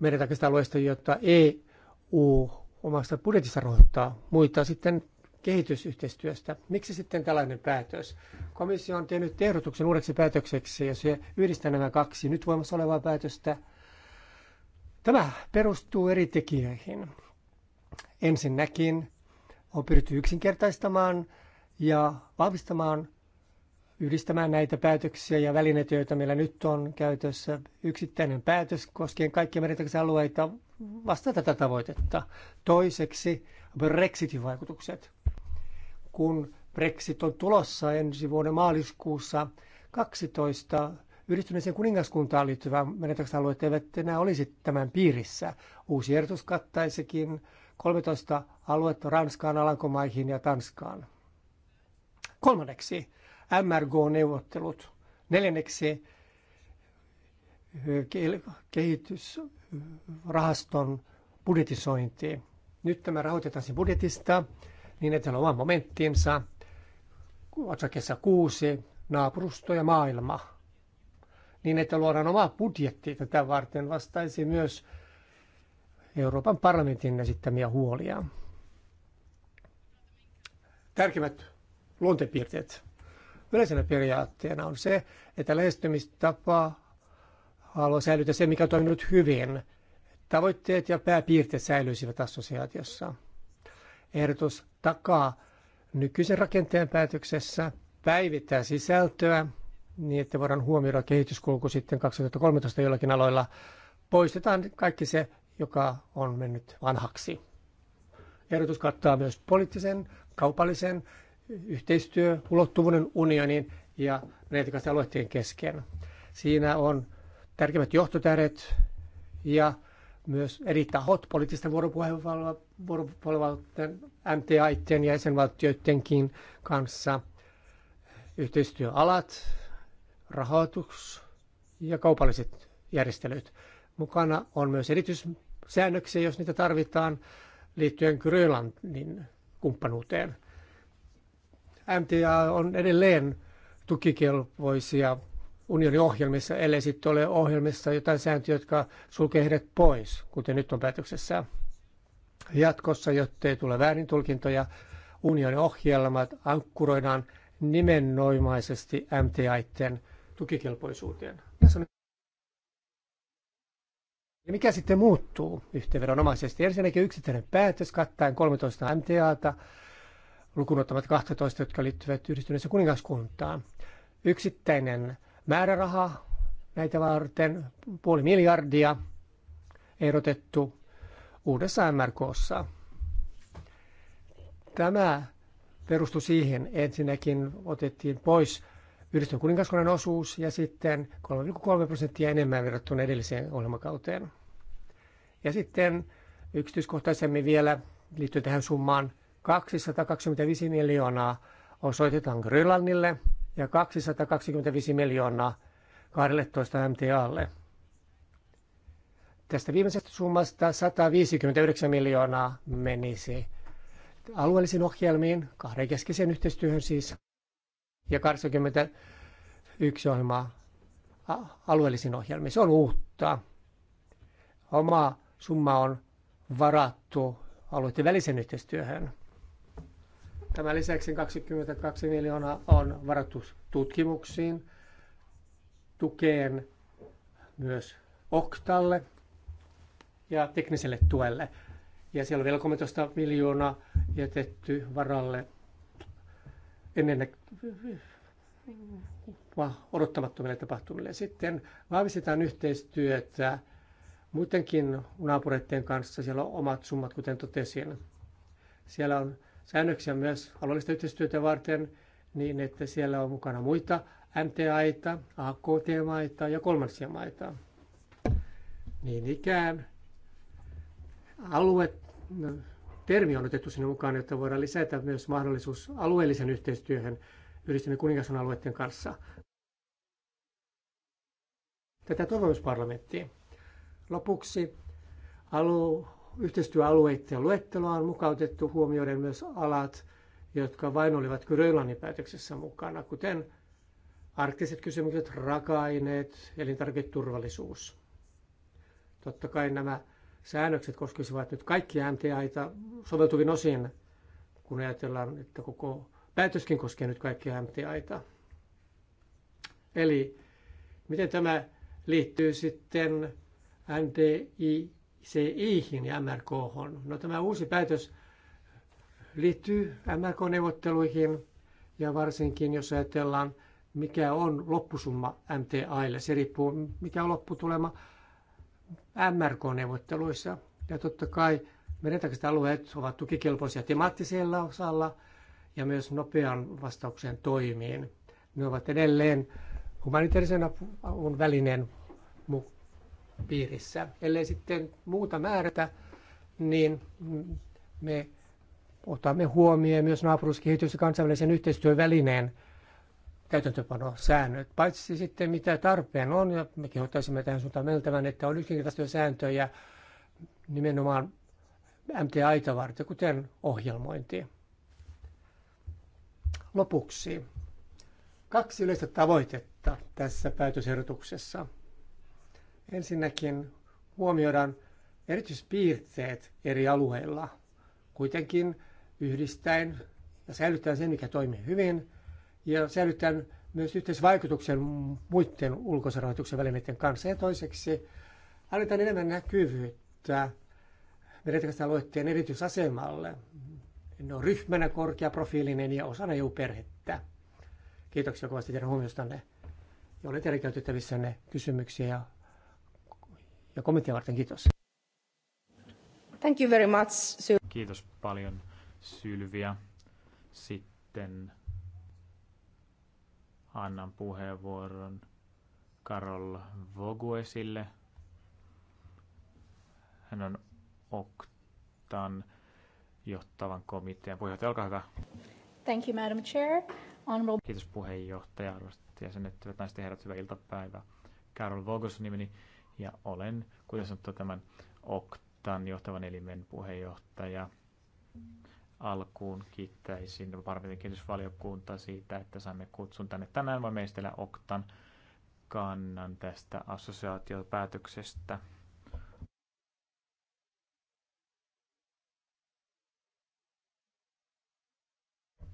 meidän alueesta, jota EU omasta budjetista rahoittaa. Muita sitten kehitysyhteistyöstä. Miksi sitten tällainen päätös? Komissio on tehnyt ehdotuksen uudeksi päätökseksi, ja se yhdistää nämä kaksi nyt voimassa olevaa päätöstä. Tämä perustuu eri tekijöihin. Ensinnäkin on pyritty yksinkertaistamaan ja vahvistamaan yhdistämään näitä päätöksiä ja välineitä, joita meillä nyt on käytössä. Yksittäinen päätös koskien kaikkia meritekäsalueita vastaa tätä tavoitetta. Toiseksi Brexitin vaikutukset kun Brexit on tulossa ensi vuoden maaliskuussa 12 yhdistyneeseen kuningaskuntaan liittyvää menetysalueet eivät enää olisi tämän piirissä. Uusi ehdotus kattaisikin 13 aluetta Ranskaan, Alankomaihin ja Tanskaan. Kolmanneksi MRG-neuvottelut. Neljänneksi eh, kehitysrahaston budjetisointi. Nyt tämä rahoitetaan siis budjetista niin että on oma momenttinsa otsakessa kuusi, naapurusto ja maailma. Niin että luodaan oma budjetti tätä varten vastaisi myös Euroopan parlamentin esittämiä huolia. Tärkeimmät luontepiirteet. Yleisenä periaatteena on se, että lähestymistapa haluaa säilyttää se, mikä on toiminut hyvin. Tavoitteet ja pääpiirteet säilyisivät assosiaatiossa ehdotus takaa nykyisen rakenteen päätöksessä, päivittää sisältöä niin, että voidaan huomioida kehityskulku sitten 2013 jollakin aloilla. Poistetaan kaikki se, joka on mennyt vanhaksi. Ehdotus kattaa myös poliittisen, kaupallisen, yhteistyö, ulottuvuuden unionin ja reitikaisten aloitteen kesken. Siinä on tärkeimmät johtotähdet ja myös eri tahot poliittisten vuoropuheluvalten MTA-itten ja jäsenvaltioidenkin kanssa, yhteistyöalat, rahoitus ja kaupalliset järjestelyt. Mukana on myös erityissäännöksiä, jos niitä tarvitaan, liittyen Grönlannin kumppanuuteen. MTA on edelleen tukikelpoisia unionin ohjelmissa, ellei sitten ole ohjelmissa jotain sääntöjä, jotka sulkee heidät pois, kuten nyt on päätöksessä. Jatkossa, jotta ei tule väärintulkintoja, unionin ohjelmat ankkuroidaan nimenomaisesti MTI-ten tukikelpoisuuteen. Ja mikä sitten muuttuu yhteenvedonomaisesti? Ensinnäkin yksittäinen päätös kattaen 13 MTAta, lukunottamat 12, jotka liittyvät yhdistyneeseen kuningaskuntaan. Yksittäinen määräraha näitä varten, puoli miljardia ehdotettu uudessa MRKssa. Tämä perustui siihen, ensinnäkin otettiin pois yhdistön kuningaskunnan osuus ja sitten 3,3 prosenttia enemmän verrattuna edelliseen ohjelmakauteen. Ja sitten yksityiskohtaisemmin vielä liittyy tähän summaan 225 miljoonaa osoitetaan Grönlannille – ja 225 miljoonaa 12 MTAlle. Tästä viimeisestä summasta 159 miljoonaa menisi alueellisiin ohjelmiin, kahdenkeskiseen yhteistyöhön siis, ja 81 ohjelmaa alueellisiin ohjelmiin. Se on uutta. Oma summa on varattu alueiden välisen yhteistyöhön. Tämän lisäksi 22 miljoonaa on varattu tutkimuksiin, tukeen myös Oktalle ja tekniselle tuelle. Ja siellä on vielä 13 miljoonaa jätetty varalle ennen odottamattomille tapahtumille. Sitten vahvistetaan yhteistyötä muidenkin naapureiden kanssa. Siellä on omat summat, kuten totesin. Siellä on säännöksiä myös alueellista yhteistyötä varten niin, että siellä on mukana muita mta aita AKT-maita ja kolmansia maita. Niin ikään alue, no, termi on otettu sinne mukaan, jotta voidaan lisätä myös mahdollisuus alueellisen yhteistyöhön yhdistyneen kuningasan alueiden kanssa. Tätä toivomusparlamenttia. Lopuksi alu, yhteistyöalueiden luetteloa on mukautettu huomioiden myös alat, jotka vain olivat Grönlannin päätöksessä mukana, kuten arktiset kysymykset, raka aineet elintarviketurvallisuus. Totta kai nämä säännökset koskisivat nyt kaikkia MTAita soveltuvin osin, kun ajatellaan, että koko päätöskin koskee nyt kaikkia MTAita. Eli miten tämä liittyy sitten NDI CIhin ja MRK. No tämä uusi päätös liittyy MRK-neuvotteluihin ja varsinkin jos ajatellaan, mikä on loppusumma MTAille. Se riippuu, mikä on lopputulema MRK-neuvotteluissa. Ja totta kai merentakaiset alueet ovat tukikelpoisia temaattisella osalla ja myös nopean vastauksen toimiin. Ne ovat edelleen humanitaarisen avun välineen piirissä. Ellei sitten muuta määrätä, niin me otamme huomioon myös naapuruuskehitys- ja kansainvälisen yhteistyön välineen täytäntöpanosäännöt, paitsi sitten mitä tarpeen on, ja me kehottaisimme tähän suuntaan meiltävän, että on yksinkertaisia sääntöjä nimenomaan MTA-aita varten, kuten ohjelmointi. Lopuksi kaksi yleistä tavoitetta tässä päätösehdotuksessa. Ensinnäkin huomioidaan erityispiirteet eri alueilla, kuitenkin yhdistäen ja säilyttäen sen, mikä toimii hyvin, ja säilyttäen myös yhteisvaikutuksen muiden ulkoisen rahoituksen välineiden kanssa. Ja toiseksi annetaan enemmän näkyvyyttä menetekästä aloitteen erityisasemalle. Ne on ryhmänä korkeaprofiilinen ja osana EU-perhettä. Kiitoksia kovasti teidän huomiostanne. Ja olen teidän ne kysymyksiä ja ja kommenttia varten. Kiitos. Thank you very much, Syl- Kiitos paljon, Sylvia. Sitten annan puheenvuoron Karol Voguesille. Hän on Oktan johtavan komitean puheenjohtaja. Olkaa hyvä. Thank you, Madam Chair. Honorable... Kiitos puheenjohtaja, arvostat jäsenet, hyvät naiset ja herrat, hyvää iltapäivää. Karol Vogos nimeni. Ja olen, kuten sanottu, tämän Oktan johtavan elimen puheenjohtaja. Alkuun kiittäisin parlamentin kehitysvaliokuntaa siitä, että saimme kutsun tänne tänään. Voimme esitellä Oktan kannan tästä assosiaatiopäätöksestä.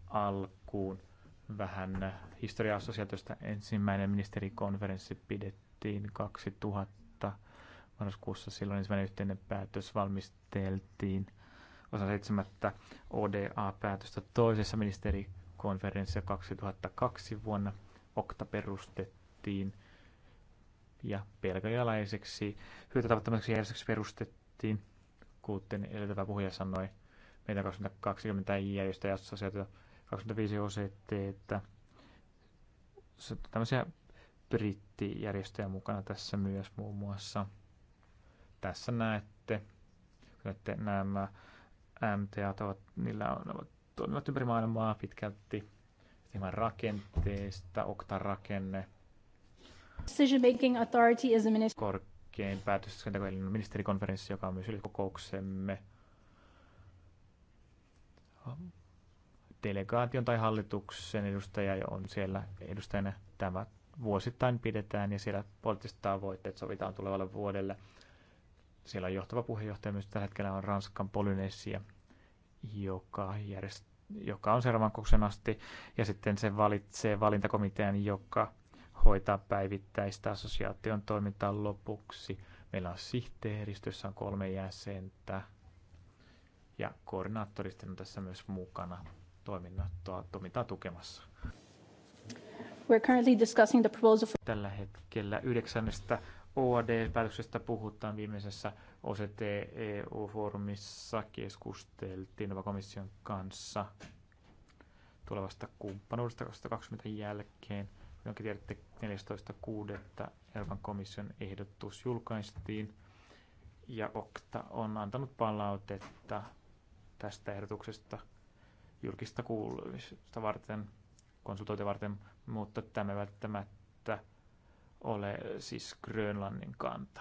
Alkuun vähän historia-assosiaatiosta. Ensimmäinen ministerikonferenssi pidettiin 2000 vuotta marraskuussa. Silloin ensimmäinen yhteinen päätös valmisteltiin osa 7. ODA-päätöstä toisessa ministerikonferenssissa 2002 vuonna. Okta perustettiin ja pelkäjalaiseksi hyötytavoittamiseksi järjestöksi perustettiin, kuten edeltävä puhuja sanoi, meitä 2020 järjestöjä assosiaatiota 25 OCT, että tämmöisiä brittijärjestöjä mukana tässä myös muun muassa. Tässä näette, näette nämä MTA ovat, niillä on, ovat, toimivat ympäri maailmaa pitkälti hieman rakenteesta, Okta-rakenne. Decision making authority is a minister. Korkein päätös, ministerikonferenssi, joka on myös ylikokouksemme delegaation tai hallituksen edustaja on siellä edustajana. Tämä vuosittain pidetään ja siellä poliittiset tavoitteet sovitaan tulevalle vuodelle. Siellä on johtava puheenjohtaja myös tällä hetkellä on Ranskan Polynesia, joka, järjest, joka on seuraavan kokouksen asti. Ja sitten se valitsee valintakomitean, joka hoitaa päivittäistä assosiaation toimintaa lopuksi. Meillä on sihteeristössä on kolme jäsentä ja koordinaattoristen on tässä myös mukana toimintaa, toimintaa tukemassa. We're currently discussing the proposal for... Tällä hetkellä yhdeksännestä OAD-päätöksestä puhutaan viimeisessä OCT-EU-foorumissa keskusteltiin komission kanssa tulevasta kumppanuudesta 2020 jälkeen. Jonkin tiedätte 14.6. Euroopan komission ehdotus julkaistiin ja Okta on antanut palautetta tästä ehdotuksesta julkista kuulumista varten, konsultointia varten mutta tämä välttämättä ole siis Grönlannin kanta.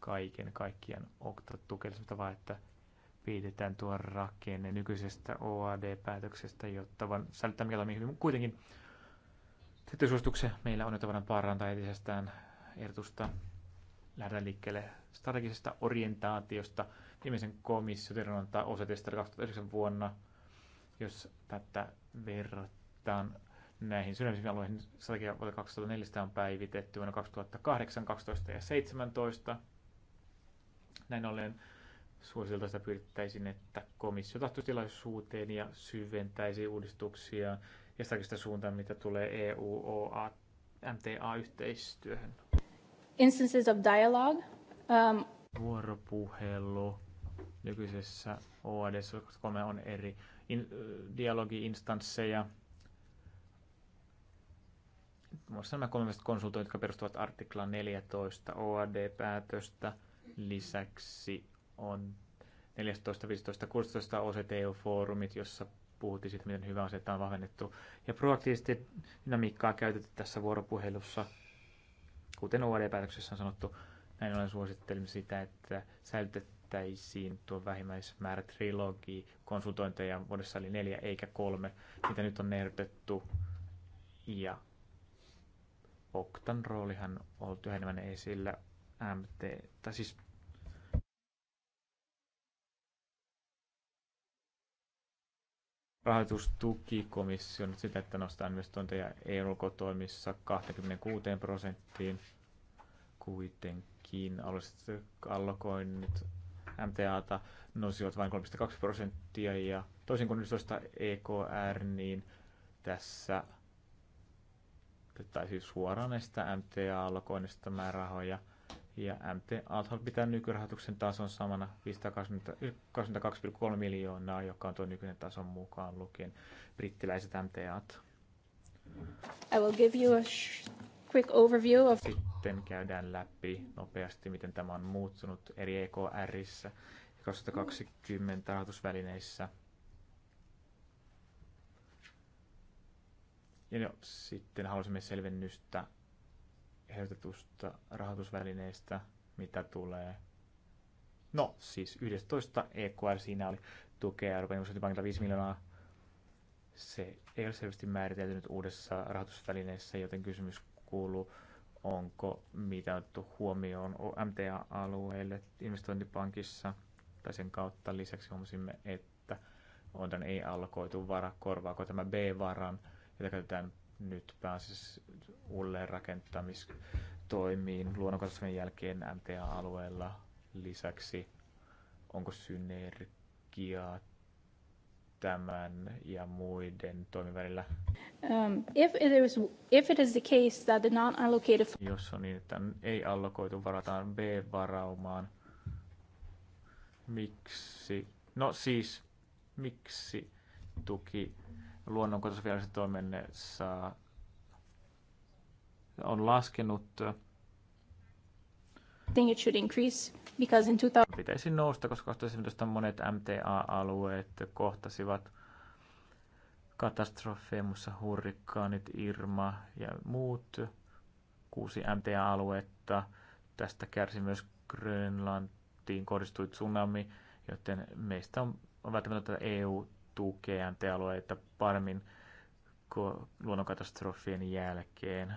Kaiken kaikkiaan Okta tukeellisuutta vaan, että piitetään tuon rakenne nykyisestä oad päätöksestä jotta vaan säilyttää mikä toimii hyvin. Kuitenkin tietty suosituksen meillä on jo tavallaan parantaa entisestään ehdotusta. Lähdetään liikkeelle strategisesta orientaatiosta. Viimeisen komissio antaa osetesta 2009 vuonna, jos tätä verrat Tämä on näihin syrjäisiin alueihin strategia vuodelta 2004 on päivitetty vuonna 2008, 12 ja 17. Näin ollen suosilta sitä pyrittäisiin, että komissio tahtoisi tilaisuuteen ja syventäisi uudistuksia ja sitä suuntaan, mitä tulee EU-OA MTA-yhteistyöhön. Instances of dialogue. Um... Vuoropuhelu. Nykyisessä oad 3 on eri in, dialogi-instansseja, muassa nämä kolmesta konsultoja, jotka perustuvat artikla 14 OAD-päätöstä. Lisäksi on 14, 15, 16 OCTU-foorumit, jossa puhuttiin siitä, miten hyvä asetta on vahvennettu. Ja proaktiivisesti dynamiikkaa käytetty tässä vuoropuhelussa, kuten OAD-päätöksessä on sanottu. Näin olen suosittelimme sitä, että säilytettäisiin tuo vähimmäismäärä trilogi konsultointeja vuodessa oli neljä eikä kolme, mitä nyt on ehdotettu. Ja Oktan roolihan on ollut yhä enemmän esillä MT, tai siis rahoitustukikomissio nyt sitä, että nostaa investointeja EU-kotoimissa 26 prosenttiin. Kuitenkin alueelliset allokoinnit MTAta nousivat vain 3,2 prosenttia ja toisin kuin 11 EKR, niin tässä tai siis suoraan näistä MTA-allokoinnista määrärahoja. Ja MTA pitää nykyrahoituksen tason samana 522,3 miljoonaa, joka on tuo nykyinen tason mukaan lukien brittiläiset MTAt. I will give you a quick overview of... Sitten käydään läpi nopeasti, miten tämä on muuttunut eri EKRissä 2020 rahoitusvälineissä – Ja no, sitten halusimme selvennystä ehdotetusta rahoitusvälineestä, mitä tulee. No siis 11 EKR siinä oli tukea Euroopan investointipankilta 5 miljoonaa. Se ei ole selvästi määritelty uudessa rahoitusvälineessä, joten kysymys kuuluu, onko mitä otettu huomioon MTA-alueelle investointipankissa tai sen kautta. Lisäksi huomasimme, että on ei allokoitu vara, korvaako tämä B-varan jota käytetään nyt pääasiassa uudelleen rakentamistoimiin luonnonkatastrofin jälkeen MTA-alueella. Lisäksi onko synergiaa tämän ja muiden toimivälillä? Um, if, it is, if it is the case that the non-allocated... Jos on niin, että ei allokoitu, varataan B-varaumaan. Miksi? No siis, miksi tuki luonnon toimen saa, on laskenut. Think it should increase because in 2000... Pitäisi nousta, koska 2017 monet MTA-alueet kohtasivat katastrofeja, muissa hurrikaanit, Irma ja muut kuusi MTA-aluetta. Tästä kärsi myös Grönlantiin kohdistui tsunami, joten meistä on, on välttämättä, EU tukea alueita paremmin luonnonkatastrofien jälkeen.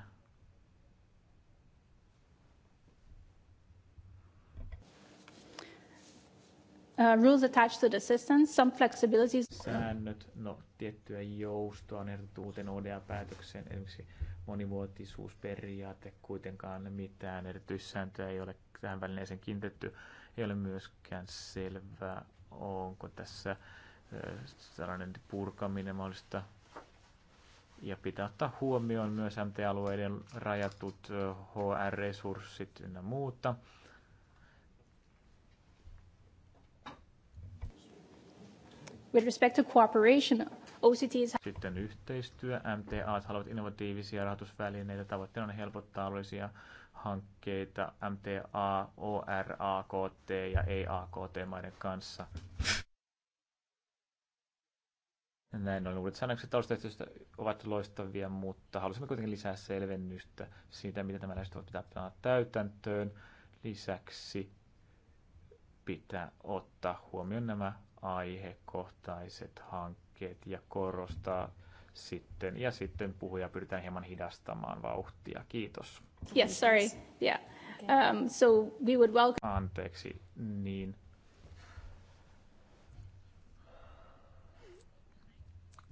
Uh, rules attached to the system, some flexibilities. Säännöt, no tiettyä joustoa on ehdotettu uuteen ODA-päätökseen, esimerkiksi monivuotisuusperiaate, kuitenkaan mitään erityissääntöä ei ole tähän välineeseen kiinnitetty. Ei ole myöskään selvää, onko tässä tällainen purkaminen mahdollista. Ja pitää ottaa huomioon myös MT-alueiden rajatut HR-resurssit ynnä muuta. With respect to cooperation, OCTs... Sitten yhteistyö. MTA haluavat innovatiivisia rahoitusvälineitä. Tavoitteena on helpottaa alueellisia hankkeita MTA, ORAKT ja EAKT-maiden kanssa. Näin on uudet säännökset taustayhteistyöstä ovat loistavia, mutta halusimme kuitenkin lisää selvennystä siitä, mitä tämä lähestyvät pitää panna täytäntöön. Lisäksi pitää ottaa huomioon nämä aihekohtaiset hankkeet ja korostaa sitten, ja sitten puhuja pyritään hieman hidastamaan vauhtia. Kiitos. Yes, sorry. Yeah. Um, so we would welcome... Anteeksi, niin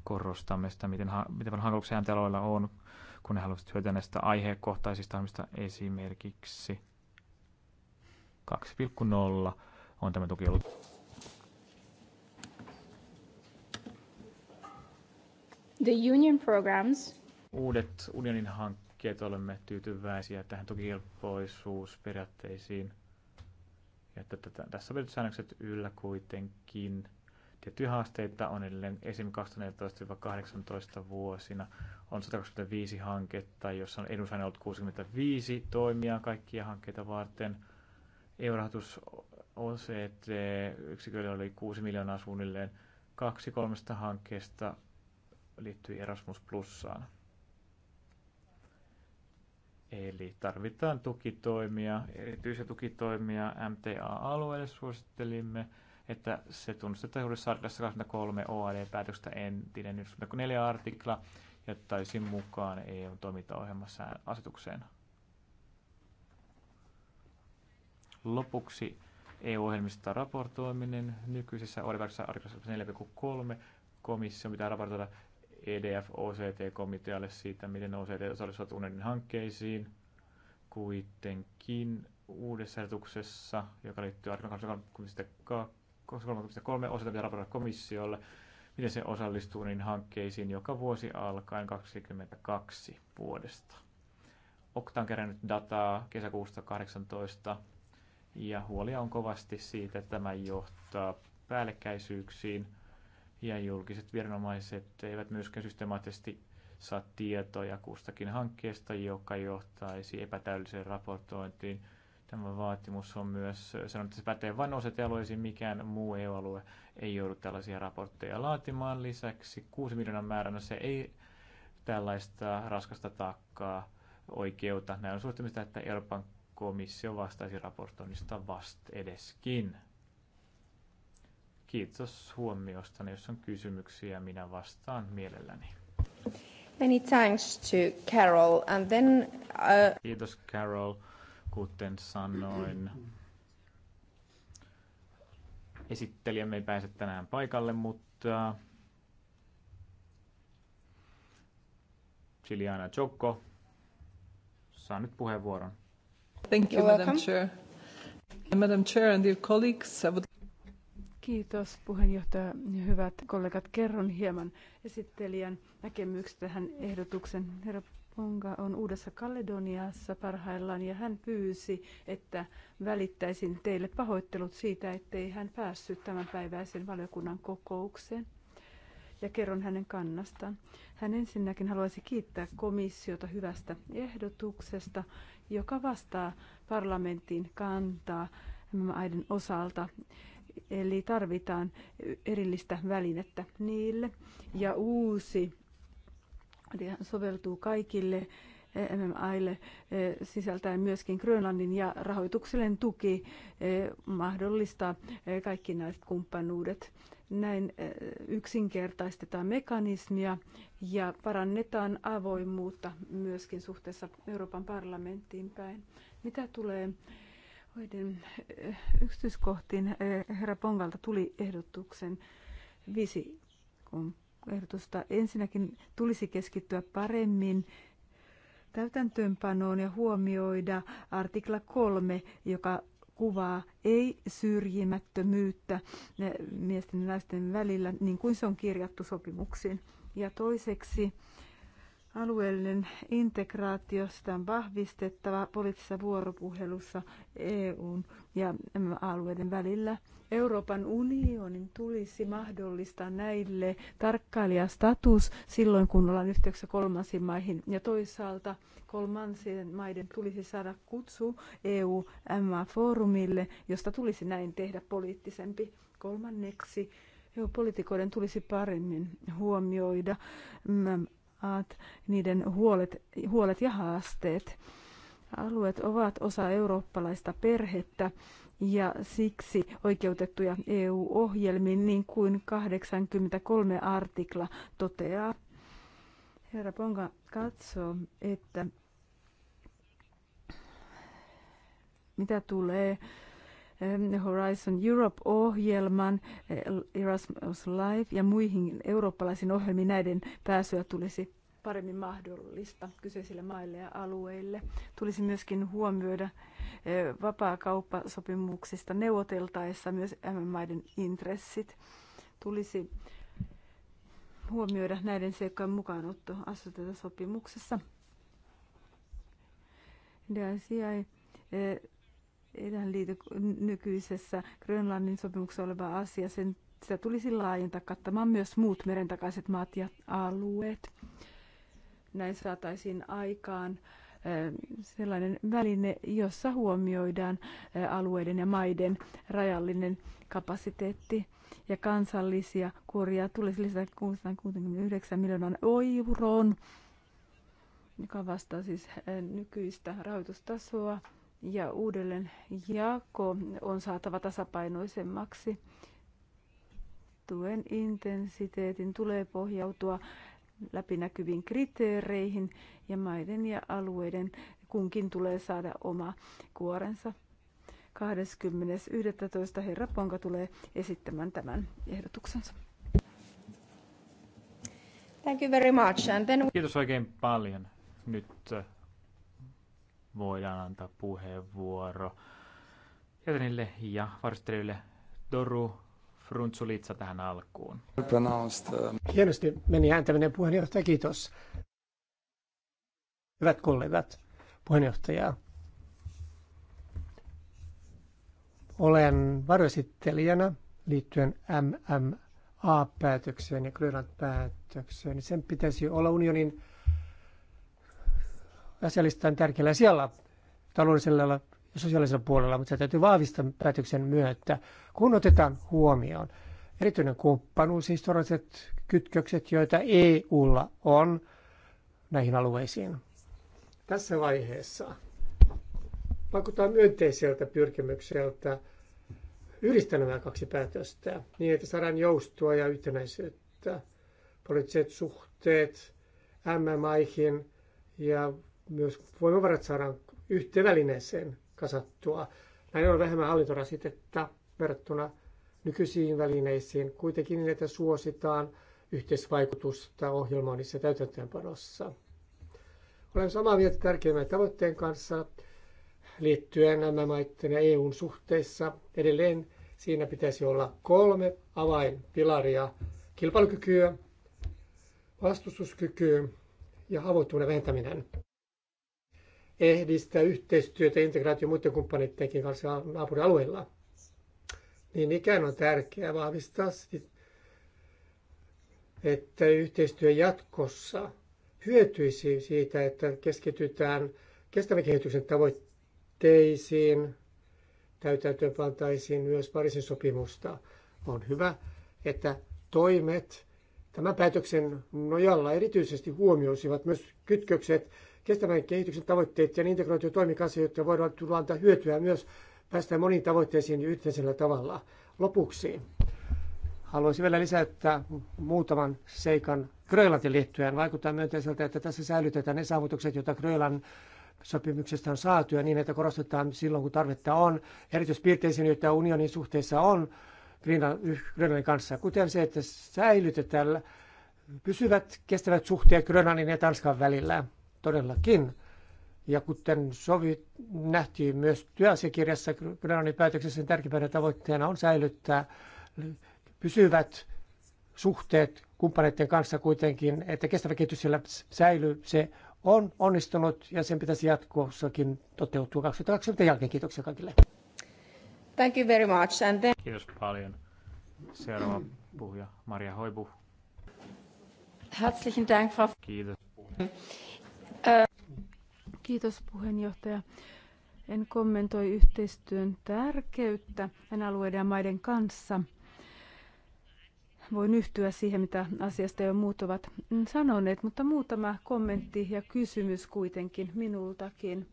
korostamme miten, ha- miten paljon hankaluuksia aloilla on, kun ne haluavat hyötyä näistä aihekohtaisista ohjelmista esimerkiksi. 2.0 on tämä tuki ollut. The union programs. Uudet unionin hankkeet olemme tyytyväisiä tähän tukihelpoisuusperiaatteisiin. Ja tässä on säännökset yllä kuitenkin Tiettyjä haasteita on edelleen esim. 2014-2018 vuosina on 125 hanketta, jossa on edunsaajana ollut 65 toimia kaikkia hankkeita varten. EU-rahoitus OCT-yksiköllä oli 6 miljoonaa suunnilleen. Kaksi kolmesta hankkeesta liittyy Erasmus Plussaan. Eli tarvitaan tukitoimia, erityisiä tukitoimia MTA-alueelle suosittelimme – että se tunnustetaan juuri artiklassa 23 OAD-päätöksestä entinen 94 artikla ja taisin mukaan EUn toimintaohjelmassa asetukseen. Lopuksi EU-ohjelmista raportoiminen. Nykyisessä OAD-päätöksessä artiklassa 4.3 komissio pitää raportoida EDF-OCT-komitealle siitä, miten OCT osallistuvat unionin hankkeisiin. Kuitenkin uudessa ehdotuksessa, joka liittyy artiklan 22, 33 osalta vielä raportoida komissiolle, miten se osallistuu niin hankkeisiin joka vuosi alkaen 22 vuodesta. Okta on kerännyt dataa kesäkuusta 18 ja huolia on kovasti siitä, että tämä johtaa päällekkäisyyksiin ja julkiset viranomaiset eivät myöskään systemaattisesti saa tietoja kustakin hankkeesta, joka johtaisi epätäydelliseen raportointiin – Tämä vaatimus on myös sanonut, että se pätee vain oct mikään muu EU-alue ei joudu tällaisia raportteja laatimaan. Lisäksi 6 miljoonan määränä no se ei tällaista raskasta taakkaa oikeuta. Näin on suhtumista, että Euroopan komissio vastaisi raportoinnista vast edeskin. Kiitos huomiosta. Jos on kysymyksiä, minä vastaan mielelläni. Many thanks to Carol. And then, uh... Kiitos Carol. Kuten sanoin, esittelijämme ei pääse tänään paikalle, mutta Siliana Chokko saa nyt puheenvuoron. Thank you, Madam Chair. Madam Chair and dear colleagues, I would... Kiitos puheenjohtaja. Hyvät kollegat, kerron hieman esittelijän näkemyksestä tähän ehdotuksen. Herra Onga on Uudessa Kaledoniassa parhaillaan ja hän pyysi, että välittäisin teille pahoittelut siitä, ettei hän päässyt tämänpäiväisen valiokunnan kokoukseen ja kerron hänen kannastaan. Hän ensinnäkin haluaisi kiittää komissiota hyvästä ehdotuksesta, joka vastaa parlamentin kantaa maiden osalta. Eli tarvitaan erillistä välinettä niille ja uusi soveltuu kaikille eh, MMAille eh, sisältäen myöskin Grönlannin ja rahoituksellinen tuki eh, mahdollistaa kaikki näiset kumppanuudet. Näin yksinkertaistetaan mekanismia ja parannetaan avoimuutta myöskin suhteessa Euroopan parlamenttiin päin. Mitä tulee yksityiskohtiin, herra Pongalta tuli ehdotuksen viisi kumppanuutta ehdotusta. Ensinnäkin tulisi keskittyä paremmin täytäntöönpanoon ja huomioida artikla 3, joka kuvaa ei-syrjimättömyyttä miesten ja naisten välillä, niin kuin se on kirjattu sopimuksiin. Ja toiseksi Alueellinen integraatio, sitä on vahvistettava poliittisessa vuoropuhelussa EUn ja alueiden välillä. Euroopan unionin tulisi mahdollistaa näille tarkkailijastatus silloin, kun ollaan yhteyksissä kolmansiin maihin. Ja toisaalta kolmansien maiden tulisi saada kutsu EU-MA-foorumille, josta tulisi näin tehdä poliittisempi. Kolmanneksi EU-politikoiden tulisi paremmin huomioida maat, niiden huolet, huolet ja haasteet. Alueet ovat osa eurooppalaista perhettä ja siksi oikeutettuja EU-ohjelmiin, niin kuin 83 artikla toteaa. Herra Ponga katsoo, että mitä tulee Horizon Europe-ohjelman, eh, Erasmus Live ja muihin eurooppalaisiin ohjelmiin näiden pääsyä tulisi paremmin mahdollista kyseisille maille ja alueille. Tulisi myöskin huomioida eh, vapaakauppasopimuksista neuvoteltaessa myös M-maiden intressit. Tulisi huomioida näiden seikkojen mukaanotto sopimuksessa. DCI eh, edän liity nykyisessä Grönlannin sopimuksessa oleva asia. Sen, sitä tulisi laajentaa kattamaan myös muut merentakaiset maat ja alueet. Näin saataisiin aikaan eh, sellainen väline, jossa huomioidaan eh, alueiden ja maiden rajallinen kapasiteetti ja kansallisia kuoria tulisi lisätä 669 miljoonan euroon, joka vastaa siis eh, nykyistä rahoitustasoa ja uudelleen jako on saatava tasapainoisemmaksi. Tuen intensiteetin tulee pohjautua läpinäkyviin kriteereihin ja maiden ja alueiden kunkin tulee saada oma kuorensa. 20.11. herra Ponka tulee esittämään tämän ehdotuksensa. Thank you very much. And then... Kiitos oikein paljon. Nyt äh, voidaan antaa puheenvuoro jäsenille ja varustelijoille Doru Frunzulitsa tähän alkuun. Hienosti meni ääntäminen puheenjohtaja, kiitos. Hyvät kollegat, puheenjohtaja. Olen varjoesittelijänä liittyen MMA-päätökseen ja Grönland-päätökseen. Sen pitäisi olla unionin asialista on tärkeällä siellä taloudellisella ja sosiaalisella puolella, mutta se täytyy vahvistaa päätöksen myötä, kun otetaan huomioon erityinen kumppanuus, historialliset kytkökset, joita EUlla on näihin alueisiin. Tässä vaiheessa vaikuttaa myönteiseltä pyrkimykseltä yhdistää nämä kaksi päätöstä niin, että saadaan joustua ja yhtenäisyyttä. Poliittiset suhteet mm ja myös voimavarat saadaan yhteen välineeseen kasattua. Näin on vähemmän hallintorasitetta verrattuna nykyisiin välineisiin, kuitenkin niitä suositaan yhteisvaikutusta ohjelmoinnissa ja täytäntöönpanossa. Olen samaa mieltä tärkeimmän tavoitteen kanssa liittyen nämä maiden ja EUn suhteissa. Edelleen siinä pitäisi olla kolme avainpilaria. Kilpailukykyä, vastustuskykyä ja avoittuuden vähentäminen ehdistä yhteistyötä integraatio muiden kumppaneidenkin kanssa naapurialueilla. Niin ikään on tärkeää vahvistaa, että yhteistyö jatkossa hyötyisi siitä, että keskitytään kestävän kehityksen tavoitteisiin, täytäntöön pantaisiin myös Pariisin sopimusta. On hyvä, että toimet tämän päätöksen nojalla erityisesti huomioisivat myös kytkökset kestävän kehityksen tavoitteet ja integroitu toimikanssa, jotta voidaan tulla antaa hyötyä myös päästä moniin tavoitteisiin yhteisellä tavalla. Lopuksi haluaisin vielä lisätä muutaman seikan Grönlantiin liittyen. Vaikuttaa myönteiseltä, että tässä säilytetään ne saavutukset, joita Grönlannin sopimuksesta on saatu ja niin, että korostetaan silloin, kun tarvetta on, erityispiirteisiin, joita unionin suhteessa on Grönlannin kanssa, kuten se, että säilytetään pysyvät kestävät suhteet Grönlannin ja Tanskan välillä todellakin. Ja kuten sovi nähtiin myös työasiakirjassa, Grönanin päätöksessä tärkeimpänä tavoitteena on säilyttää pysyvät suhteet kumppaneiden kanssa kuitenkin, että kestävä kehitys siellä säilyy. Se on onnistunut ja sen pitäisi jatkossakin toteutua 2020 jälkeen. Kiitoksia kaikille. Thank you very much. And then... Kiitos paljon. Seuraava puhuja, Maria Hoibu. Herzlichen Dank, Frau... Kiitos. Äh, Kiitos puheenjohtaja. En kommentoi yhteistyön tärkeyttä en alueiden ja maiden kanssa. Voin yhtyä siihen, mitä asiasta jo muut ovat sanoneet, mutta muutama kommentti ja kysymys kuitenkin minultakin.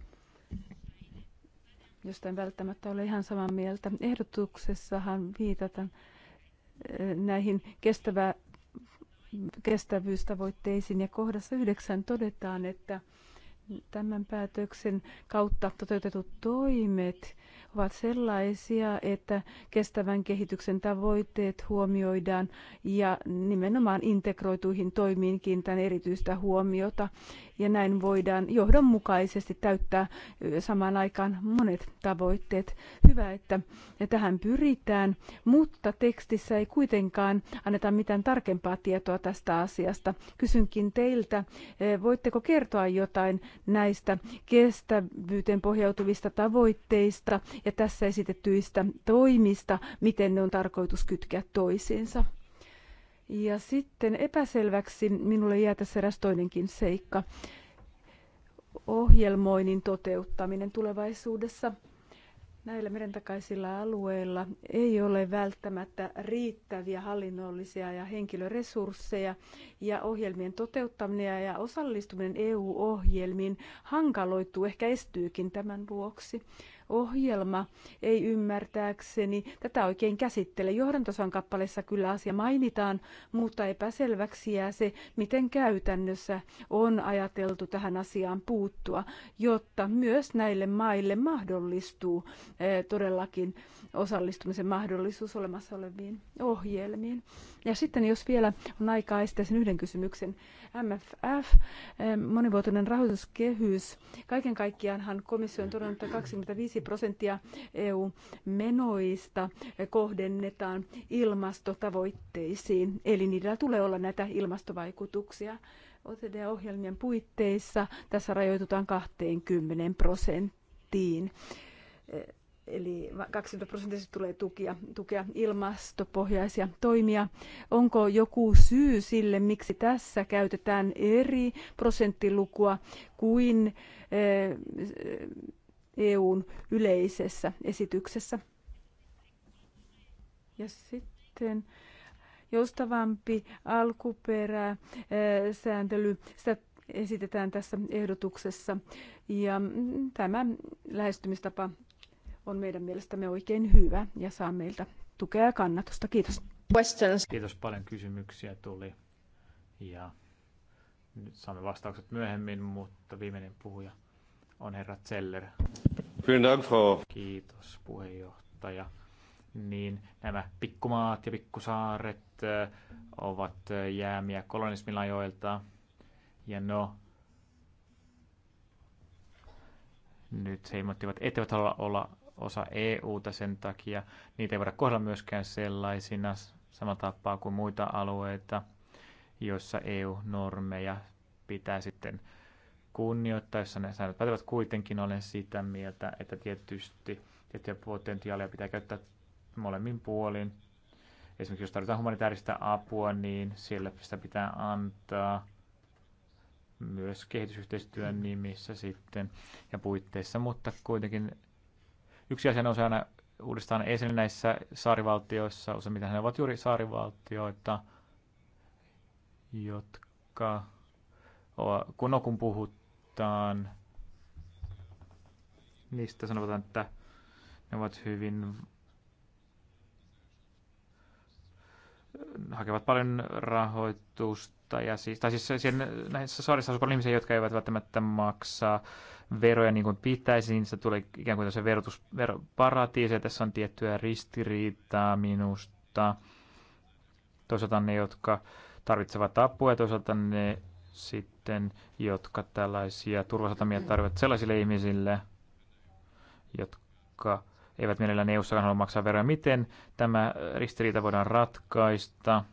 Jostain välttämättä ole ihan samaa mieltä. Ehdotuksessahan viitataan eh, näihin kestävä, kestävyystavoitteisiin ja kohdassa yhdeksän todetaan, että tämän päätöksen kautta toteutetut toimet ovat sellaisia, että kestävän kehityksen tavoitteet huomioidaan ja nimenomaan integroituihin toimiin kiinnitän erityistä huomiota ja näin voidaan johdonmukaisesti täyttää samaan aikaan monet tavoitteet. Hyvä, että tähän pyritään, mutta tekstissä ei kuitenkaan anneta mitään tarkempaa tietoa tästä asiasta. Kysynkin teiltä, eh, voitteko kertoa jotain näistä kestävyyteen pohjautuvista tavoitteista ja tässä esitettyistä toimista, miten ne on tarkoitus kytkeä toisiinsa? Ja sitten epäselväksi minulle jää tässä eräs toinenkin seikka. Ohjelmoinnin toteuttaminen tulevaisuudessa näillä merentakaisilla alueilla ei ole välttämättä riittäviä hallinnollisia ja henkilöresursseja ja ohjelmien toteuttaminen ja osallistuminen EU-ohjelmiin hankaloituu, ehkä estyykin tämän vuoksi ohjelma ei ymmärtääkseni tätä oikein käsittele. Johdantosan kappaleessa kyllä asia mainitaan, mutta epäselväksi jää se, miten käytännössä on ajateltu tähän asiaan puuttua, jotta myös näille maille mahdollistuu eh, todellakin osallistumisen mahdollisuus olemassa oleviin ohjelmiin. Ja sitten jos vielä on aikaa, sen yhden kysymyksen. MFF, eh, monivuotinen rahoituskehys. Kaiken kaikkiaanhan komissio on todennut, että 25 5 prosenttia EU-menoista kohdennetaan ilmastotavoitteisiin, eli niillä tulee olla näitä ilmastovaikutuksia. OCD-ohjelmien puitteissa tässä rajoitutaan 20 prosenttiin. Eli 20 prosenttisesti tulee tukia, tukea ilmastopohjaisia toimia. Onko joku syy sille, miksi tässä käytetään eri prosenttilukua kuin eh, EUn yleisessä esityksessä. Ja sitten joustavampi alkuperäsääntely, sitä esitetään tässä ehdotuksessa. Ja tämä lähestymistapa on meidän mielestämme oikein hyvä ja saa meiltä tukea ja kannatusta. Kiitos. Questions. Kiitos paljon kysymyksiä tuli ja nyt saamme vastaukset myöhemmin, mutta viimeinen puhuja on herra Zeller. Kiitos puheenjohtaja. Niin nämä pikkumaat ja pikkusaaret äh, ovat äh, jäämiä kolonismilajoilta. Ja no, nyt he ilmoittivat, etteivät halua olla osa EUta sen takia. Niitä ei voida kohdella myöskään sellaisina samalla tapaa kuin muita alueita, joissa EU-normeja pitää sitten kunnioittaessa ne säännöt pätevät kuitenkin olen sitä mieltä, että tietysti tiettyjä potentiaalia pitää käyttää molemmin puolin. Esimerkiksi jos tarvitaan humanitaarista apua, niin siellä sitä pitää antaa myös kehitysyhteistyön nimissä sitten ja puitteissa, mutta kuitenkin yksi asia nousee aina uudestaan esille näissä saarivaltioissa, useimmiten ne ovat juuri saarivaltioita, jotka kun, on kun puhut puhutaan, Niistä sanotaan, että ne ovat hyvin hakevat paljon rahoitusta ja siis, tai siis siellä, näissä saarissa asuu paljon ihmisiä, jotka eivät välttämättä maksaa veroja niin kuin pitäisi, niin se tulee ikään kuin se verotus, veroparatiisi, tässä on tiettyä ristiriitaa minusta. Toisaalta ne, jotka tarvitsevat apua ja toisaalta ne, sitten, jotka tällaisia turvasatamia tarvitsevat sellaisille ihmisille, jotka eivät mielellään eu halua maksaa veroja. Miten tämä ristiriita voidaan ratkaista?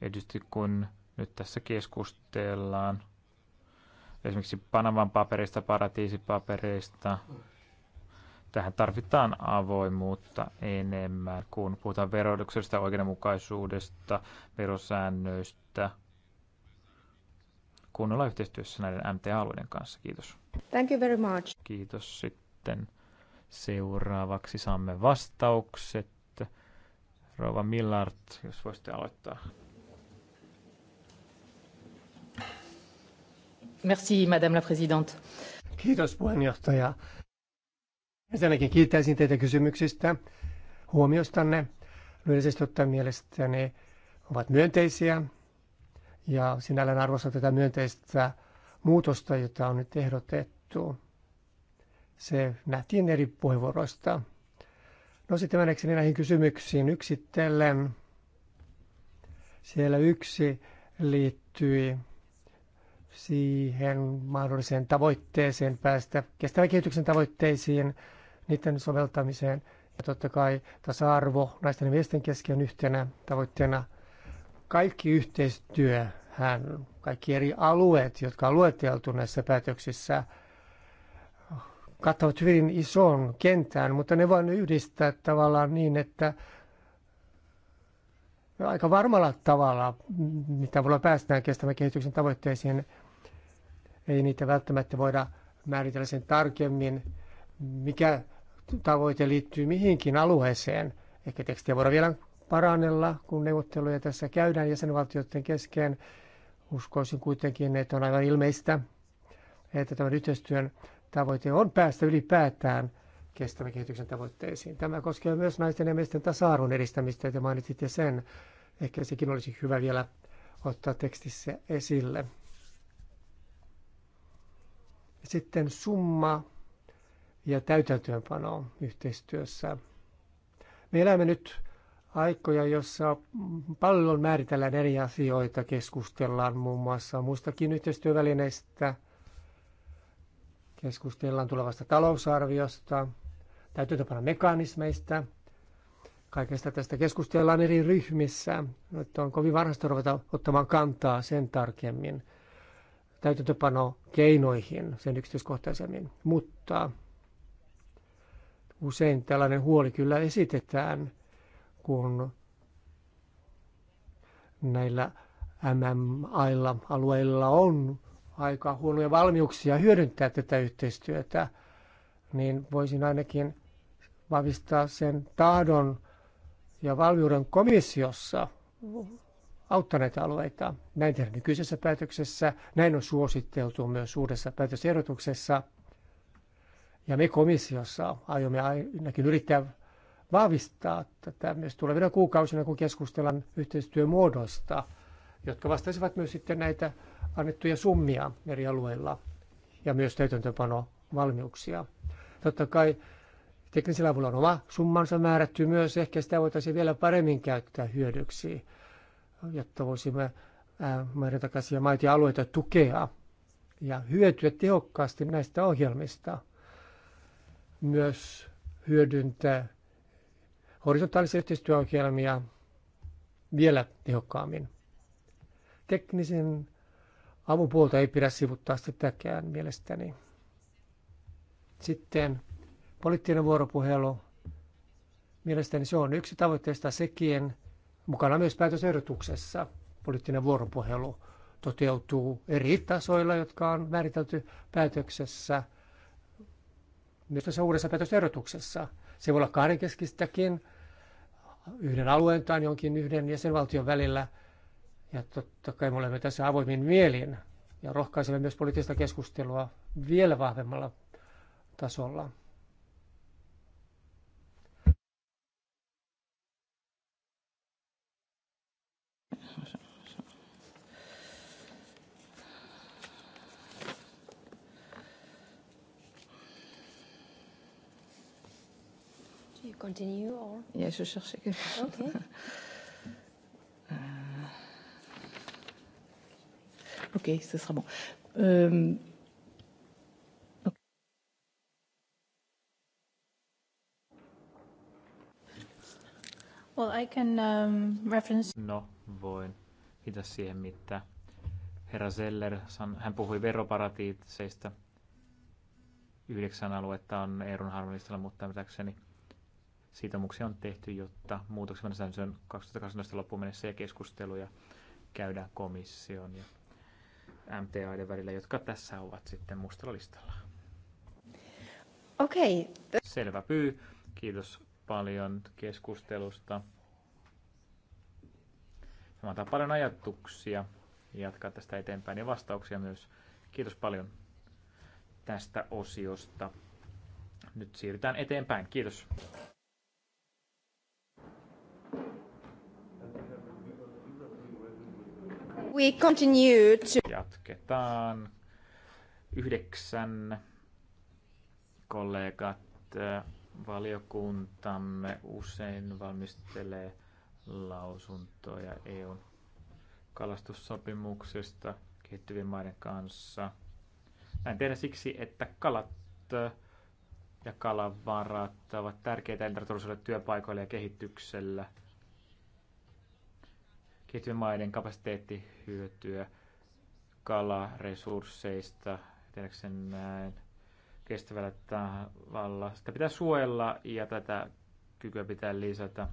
edusti kun nyt tässä keskustellaan esimerkiksi Panaman paperista, paratiisipapereista. Tähän tarvitaan avoimuutta enemmän, kun puhutaan verotuksesta, oikeudenmukaisuudesta, verosäännöistä – kunnolla yhteistyössä näiden MTA-alueiden kanssa. Kiitos. Thank you very much. Kiitos sitten. Seuraavaksi saamme vastaukset. Rova Millard, jos voisitte aloittaa. Merci, Madame la Présidente. Kiitos puheenjohtaja. Ensinnäkin kiittäisin teitä kysymyksistä, huomiostanne. Lyhyesti ottaen mielestäni ovat myönteisiä ja sinällään arvosta tätä myönteistä muutosta, jota on nyt ehdotettu. Se nähtiin eri puheenvuoroista. No sitten menekseni näihin kysymyksiin yksitellen. Siellä yksi liittyi siihen mahdolliseen tavoitteeseen päästä kestävän kehityksen tavoitteisiin, niiden soveltamiseen. Ja totta kai tasa-arvo naisten ja miesten kesken yhtenä tavoitteena kaikki yhteistyö, kaikki eri alueet, jotka on lueteltu näissä päätöksissä, kattavat hyvin ison kentän, mutta ne voidaan yhdistää tavallaan niin, että aika varmalla tavalla, mitä voi päästään kestävän kehityksen tavoitteisiin, ei niitä välttämättä voida määritellä sen tarkemmin, mikä tavoite liittyy mihinkin alueeseen. Ehkä tekstiä voidaan vielä paranella, kun neuvotteluja tässä käydään jäsenvaltioiden kesken. Uskoisin kuitenkin, että on aivan ilmeistä, että tämän yhteistyön tavoite on päästä ylipäätään kestävän kehityksen tavoitteisiin. Tämä koskee myös naisten ja miesten tasa-arvon edistämistä, ja mainitsitte sen. Ehkä sekin olisi hyvä vielä ottaa tekstissä esille. Sitten summa ja täytäntöönpano yhteistyössä. Me elämme nyt aikoja, jossa paljon määritellään eri asioita, keskustellaan muun muassa muistakin yhteistyövälineistä, keskustellaan tulevasta talousarviosta, täytäntöpana mekanismeista, kaikesta tästä keskustellaan eri ryhmissä. että on kovin varhaista ruveta ottamaan kantaa sen tarkemmin täytäntöpano keinoihin sen yksityiskohtaisemmin, mutta usein tällainen huoli kyllä esitetään – kun näillä MMAilla alueilla on aika huonoja valmiuksia hyödyntää tätä yhteistyötä, niin voisin ainakin vahvistaa sen tahdon ja valmiuden komissiossa auttaa näitä alueita. Näin tehdään nykyisessä päätöksessä, näin on suositteltu myös uudessa päätösehdotuksessa. Ja me komissiossa aiomme ainakin yrittää vahvistaa tätä myös tulevina kuukausina, kun keskustellaan yhteistyömuodoista, jotka vastaisivat myös sitten näitä annettuja summia eri alueilla ja myös täytäntöpanovalmiuksia. Totta kai teknisellä avulla on oma summansa määrätty myös, ehkä sitä voitaisiin vielä paremmin käyttää hyödyksi, jotta voisimme maiden takaisia maita ja alueita tukea ja hyötyä tehokkaasti näistä ohjelmista. Myös hyödyntää horisontaalisia yhteistyöohjelmia vielä tehokkaammin. Teknisen avun puolta ei pidä sivuttaa sitäkään mielestäni. Sitten poliittinen vuoropuhelu. Mielestäni se on yksi tavoitteista sekin, mukana myös päätösehdotuksessa. Poliittinen vuoropuhelu toteutuu eri tasoilla, jotka on määritelty päätöksessä, myös tässä uudessa päätösehdotuksessa. Se voi olla kahdenkeskistäkin yhden alueen tai jonkin yhden jäsenvaltion välillä. Ja totta kai me olemme tässä avoimin mielin ja rohkaisemme myös poliittista keskustelua vielä vahvemmalla tasolla. Continue or? Yeah, je cherchais quelque chose. Okay. euh... Ok, ce sera bon. Euh... Well, I can um, reference... No, voin viitata siihen, mitään. herra Zeller, hän puhui veroparatiitseista. Yhdeksän aluetta on EUn harmonistilla, mutta mitäkseni Siitomuksia on tehty, jotta muutoksen on 2018 loppuun mennessä ja keskusteluja käydään komission ja MTAiden välillä, jotka tässä ovat sitten mustalla listalla. Okei. Okay. Selvä pyy. Kiitos paljon keskustelusta. Tämä antaa paljon ajatuksia jatkaa tästä eteenpäin ja vastauksia myös. Kiitos paljon tästä osiosta. Nyt siirrytään eteenpäin. Kiitos. We continue to... Jatketaan. Yhdeksän kollegat äh, valiokuntamme usein valmistelee lausuntoja EUn kalastussopimuksesta kehittyvien maiden kanssa. Näin tehdään siksi, että kalat äh, ja kalavarat ovat tärkeitä elintarvitsemiselle työpaikoille ja kehityksellä – kehittyvien maiden kapasiteetti hyötyä kalaresursseista, sen näin kestävällä tavalla. Sitä pitää suojella ja tätä kykyä pitää lisätä.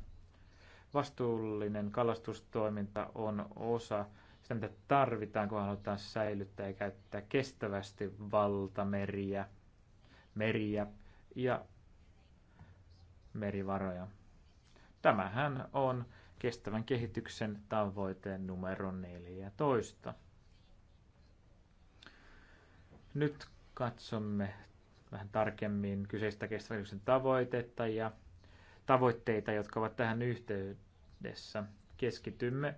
Vastuullinen kalastustoiminta on osa sitä, mitä tarvitaan, kun halutaan säilyttää ja käyttää kestävästi valtameriä, meriä ja merivaroja. Tämähän on kestävän kehityksen tavoite numero 14. Nyt katsomme vähän tarkemmin kyseistä kestävän kehityksen tavoitetta ja tavoitteita, jotka ovat tähän yhteydessä. Keskitymme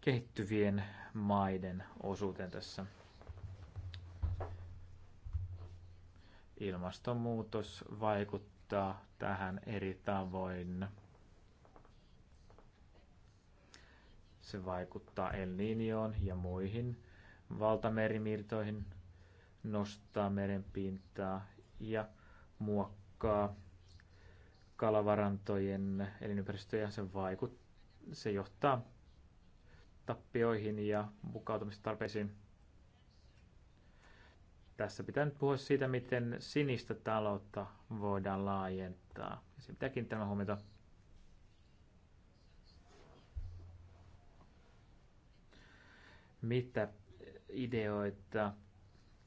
kehittyvien maiden osuuteen tässä. Ilmastonmuutos vaikuttaa tähän eri tavoin. Se vaikuttaa El Niñoon ja muihin valtamerimirtoihin, nostaa merenpintaa ja muokkaa kalavarantojen elinympäristöjä. Se, vaikut, se johtaa tappioihin ja mukautumistarpeisiin. Tässä pitää nyt puhua siitä, miten sinistä taloutta voidaan laajentaa. Se pitää kiinnittää huomiota mitä ideoita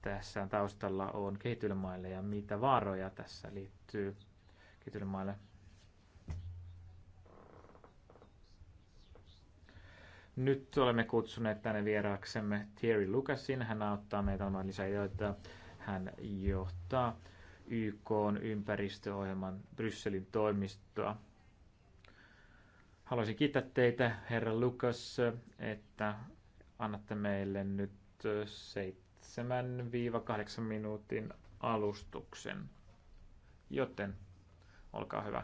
tässä taustalla on kehittyville maille ja mitä vaaroja tässä liittyy kehittyville maille. Nyt olemme kutsuneet tänne vieraaksemme Thierry Lucasin. Hän auttaa meitä olemaan lisäideoita. Hän johtaa YK ympäristöohjelman Brysselin toimistoa. Haluaisin kiittää teitä, herra Lukas, että annatte meille nyt 7-8 minuutin alustuksen. Joten olkaa hyvä.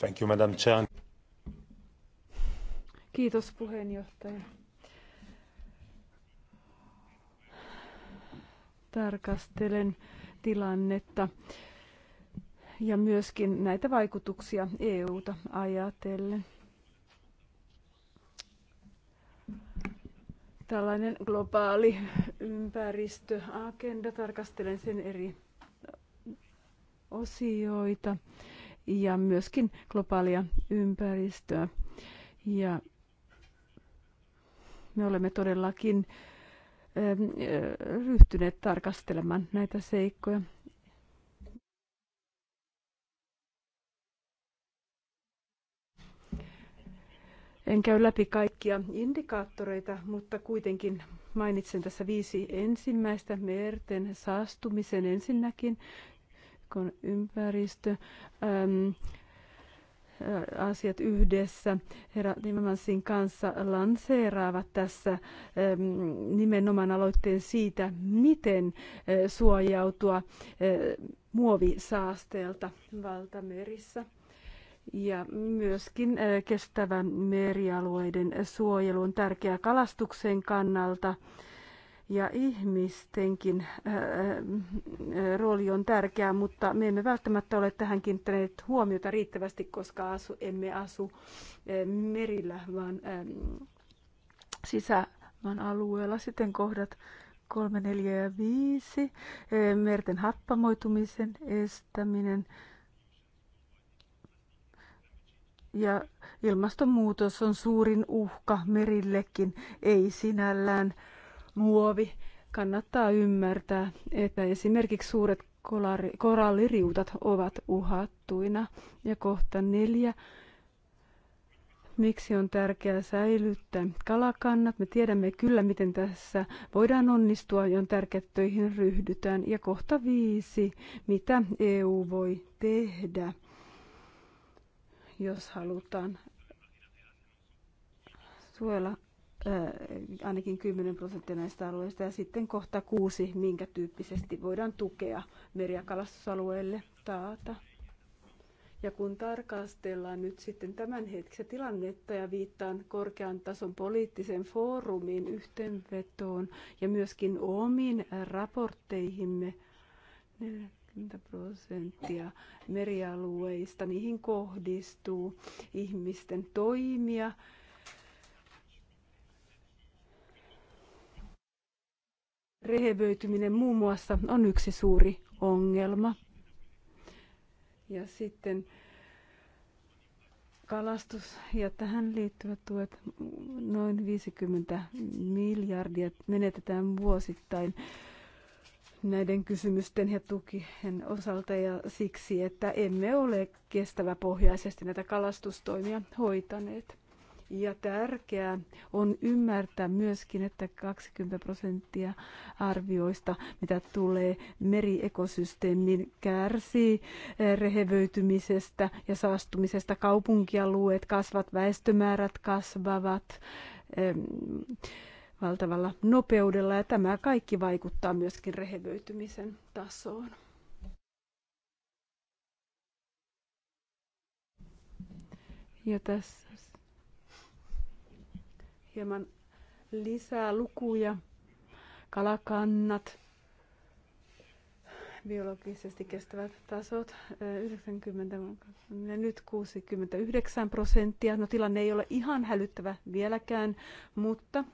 Thank you, Madam Chan. Kiitos puheenjohtaja. Tarkastelen tilannetta ja myöskin näitä vaikutuksia EUta ajatellen. tällainen globaali ympäristöagenda. Tarkastelen sen eri osioita ja myöskin globaalia ympäristöä. Ja me olemme todellakin ähm, äh, ryhtyneet tarkastelemaan näitä seikkoja. En käy läpi kaikkia indikaattoreita, mutta kuitenkin mainitsen tässä viisi ensimmäistä merten saastumisen ensinnäkin, kun ympäristö, äm, asiat yhdessä herra Timmermansin kanssa lanseeraavat tässä äm, nimenomaan aloitteen siitä, miten ä, suojautua ä, muovisaasteelta valtamerissä. Ja myöskin äh, kestävän merialueiden suojelu on tärkeää kalastuksen kannalta ja ihmistenkin äh, äh, rooli on tärkeä, mutta me emme välttämättä ole tähän kiinnittäneet huomiota riittävästi, koska asu, emme asu merillä, vaan ähm, sisämaan alueella. Sitten kohdat 3, 4 ja 5, merten happamoitumisen estäminen, ja ilmastonmuutos on suurin uhka merillekin, ei sinällään muovi. Kannattaa ymmärtää, että esimerkiksi suuret koralliriutat ovat uhattuina. Ja kohta neljä. Miksi on tärkeää säilyttää kalakannat? Me tiedämme kyllä, miten tässä voidaan onnistua ja on tärkeää, että töihin ryhdytään. Ja kohta viisi. Mitä EU voi tehdä? jos halutaan suojella ainakin 10 prosenttia näistä alueista. Ja sitten kohta kuusi, minkä tyyppisesti voidaan tukea meri- ja kalastusalueelle taata. Ja kun tarkastellaan nyt sitten hetkisen tilannetta ja viittaan korkean tason poliittisen foorumin yhteenvetoon ja myöskin omiin raportteihimme, 40 prosenttia merialueista, niihin kohdistuu ihmisten toimia. Rehevöityminen muun muassa on yksi suuri ongelma. Ja sitten kalastus ja tähän liittyvät tuet, noin 50 miljardia menetetään vuosittain näiden kysymysten ja tukien osalta ja siksi, että emme ole kestäväpohjaisesti näitä kalastustoimia hoitaneet. Ja tärkeää on ymmärtää myöskin, että 20 prosenttia arvioista, mitä tulee meriekosysteemiin, kärsii eh, rehevöitymisestä ja saastumisesta. Kaupunkialueet kasvavat, väestömäärät kasvavat valtavalla nopeudella ja tämä kaikki vaikuttaa myöskin rehevöitymisen tasoon. Ja tässä hieman lisää lukuja. Kalakannat, biologisesti kestävät tasot, 90, nyt 69 prosenttia. No tilanne ei ole ihan hälyttävä vieläkään, mutta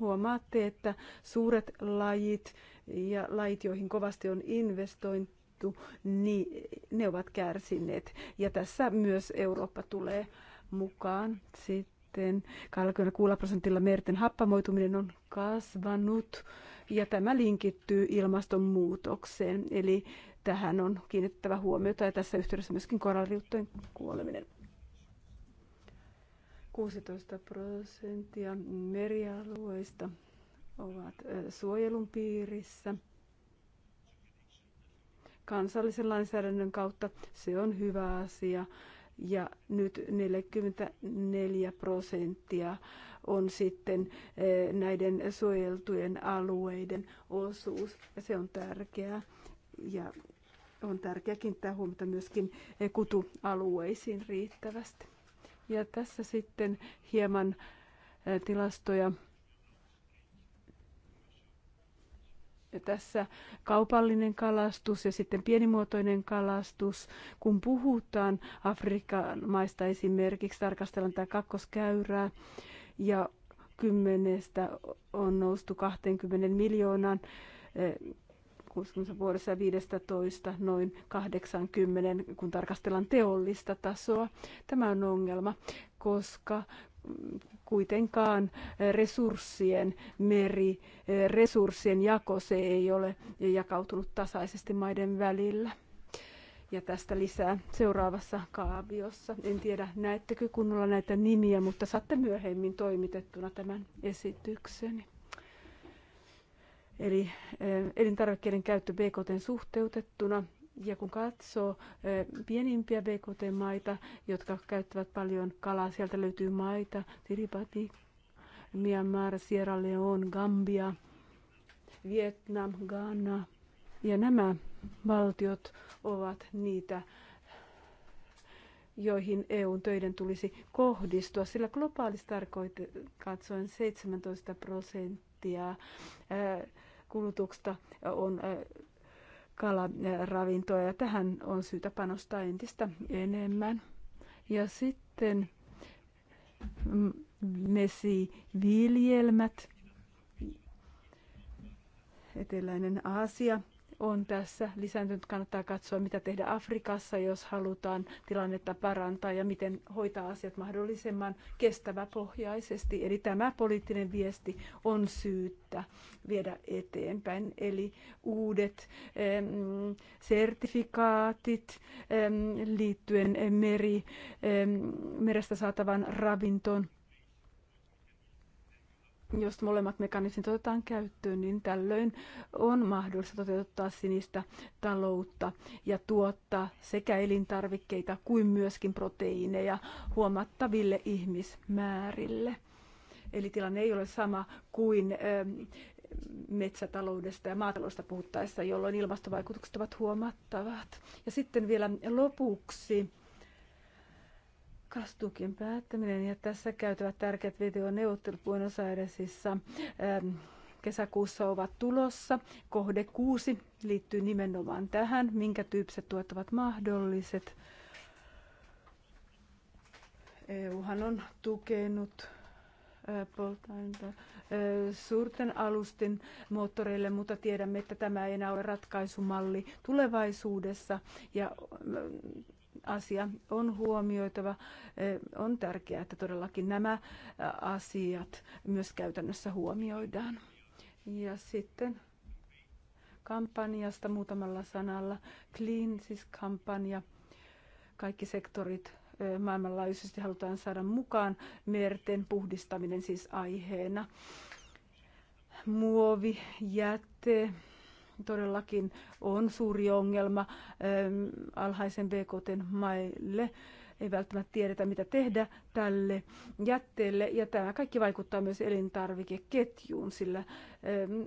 huomaatte, että suuret lajit ja lajit, joihin kovasti on investointu, niin ne ovat kärsineet. Ja tässä myös Eurooppa tulee mukaan sitten. 26 prosentilla merten happamoituminen on kasvanut ja tämä linkittyy ilmastonmuutokseen. Eli tähän on kiinnitettävä huomiota ja tässä yhteydessä myöskin koralliuttojen kuoleminen. 16 prosenttia merialueista ovat suojelun piirissä. Kansallisen lainsäädännön kautta se on hyvä asia. Ja nyt 44 prosenttia on sitten näiden suojeltujen alueiden osuus. Ja se on tärkeää. Ja on tärkeää kiinnittää huomiota myöskin kutualueisiin riittävästi. Ja tässä sitten hieman tilastoja. Ja tässä kaupallinen kalastus ja sitten pienimuotoinen kalastus. Kun puhutaan Afrikan maista esimerkiksi, tarkastellaan tämä kakkoskäyrää ja kymmenestä on noustu 20 miljoonaan 60 vuodessa ja 15 noin 80, kun tarkastellaan teollista tasoa. Tämä on ongelma, koska kuitenkaan resurssien, meri, resurssien jako se ei ole jakautunut tasaisesti maiden välillä. Ja tästä lisää seuraavassa kaaviossa. En tiedä, näettekö kunnolla näitä nimiä, mutta saatte myöhemmin toimitettuna tämän esitykseni eli eh, elintarvikkeiden käyttö BKT suhteutettuna. Ja kun katsoo eh, pienimpiä BKT-maita, jotka käyttävät paljon kalaa, sieltä löytyy maita, Tiripati, Myanmar, Sierra Leone, Gambia, Vietnam, Ghana. Ja nämä valtiot ovat niitä, joihin EUn töiden tulisi kohdistua, sillä globaalista tarkoit- katsoen 17 prosenttia eh, kulutuksesta on kalaravintoa ja tähän on syytä panostaa entistä enemmän. Ja sitten mesiviljelmät, mm, eteläinen Aasia on tässä lisääntynyt. Kannattaa katsoa, mitä tehdä Afrikassa, jos halutaan tilannetta parantaa ja miten hoitaa asiat mahdollisimman kestäväpohjaisesti. Eli tämä poliittinen viesti on syyttä viedä eteenpäin. Eli uudet äm, sertifikaatit äm, liittyen meri, äm, merestä saatavan ravintoon jos molemmat mekanismit otetaan käyttöön, niin tällöin on mahdollista toteuttaa sinistä taloutta ja tuottaa sekä elintarvikkeita kuin myöskin proteiineja huomattaville ihmismäärille. Eli tilanne ei ole sama kuin ähm, metsätaloudesta ja maataloudesta puhuttaessa, jolloin ilmastovaikutukset ovat huomattavat. Ja sitten vielä lopuksi Kastukin päättäminen ja tässä käytävät tärkeät videoneuvottelut Buenos Airesissa ähm, kesäkuussa ovat tulossa. Kohde 6 liittyy nimenomaan tähän, minkä tyyppiset tuet ovat mahdolliset. EUhan on tukenut äh, poltainta äh, suurten alustin moottoreille, mutta tiedämme, että tämä ei enää ole ratkaisumalli tulevaisuudessa. Ja äh, asia on huomioitava. On tärkeää, että todellakin nämä asiat myös käytännössä huomioidaan. Ja sitten kampanjasta muutamalla sanalla. Clean, siis kampanja. Kaikki sektorit maailmanlaajuisesti halutaan saada mukaan. Merten puhdistaminen siis aiheena. Muovi, jäte, todellakin on suuri ongelma ähm, alhaisen BKT maille. Ei välttämättä tiedetä, mitä tehdä tälle jätteelle. Ja tämä kaikki vaikuttaa myös elintarvikeketjuun, sillä ähm,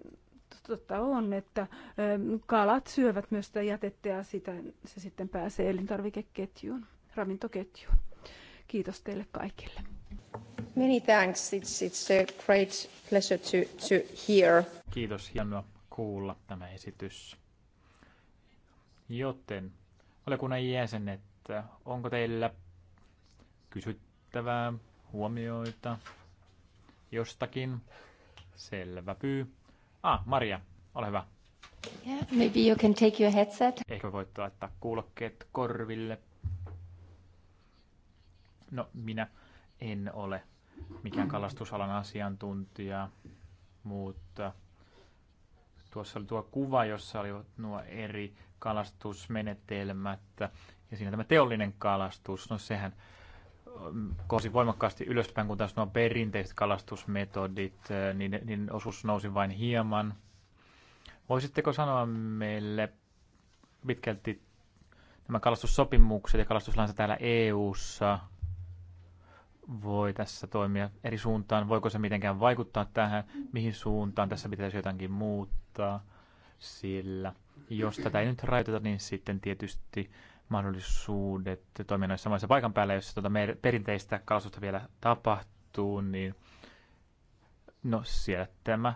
totta on, että ähm, kalat syövät myös sitä jätettä ja sitä, se sitten pääsee elintarvikeketjuun, ravintoketjuun. Kiitos teille kaikille. Many thanks. It's, it's a great pleasure to, to hear. Kiitos, hienoa kuulla tämä esitys. Joten, valiokunnan jäsenet, onko teillä kysyttävää, huomioita jostakin? Selvä pyy. Ah, Maria, ole hyvä. Yeah, maybe you can take your headset. Ehkä voit laittaa kuulokkeet korville. No, minä en ole mikään kalastusalan asiantuntija, mutta Tuossa oli tuo kuva, jossa oli nuo eri kalastusmenetelmät ja siinä tämä teollinen kalastus, no sehän mm, kosi voimakkaasti ylöspäin, kun taas nuo perinteiset kalastusmetodit, äh, niin, niin osuus nousi vain hieman. Voisitteko sanoa meille pitkälti nämä kalastussopimukset ja kalastuslainsäädäntö täällä EU:ssa voi tässä toimia eri suuntaan? Voiko se mitenkään vaikuttaa tähän? Mihin suuntaan tässä pitäisi jotakin muuttaa? mutta sillä jos tätä ei nyt rajoiteta, niin sitten tietysti mahdollisuudet toimia noissa samoissa paikan päällä, jos tuota perinteistä kalastusta vielä tapahtuu, niin no siellä tämä,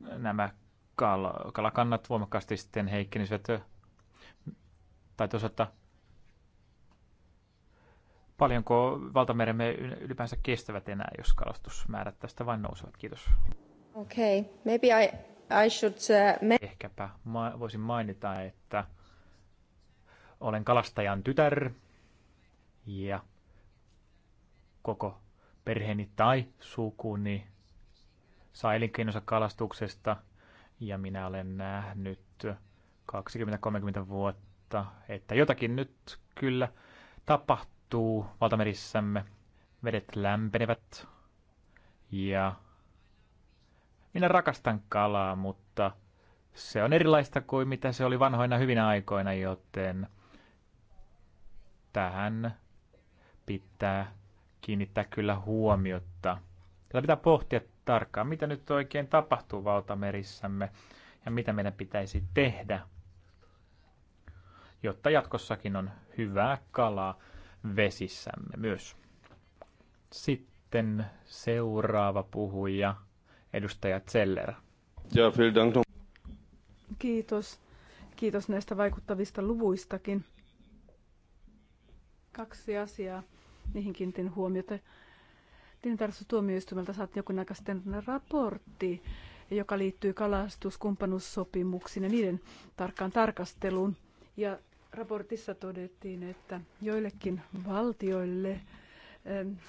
nämä kal- kalakannat voimakkaasti sitten heikkenisivät. Tai toisaalta paljonko valtameremme ylipäänsä kestävät enää, jos kalastusmäärät tästä vain nousevat. Kiitos. Okay, maybe I, I should... Uh, Ehkäpä ma- voisin mainita, että olen kalastajan tytär ja koko perheeni tai sukuni saa elinkeinonsa kalastuksesta ja minä olen nähnyt 20-30 vuotta, että jotakin nyt kyllä tapahtuu valtamerissämme. Vedet lämpenevät ja minä rakastan kalaa, mutta se on erilaista kuin mitä se oli vanhoina hyvinä aikoina, joten tähän pitää kiinnittää kyllä huomiota. Tätä pitää pohtia tarkkaan, mitä nyt oikein tapahtuu valtamerissämme ja mitä meidän pitäisi tehdä, jotta jatkossakin on hyvää kalaa vesissämme myös. Sitten seuraava puhuja edustaja Zeller. Ja, dank. Kiitos. Kiitos näistä vaikuttavista luvuistakin. Kaksi asiaa, niihin kiinnitin huomiota. tuomioistumelta saatiin jokin aika sitten raportti, joka liittyy kalastuskumppanuussopimuksiin ja niiden tarkkaan tarkasteluun. Ja raportissa todettiin, että joillekin valtioille eh,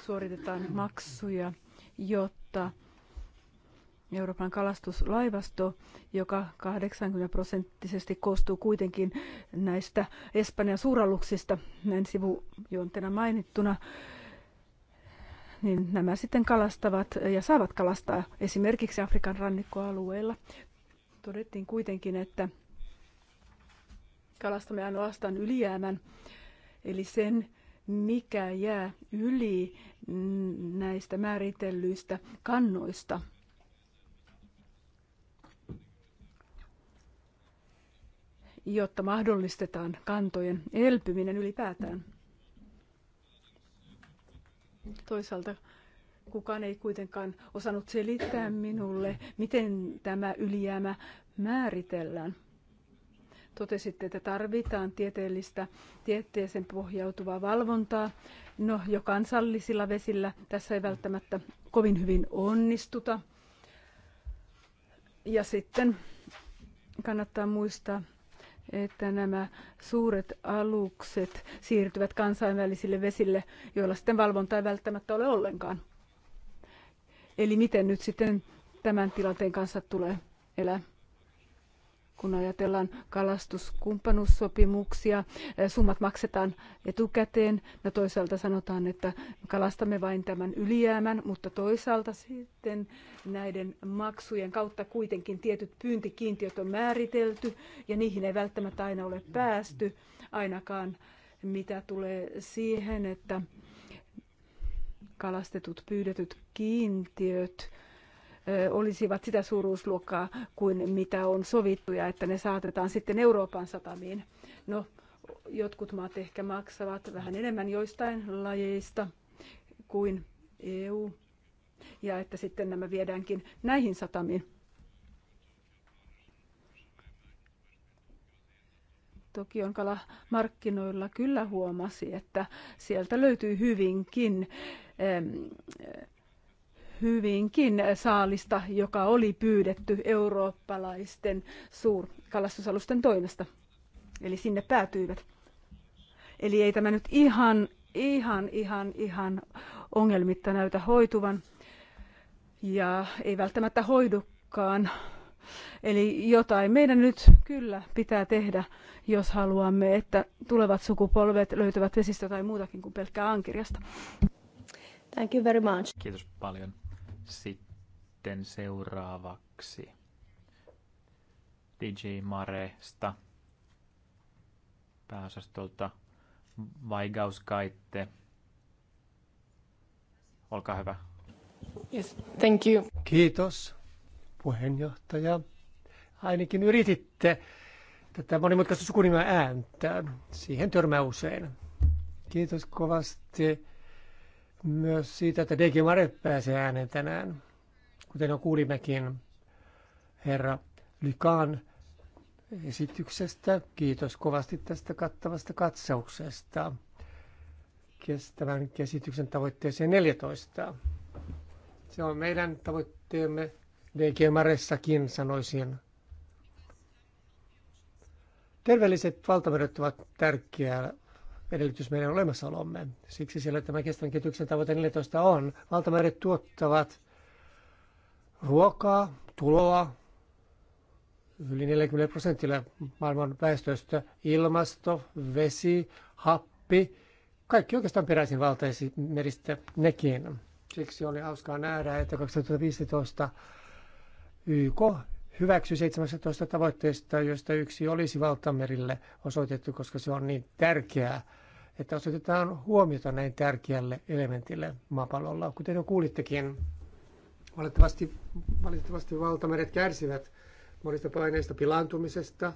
suoritetaan maksuja, jotta Euroopan kalastuslaivasto, joka 80 prosenttisesti koostuu kuitenkin näistä Espanjan suuraluksista, näin sivujuontena mainittuna, niin nämä sitten kalastavat ja saavat kalastaa esimerkiksi Afrikan rannikkoalueilla. Todettiin kuitenkin, että kalastamme ainoastaan ylijäämän, eli sen, mikä jää yli näistä määritellyistä kannoista – jotta mahdollistetaan kantojen elpyminen ylipäätään. Toisaalta kukaan ei kuitenkaan osannut selittää minulle, miten tämä ylijäämä määritellään. Totesitte, että tarvitaan tieteellistä, tieteeseen pohjautuvaa valvontaa. No, jo kansallisilla vesillä tässä ei välttämättä kovin hyvin onnistuta. Ja sitten kannattaa muistaa, että nämä suuret alukset siirtyvät kansainvälisille vesille, joilla sitten valvonta ei välttämättä ole ollenkaan. Eli miten nyt sitten tämän tilanteen kanssa tulee elää? kun ajatellaan kalastuskumppanuussopimuksia, eh, summat maksetaan etukäteen. No toisaalta sanotaan, että kalastamme vain tämän ylijäämän, mutta toisaalta sitten näiden maksujen kautta kuitenkin tietyt pyyntikiintiöt on määritelty ja niihin ei välttämättä aina ole päästy, ainakaan mitä tulee siihen, että kalastetut pyydetyt kiintiöt – olisivat sitä suuruusluokkaa kuin mitä on sovittu ja että ne saatetaan sitten Euroopan satamiin. No, jotkut maat ehkä maksavat vähän enemmän joistain lajeista kuin EU ja että sitten nämä viedäänkin näihin satamiin. Toki kala markkinoilla kyllä huomasi, että sieltä löytyy hyvinkin hyvinkin saalista, joka oli pyydetty eurooppalaisten suurkalastusalusten toimesta. Eli sinne päätyivät. Eli ei tämä nyt ihan, ihan, ihan, ihan ongelmitta näytä hoituvan. Ja ei välttämättä hoidukaan. Eli jotain meidän nyt kyllä pitää tehdä, jos haluamme, että tulevat sukupolvet löytävät vesistä tai muutakin kuin pelkkää ankirjasta. Thank you very much. Kiitos paljon. Sitten seuraavaksi DJ Maresta pääosastolta Vaigauskaitte. Olkaa hyvä. Yes, thank you. Kiitos puheenjohtaja. Ainakin yrititte tätä monimutkaista sukunimeä ääntää. Siihen törmää usein. Kiitos kovasti myös siitä, että DG Maret pääsee ääneen tänään. Kuten jo kuulimmekin herra Lykan esityksestä. Kiitos kovasti tästä kattavasta katsauksesta kestävän käsityksen tavoitteeseen 14. Se on meidän tavoitteemme DG Maressakin, sanoisin. Terveelliset valtamerot ovat tärkeä edellytys meidän olemassaolomme. Siksi siellä tämä kestävän kehityksen tavoite 14 on. Valtameret tuottavat ruokaa, tuloa yli 40 prosentilla maailman väestöstä. Ilmasto, vesi, happi, kaikki oikeastaan peräisin valtaisi meristä nekin. Siksi oli hauskaa nähdä, että 2015 YK hyväksyi 17 tavoitteesta, joista yksi olisi valtamerille osoitettu, koska se on niin tärkeää että osoitetaan huomiota näin tärkeälle elementille maapallolla. Kuten jo kuulittekin, valitettavasti, valitettavasti valtameret kärsivät monista paineista pilaantumisesta,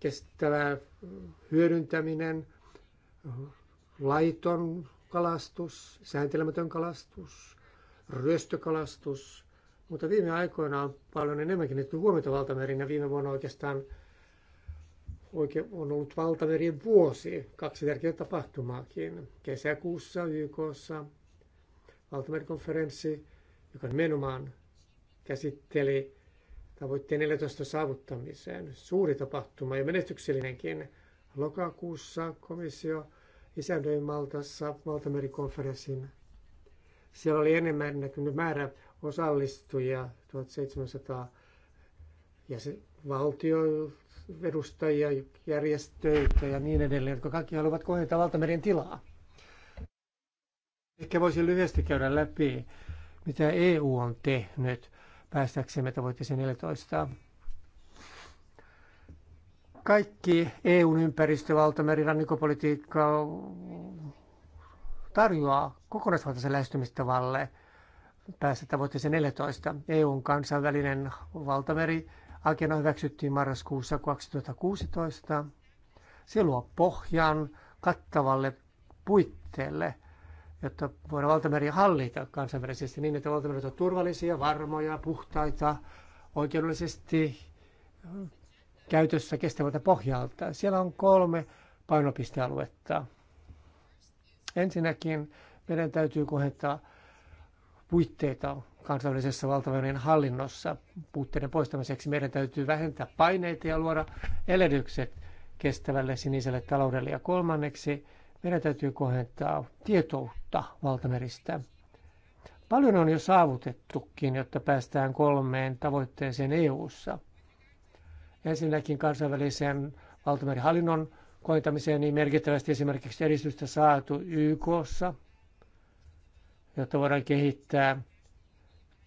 kestävä hyödyntäminen, laiton kalastus, sääntelemätön kalastus, ryöstökalastus, mutta viime aikoina on paljon enemmänkin nyt huomiota valtameriin ja viime vuonna oikeastaan – oikein on ollut valtamerien vuosi, kaksi tärkeää tapahtumaakin. Kesäkuussa YKssa valtamerikonferenssi, joka nimenomaan käsitteli tavoitteen 14 saavuttamiseen. Suuri tapahtuma ja menestyksellinenkin. Lokakuussa komissio isännöi Maltassa valtamerikonferenssin. Siellä oli enemmän näkynyt määrä osallistujia, 1700 ja se valtio edustajia, järjestöitä ja niin edelleen, jotka kaikki haluavat kohdata valtameren tilaa. Ehkä voisi lyhyesti käydä läpi, mitä EU on tehnyt päästäksemme tavoitteeseen 14. Kaikki EUn ympäristövaltameri rannikopolitiikka tarjoaa kokonaisvaltaisen lähestymistavalle päästä tavoitteeseen 14. EUn kansainvälinen valtameri Agenda hyväksyttiin marraskuussa 2016. Se luo pohjan kattavalle puitteelle, jotta voidaan valtameriä hallita kansainvälisesti niin, että valtamerit ovat turvallisia, varmoja, puhtaita, oikeudellisesti käytössä kestävältä pohjalta. Siellä on kolme painopistealuetta. Ensinnäkin meidän täytyy kohentaa puitteita kansainvälisessä valtavirran hallinnossa puutteiden poistamiseksi. Meidän täytyy vähentää paineita ja luoda edellytykset kestävälle siniselle taloudelle. Ja kolmanneksi meidän täytyy kohentaa tietoutta valtameristä. Paljon on jo saavutettukin, jotta päästään kolmeen tavoitteeseen EU-ssa. Ensinnäkin kansainvälisen valtamerihallinnon koitamiseen niin merkittävästi esimerkiksi edistystä saatu YKssa jotta voidaan kehittää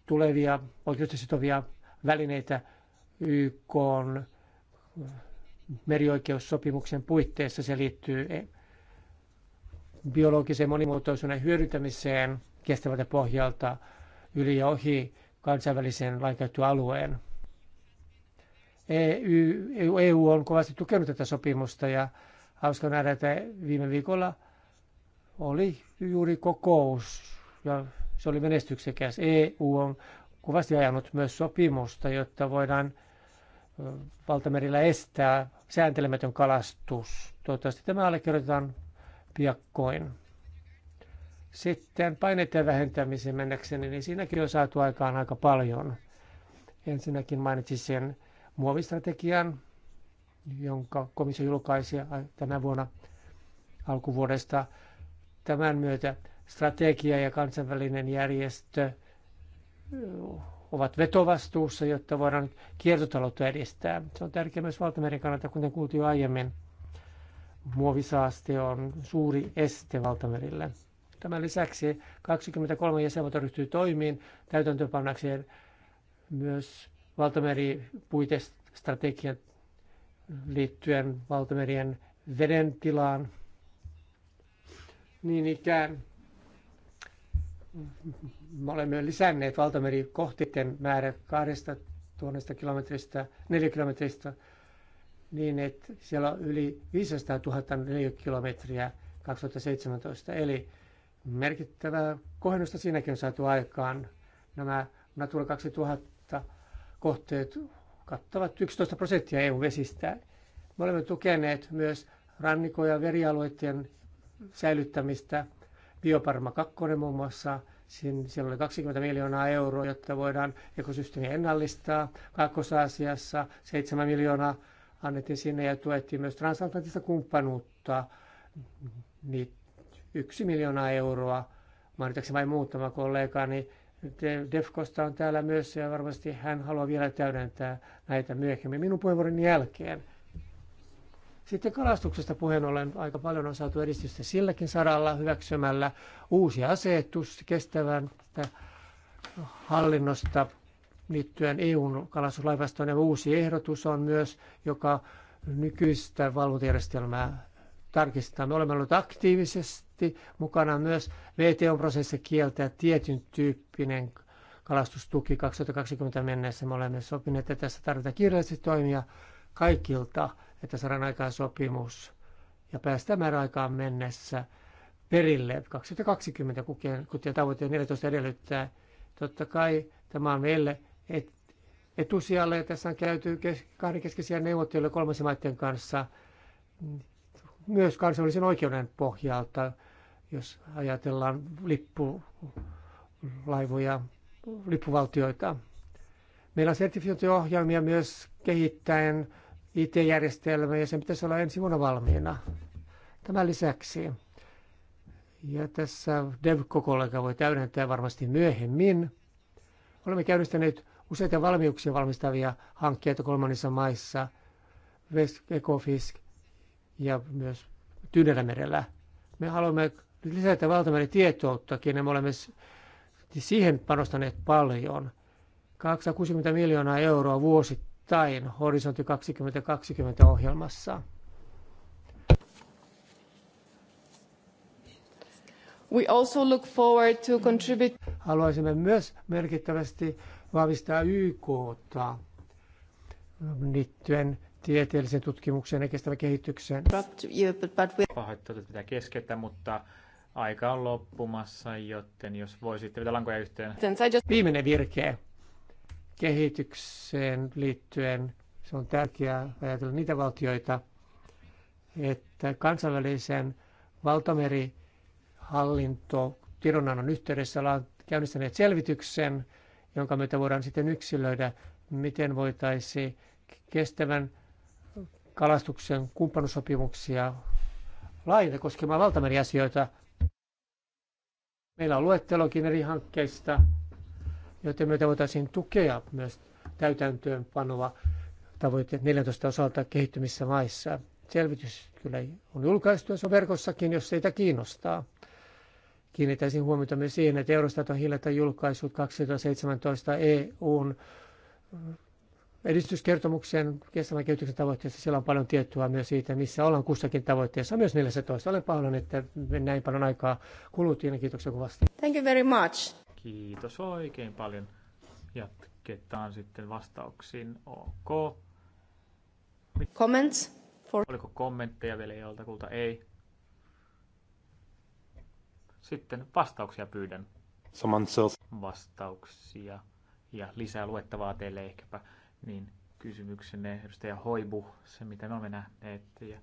tulevia oikeudellisesti sitovia välineitä YK merioikeussopimuksen puitteissa. Se liittyy e- biologisen monimuotoisuuden hyödyntämiseen kestävältä pohjalta yli ja ohi kansainvälisen lainkäyttöalueen. EU, e EU on kovasti tukenut tätä sopimusta ja hauska nähdä, että viime viikolla oli juuri kokous ja se oli menestyksekäs. EU on kovasti ajanut myös sopimusta, jotta voidaan valtamerillä estää sääntelemätön kalastus. Toivottavasti tämä allekirjoitetaan piakkoin. Sitten paineiden vähentämiseen mennäkseni, niin siinäkin on saatu aikaan aika paljon. Ensinnäkin mainitsin sen muovistrategian, jonka komissio julkaisi tänä vuonna alkuvuodesta. Tämän myötä strategia ja kansainvälinen järjestö ovat vetovastuussa, jotta voidaan kiertotaloutta edistää. Se on tärkeää myös Valtameren kannalta, kuten kuultiin jo aiemmin. Muovisaaste on suuri este Valtamerille. Tämän lisäksi 23 jäsenvaltio ryhtyy toimiin täytäntöönpannakseen myös valtameripuitestrategian liittyen valtamerien veden tilaan. Niin ikään me olemme lisänneet kohteiden määrä kahdesta tuhannesta kilometristä, kilometristä, niin että siellä on yli 500 000 kilometriä 2017. Eli merkittävää kohennusta siinäkin on saatu aikaan. Nämä Natura 2000 kohteet kattavat 11 prosenttia EU-vesistä. Me olemme tukeneet myös rannikoja ja verialueiden säilyttämistä – Bioparma 2 muun muassa, Siin, siellä oli 20 miljoonaa euroa, jotta voidaan ekosysteemi ennallistaa. Kaakkois-Aasiassa 7 miljoonaa annettiin sinne ja tuettiin myös transatlanttista kumppanuutta. Niin 1 miljoonaa euroa, mainitakseni vain muutama kollega, niin Defkosta on täällä myös ja varmasti hän haluaa vielä täydentää näitä myöhemmin minun puheenvuoroni jälkeen. Sitten kalastuksesta puheen ollen aika paljon on saatu edistystä silläkin saralla hyväksymällä uusi asetus kestävän hallinnosta liittyen EUn kalastuslaivastoon ja uusi ehdotus on myös, joka nykyistä valvontajärjestelmää tarkistaa. Me olemme olleet aktiivisesti mukana myös VTO-prosessissa kieltää tietyn tyyppinen kalastustuki 2020 mennessä. Me olemme sopineet, että tässä tarvitaan kirjallisesti toimia kaikilta että saadaan aikaan sopimus ja päästään määräaikaan mennessä perille 2020, kuten tavoite 14 edellyttää. Totta kai tämä on meille et, etusijalle. Tässä on käyty kes, kahdenkeskeisiä neuvotteluja kolmansien maiden kanssa myös kansainvälisen oikeuden pohjalta, jos ajatellaan lippulaivoja, lippuvaltioita. Meillä on sertifiointiohjelmia myös kehittäen IT-järjestelmä ja sen pitäisi olla ensi vuonna valmiina. Tämän lisäksi, ja tässä DevCo-kollega voi täydentää varmasti myöhemmin, olemme käynnistäneet useita valmiuksia valmistavia hankkeita kolmannissa maissa, West Ecofisk ja myös Tyynellämerellä. Me haluamme lisätä valtameri tietouttakin ja me olemme siihen panostaneet paljon. 260 miljoonaa euroa vuosittain vuosittain Horisontti 2020 ohjelmassa. We also look forward to contribute. Haluaisimme myös merkittävästi vahvistaa YKta liittyen tieteellisen tutkimukseen ja kestävän kehitykseen. Pahoittelut, pitää keskeyttää, mutta aika on loppumassa, joten jos voisitte pitää lankoja yhteen. Viimeinen virke kehitykseen liittyen. Se on tärkeää ajatella niitä valtioita, että kansainvälisen valtamerihallinto tiedonannon yhteydessä ollaan käynnistäneet selvityksen, jonka myötä voidaan sitten yksilöidä, miten voitaisiin kestävän kalastuksen kumppanusopimuksia laajentaa koskemaan valtameriasioita. Meillä on luettelokin eri hankkeista, joten me voitaisiin tukea myös täytäntöönpanoa tavoitteet 14 osalta kehittymissä maissa. Selvitys kyllä on julkaistu ja se on verkossakin, jos seitä kiinnostaa. Kiinnittäisin huomiota myös siihen, että Eurostat on hiljattain julkaissut 2017 EUn edistyskertomuksen kestävän kehityksen tavoitteessa. Siellä on paljon tietoa myös siitä, missä ollaan kussakin tavoitteessa. Myös 14. Olen pahoillani, että näin paljon aikaa kulutiin. Kiitoksia kovasti. Thank you very much. Kiitos oikein paljon. Jatketaan sitten vastauksiin. Ok. Comments? For... Oliko kommentteja vielä joltakulta? Ei. Sitten vastauksia pyydän. Vastauksia ja lisää luettavaa teille ehkäpä. Niin kysymyksenne, edustaja Hoibu, se mitä me olemme nähneet ja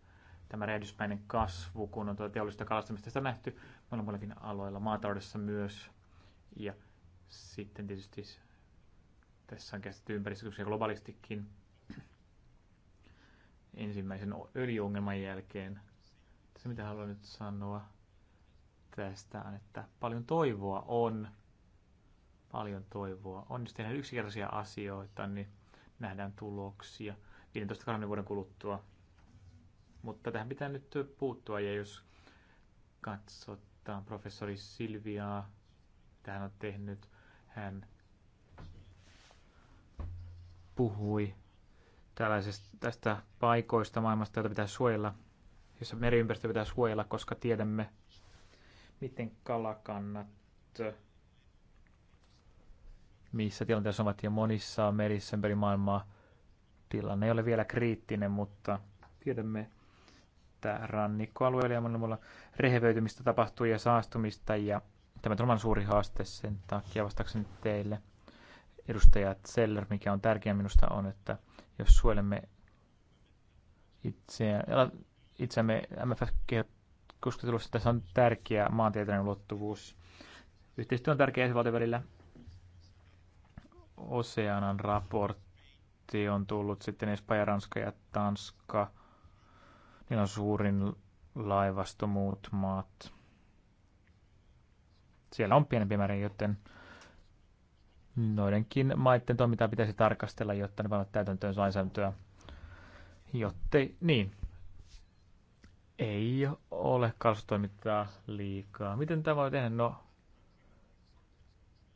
tämä räjähdyspäinen kasvu, kun on tuota teollista kalastamista sitä nähty monilla aloilla, maataloudessa myös ja sitten tietysti tässä on käsitelty ympäristökysymyksiä globaalistikin ensimmäisen öljyongelman jälkeen. Se mitä haluan nyt sanoa tästä on, että paljon toivoa on. Paljon toivoa on. Jos tehdään yksinkertaisia asioita, niin nähdään tuloksia 15-20 vuoden kuluttua. Mutta tähän pitää nyt puuttua ja jos katsotaan professori Silviaa, mitä hän on tehnyt. Hän puhui tällaisesta tästä paikoista maailmasta, jota pitää suojella, jossa meriympäristö pitää suojella, koska tiedämme, miten kalakannat missä tilanteessa ovat ja monissa merissä ympäri maailmaa tilanne ei ole vielä kriittinen, mutta tiedämme, että rannikkoalueilla ja monilla rehevöitymistä tapahtuu ja saastumista ja Tämä on suuri haaste sen takia vastaakseni teille. Edustaja Zeller, mikä on tärkeää minusta on, että jos suojelemme itseä, itseämme MFF-keskustelussa, tässä on tärkeä maantieteellinen ulottuvuus. Yhteistyö on tärkeä jäsenvaltion välillä. Oceanan raportti on tullut sitten Espanja, Ranska ja Tanska. Niillä on suurin laivasto muut maat siellä on pienempi määrä, joten noidenkin maiden toimintaa pitäisi tarkastella, jotta ne voivat täytäntöön lainsäädäntöä. Jottei, niin, ei ole kalstoimintaa liikaa. Miten tämä voi tehdä? No,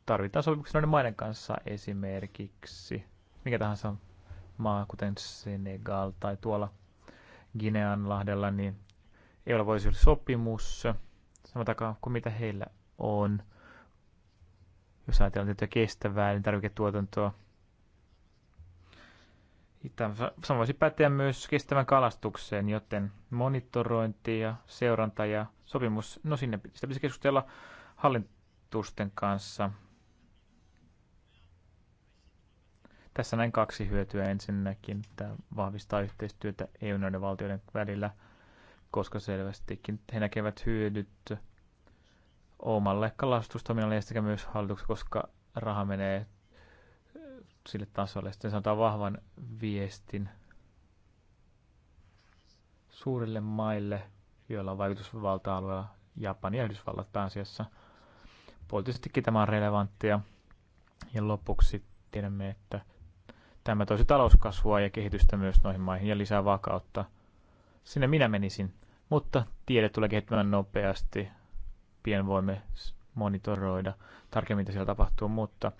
tarvitaan sopimuksia noiden maiden kanssa esimerkiksi. Mikä tahansa maa, kuten Senegal tai tuolla Ginean lahdella, niin ei ole voisi olla sopimus sama takaa kuin mitä heillä on, jos ajatellaan tätä kestävää elintarviketuotantoa. Tämä voisi päteä myös kestävän kalastukseen, joten monitorointi ja seuranta ja sopimus, no sinne sitä pitäisi keskustella hallitusten kanssa. Tässä näin kaksi hyötyä. Ensinnäkin että vahvistaa yhteistyötä eu valtioiden välillä, koska selvästikin he näkevät hyödyt omalle kalastustoiminnalle sitten myös hallituksen, koska raha menee sille tasolle. Sitten sanotaan vahvan viestin suurille maille, joilla on vaikutusvalta-alueella Japani ja Yhdysvallat pääasiassa. Poliittisestikin tämä on relevanttia. Ja lopuksi tiedämme, että tämä toisi talouskasvua ja kehitystä myös noihin maihin ja lisää vakautta. Sinne minä menisin, mutta tiede tulee kehittymään nopeasti pian voimme monitoroida tarkemmin, mitä siellä tapahtuu, mutta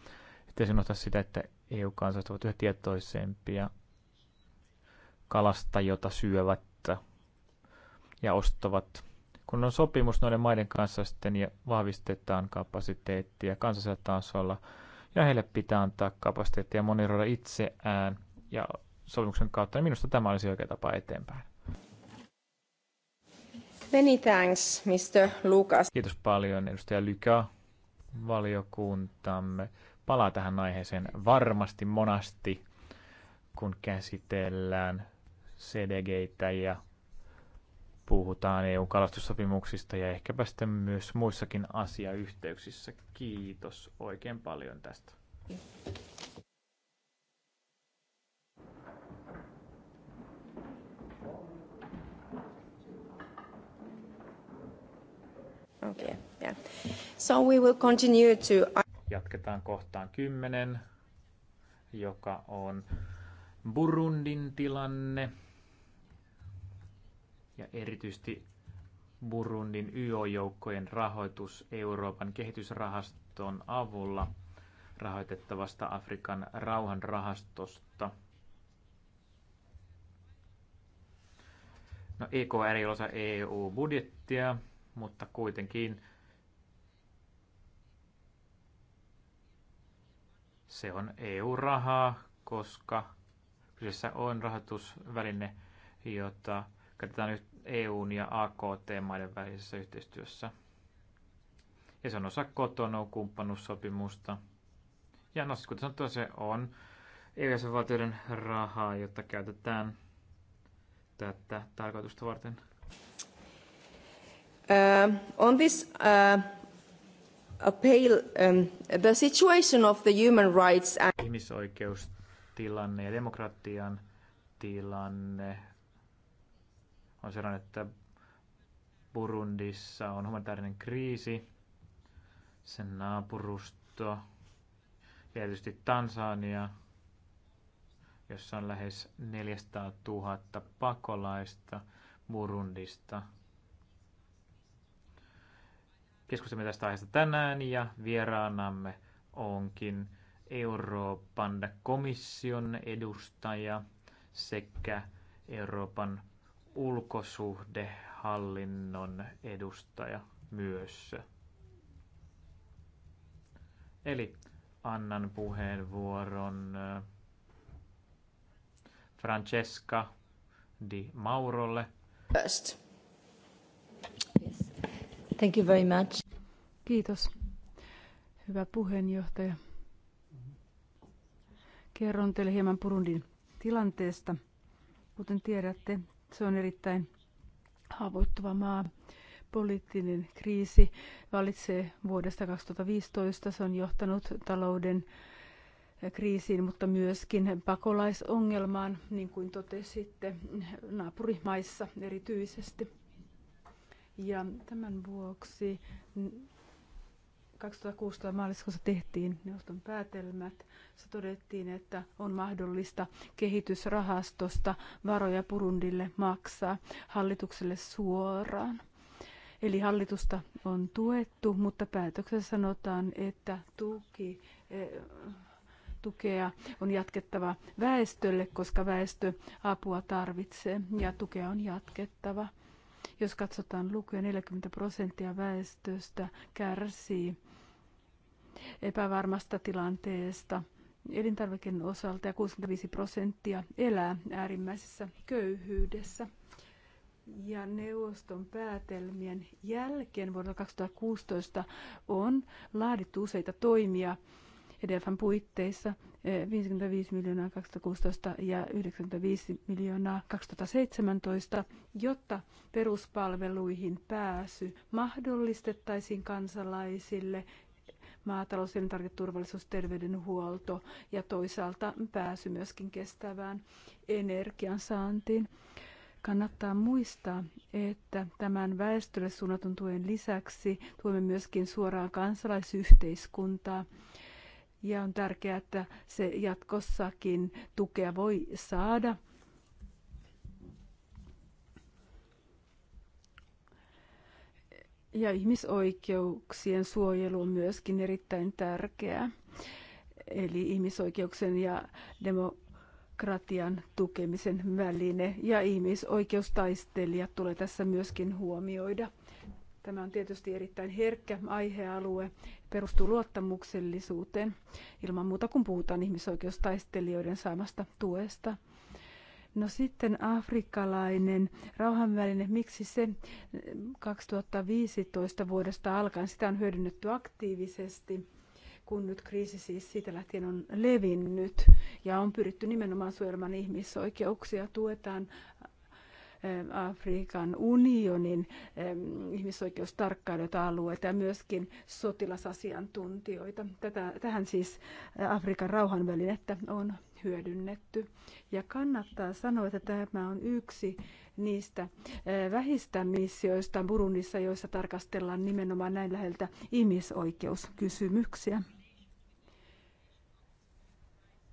ettei se unohtaa sitä, että EU-kansalaiset ovat yhä tietoisempia kalasta, jota syövät ja ostavat. Kun on sopimus noiden maiden kanssa sitten ja vahvistetaan kapasiteettia kansallisella tasolla, ja heille pitää antaa kapasiteettia moniroida itseään ja sopimuksen kautta, niin minusta tämä olisi oikea tapa eteenpäin. Many thanks, Mr. Lucas. Kiitos paljon, edustaja Lyka. Valiokuntamme palaa tähän aiheeseen varmasti monasti, kun käsitellään cdg ja puhutaan EU-kalastussopimuksista ja ehkäpä sitten myös muissakin asiayhteyksissä. Kiitos oikein paljon tästä. Okay, yeah. So we will continue to... Jatketaan kohtaan 10, joka on Burundin tilanne ja erityisesti Burundin YO-joukkojen rahoitus Euroopan kehitysrahaston avulla rahoitettavasta Afrikan rauhanrahastosta. No EKR ei osa EU-budjettia, mutta kuitenkin se on EU-rahaa, koska kyseessä on rahoitusväline, jota käytetään nyt EUn ja AKT-maiden välisessä yhteistyössä. Ja se on osa kotonou-kumppanuussopimusta. Ja no, kuten sanottu, se on EU-jäsenvaltioiden rahaa, jota käytetään tätä tarkoitusta varten. Uh, on this uh, appeal, um, the situation of the human rights and ihmisoikeustilanne ja demokratian tilanne on sellainen, että Burundissa on humanitaarinen kriisi, sen naapurusto ja tietysti Tansania, jossa on lähes 400 000 pakolaista Burundista – Keskustelemme tästä aiheesta tänään ja vieraanamme onkin Euroopan komission edustaja sekä Euroopan ulkosuhdehallinnon edustaja myös. Eli annan puheenvuoron äh, Francesca Di Maurolle. Best. Thank you very much. Kiitos. Hyvä puheenjohtaja. Kerron teille hieman Purundin tilanteesta. Kuten tiedätte, se on erittäin haavoittuva maa. Poliittinen kriisi valitsee vuodesta 2015. Se on johtanut talouden kriisiin, mutta myöskin pakolaisongelmaan, niin kuin totesitte, naapurimaissa erityisesti. Ja tämän vuoksi 2016 maaliskuussa tehtiin neuvoston päätelmät. Se todettiin, että on mahdollista kehitysrahastosta varoja Purundille maksaa hallitukselle suoraan. Eli hallitusta on tuettu, mutta päätöksessä sanotaan, että tuki, eh, tukea on jatkettava väestölle, koska väestö apua tarvitsee ja tukea on jatkettava. Jos katsotaan lukuja, 40 prosenttia väestöstä kärsii epävarmasta tilanteesta elintarvikkeiden osalta ja 65 prosenttia elää äärimmäisessä köyhyydessä. Ja neuvoston päätelmien jälkeen vuonna 2016 on laadittu useita toimia EDFn puitteissa 55 eh, miljoonaa 2016 ja 95 miljoonaa 2017, jotta peruspalveluihin pääsy mahdollistettaisiin kansalaisille maatalous, elintarviketurvallisuus, terveydenhuolto ja toisaalta pääsy myöskin kestävään energiansaantiin. Kannattaa muistaa, että tämän väestölle suunnatun tuen lisäksi tuemme myöskin suoraan kansalaisyhteiskuntaa ja on tärkeää, että se jatkossakin tukea voi saada. Ja ihmisoikeuksien suojelu on myöskin erittäin tärkeää. Eli ihmisoikeuksien ja demokratian tukemisen väline ja ihmisoikeustaistelijat tulee tässä myöskin huomioida. Tämä on tietysti erittäin herkkä aihealue, perustuu luottamuksellisuuteen ilman muuta, kun puhutaan ihmisoikeustaistelijoiden saamasta tuesta. No sitten afrikkalainen rauhanväline, miksi se 2015 vuodesta alkaen, sitä on hyödynnetty aktiivisesti, kun nyt kriisi siis siitä lähtien on levinnyt ja on pyritty nimenomaan suojelemaan ihmisoikeuksia, tuetaan Afrikan unionin ihmisoikeustarkkailijoita alueita ja myöskin sotilasasiantuntijoita. Tätä, tähän siis Afrikan rauhanvälinettä on hyödynnetty. Ja kannattaa sanoa, että tämä on yksi niistä vähistä missioista Burundissa, joissa tarkastellaan nimenomaan näin läheltä ihmisoikeuskysymyksiä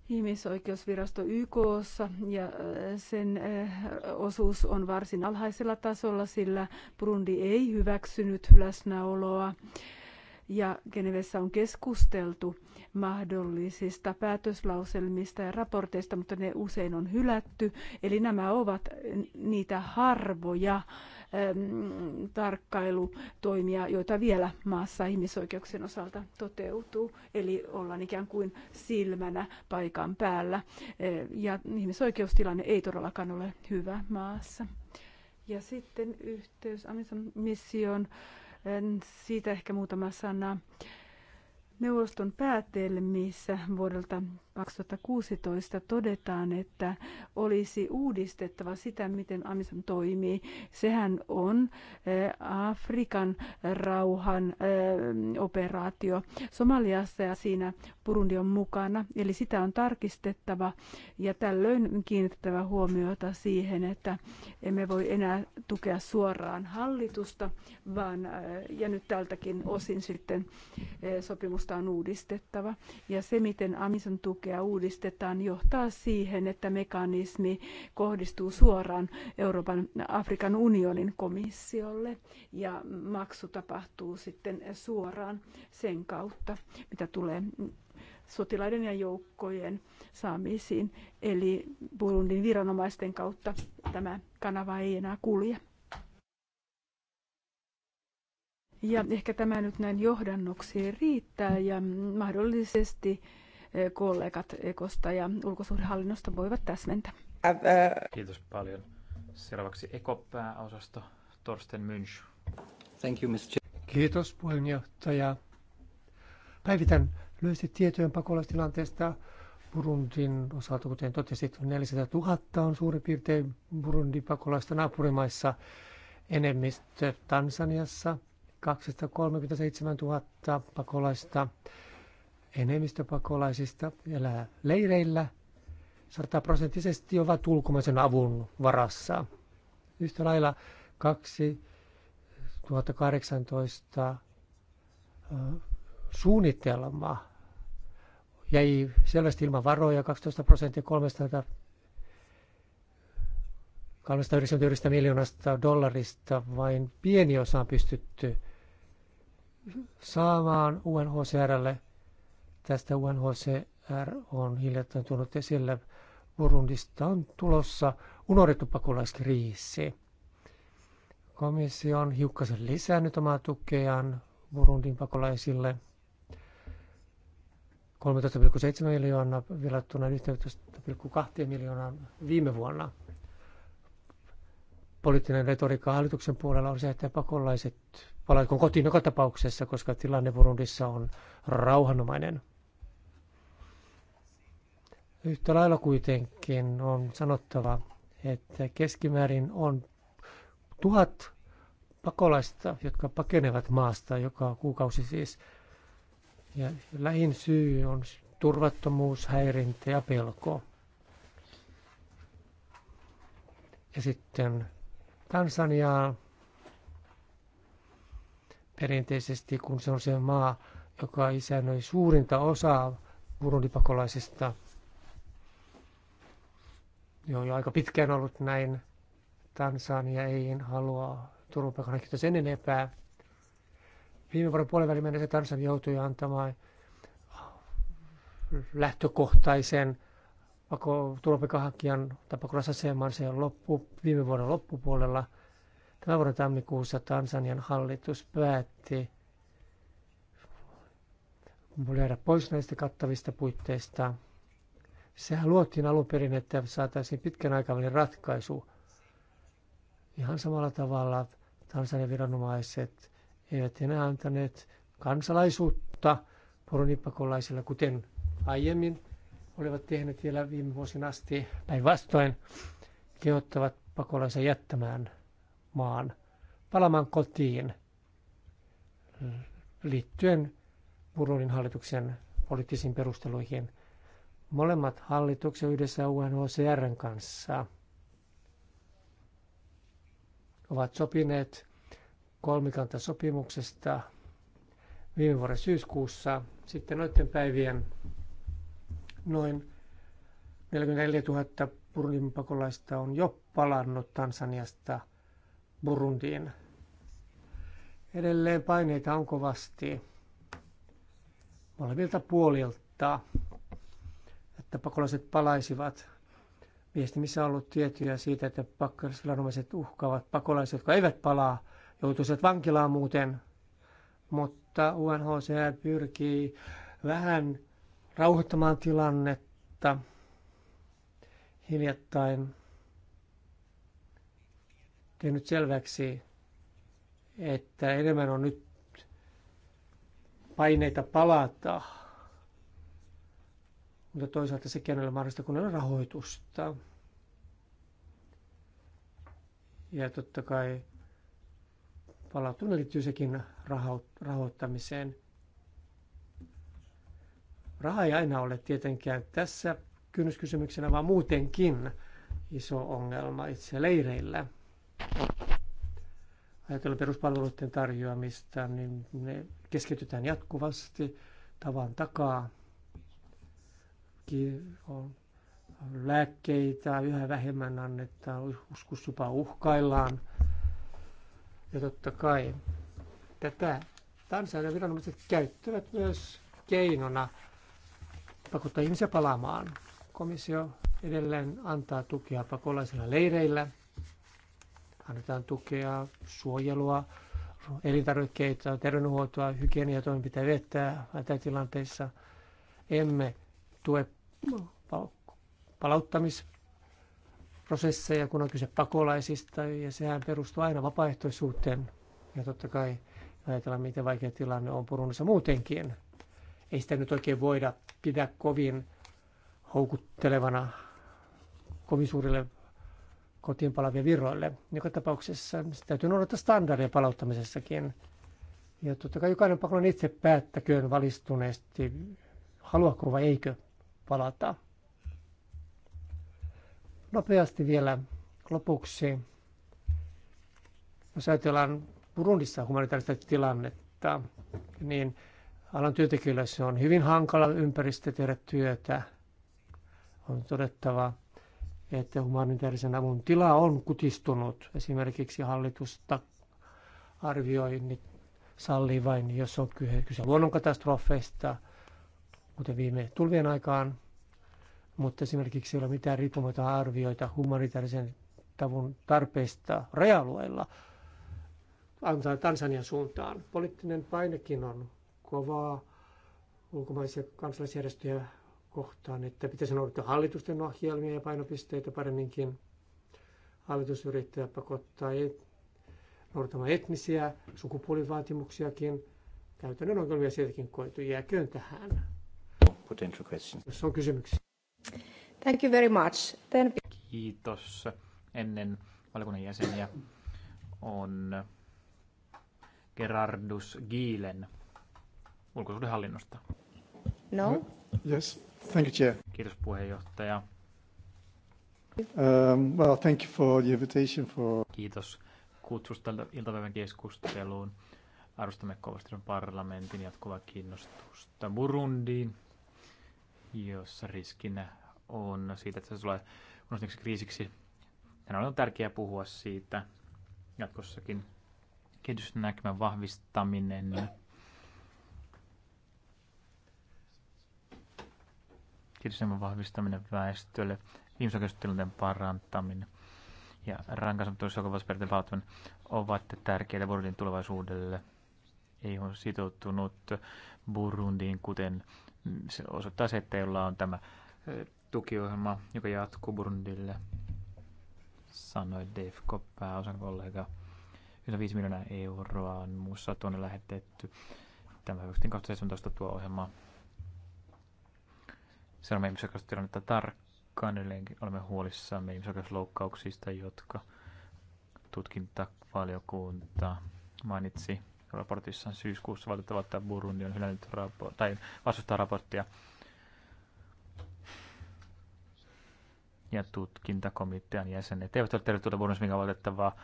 ihmisoikeusvirasto YKssa ja äh, sen äh, osuus on varsin alhaisella tasolla, sillä Brundi ei hyväksynyt läsnäoloa ja Genevessä on keskusteltu mahdollisista päätöslauselmista ja raporteista, mutta ne usein on hylätty. Eli nämä ovat niitä harvoja tarkkailutoimia, joita vielä maassa ihmisoikeuksien osalta toteutuu. Eli ollaan ikään kuin silmänä paikan päällä. Ja ihmisoikeustilanne ei todellakaan ole hyvä maassa. Ja sitten yhteys Amisan missioon. Siitä ehkä muutama sana. Neuvoston päätelmissä vuodelta 2016 todetaan, että olisi uudistettava sitä, miten Amison toimii. Sehän on eh, Afrikan rauhan eh, operaatio Somaliassa ja siinä Burundi on mukana. Eli sitä on tarkistettava ja tällöin kiinnitettävä huomiota siihen, että emme voi enää tukea suoraan hallitusta, vaan eh, ja nyt tältäkin osin sitten sopimusta on uudistettava. Ja se, miten Amison tukee tukea uudistetaan, johtaa siihen, että mekanismi kohdistuu suoraan Euroopan Afrikan unionin komissiolle ja maksu tapahtuu sitten suoraan sen kautta, mitä tulee sotilaiden ja joukkojen saamisiin. Eli Burundin viranomaisten kautta tämä kanava ei enää kulje. Ja ehkä tämä nyt näin johdannoksi riittää ja mahdollisesti kollegat Ekosta ja ulkosuhdehallinnosta voivat täsmentää. Äh, äh. Kiitos paljon. Seuraavaksi Ekopääosasto Torsten Münch. Thank you, Mr. Kiitos puheenjohtaja. Päivitän lyhyesti tietojen pakolaistilanteesta Burundin osalta, kuten totesit, 400 000 on suurin piirtein Burundin pakolaista naapurimaissa, enemmistö Tansaniassa, 237 000 pakolaista Enemmistö pakolaisista elää leireillä, sataprosenttisesti ovat ulkomaisen avun varassa. Yhtä lailla 2018 suunnitelma jäi selvästi ilman varoja, 12 prosenttia 300 391 miljoonasta dollarista vain pieni osa on pystytty saamaan UNHCRlle Tästä UNHCR on hiljattain tuonut esille Burundista on tulossa unohdettu pakolaiskriisi. Komissio on hiukkasen lisännyt omaa tukeaan Burundin pakolaisille. 13,7 miljoonaa verrattuna 11,2 miljoonaa viime vuonna. Poliittinen retoriikka hallituksen puolella on se, että pakolaiset palatkoon kotiin joka tapauksessa, koska tilanne Burundissa on rauhanomainen. Yhtä lailla kuitenkin on sanottava, että keskimäärin on tuhat pakolaista, jotka pakenevat maasta joka kuukausi siis. Ja lähin syy on turvattomuus, häirintä ja pelko. Ja sitten Tansaniaa perinteisesti, kun se on se maa, joka isännöi suurinta osaa burundipakolaisista – jo, jo aika pitkään ollut näin. Tansania ei halua turvapaikanhakijoita sen enempää. Viime vuoden puolivälin mennessä Tansania joutui antamaan lähtökohtaisen turvapaikanhakijan tapakolasasemansa jo loppu, viime vuoden loppupuolella. Tämän vuoden tammikuussa Tansanian hallitus päätti jäädä pois näistä kattavista puitteista – Sehän luottiin alun perin, että saataisiin pitkän aikavälin ratkaisu. Ihan samalla tavalla Tansanian viranomaiset eivät enää antaneet kansalaisuutta poronipakolaisille, kuten aiemmin olivat tehneet vielä viime vuosina asti. Päinvastoin kehottavat pakolaisen jättämään maan, palamaan kotiin liittyen Burundin hallituksen poliittisiin perusteluihin molemmat hallitukset yhdessä UNHCRn kanssa ovat sopineet kolmikantasopimuksesta viime vuoden syyskuussa. Sitten noiden päivien noin 44 000 Burundin pakolaista on jo palannut Tansaniasta Burundiin. Edelleen paineita on kovasti molemmilta puolilta että pakolaiset palaisivat. Viestimissä on ollut tietoja siitä, että pakkarisviranomaiset uhkaavat pakolaiset, jotka eivät palaa, joutuisivat vankilaan muuten. Mutta UNHCR pyrkii vähän rauhoittamaan tilannetta hiljattain tehnyt selväksi, että enemmän on nyt paineita palata mutta toisaalta se kenellä ole mahdollista, kun on rahoitusta. Ja totta kai palautuminen liittyy sekin rahoittamiseen. Raha ei aina ole tietenkään tässä kynnyskysymyksenä, vaan muutenkin iso ongelma itse leireillä. Ajatellaan peruspalveluiden tarjoamista, niin ne keskitytään jatkuvasti tavan takaa – kaikki on lääkkeitä, yhä vähemmän annetaan, joskus jopa uhkaillaan. Ja totta kai tätä Tansanian viranomaiset käyttävät myös keinona pakottaa ihmisiä palaamaan. Komissio edelleen antaa tukea pakolaisilla leireillä, annetaan tukea, suojelua, elintarvikkeita, terveydenhuoltoa, hygieniatoimenpiteitä vettä tilanteissa. Emme tue No. palauttamisprosesseja, kun on kyse pakolaisista, ja sehän perustuu aina vapaaehtoisuuteen. Ja totta kai ajatellaan, miten vaikea tilanne on Purunissa muutenkin. Ei sitä nyt oikein voida pidä kovin houkuttelevana kovin suurille kotiin palavia virroille. Joka tapauksessa sitä täytyy noudattaa standardia palauttamisessakin. Ja totta kai jokainen pakolainen itse päättäköön valistuneesti, haluaako vai eikö palata. Nopeasti vielä lopuksi. Jos ajatellaan Burundissa humanitaarista tilannetta, niin alan työntekijöillä se on hyvin hankala ympäristö tehdä työtä. On todettava, että humanitaarisen avun tila on kutistunut. Esimerkiksi hallitusta arvioi niin sallii vain, jos on kyse luonnonkatastrofeista kuten viime tulvien aikaan, mutta esimerkiksi ei ole mitään riippumatta arvioita humanitaarisen tavun tarpeesta raja-alueilla Tansanian suuntaan. Poliittinen painekin on kovaa ulkomaisia kansalaisjärjestöjä kohtaan, että pitäisi noudattaa hallitusten ohjelmia ja painopisteitä paremminkin. Hallitus yrittää pakottaa et, noudattamaan etnisiä sukupuolivaatimuksiakin. Käytännön ongelmia sieltäkin koitu. Jääköön tähän potential questions. Jos on kysymyksiä. Thank you very much. Then... Kiitos. Ennen valiokunnan jäseniä on Gerardus Giilen ulkosuhdehallinnosta. No. Yes. Thank you, Chair. Kiitos puheenjohtaja. Um, well, thank you for the invitation for... Kiitos kutsusta iltapäivän keskusteluun. Arvostamme kovasti parlamentin jatkuvaa kiinnostusta Burundiin jossa riskinä on siitä, että se tulee unohtuneeksi kriisiksi. Ja on tärkeää puhua siitä jatkossakin. Kehitysnäkymän vahvistaminen. Kehitysnäkymän vahvistaminen väestölle, ihmisoikeustilanteen parantaminen ja rankaisemattomuusjoukkovasperiaatteen palauttaminen ovat tärkeitä Burundin tulevaisuudelle. Ei on sitoutunut Burundiin, kuten se osoittaa se, että jolla on tämä tukiohjelma, joka jatkuu Burundille, sanoi Dave Koppää, osan kollega. Yli 5 miljoonaa euroa on muussa tuonne lähetetty. Tämä hyväksyttiin 2017 tuo ohjelma. Seuraamme ihmisoikeustilannetta tarkkaan. Edelleenkin olemme huolissamme ihmisoikeusloukkauksista, jotka tutkintavaliokunta mainitsi raportissaan syyskuussa valitettava, että Burundi on hylännyt rapo- tai vastustaa raporttia. Ja tutkintakomitean jäsenet eivät ole tervetulleet Burundissa, mikä on valitettavaa.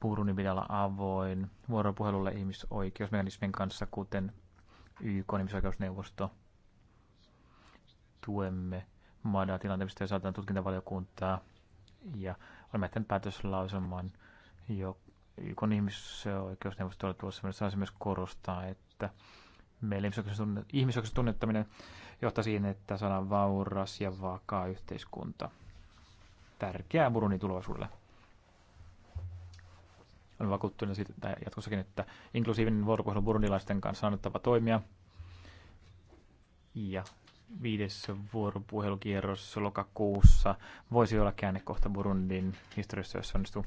Burundi pitää olla avoin vuoropuhelulle ihmisoikeusmekanismien kanssa, kuten YK ihmisoikeusneuvosto. Tuemme maadaa tilanteesta ja saatan tutkintavaliokuntaa ja olemme jättäneet päätöslauselman, joka YKn ihmisoikeusneuvostolle tulossa myös, myös korostaa, että meillä ihmisoikeuksien tunnettaminen johtaa siihen, että saadaan vauras ja vakaa yhteiskunta. Tärkeää Burunin tulevaisuudelle. On vakuuttunut siitä että jatkossakin, että inklusiivinen vuoropuhelu burundilaisten kanssa on tapa toimia. Ja viides vuoropuhelukierros lokakuussa voisi olla käännekohta Burundin historiassa, jos onnistuu.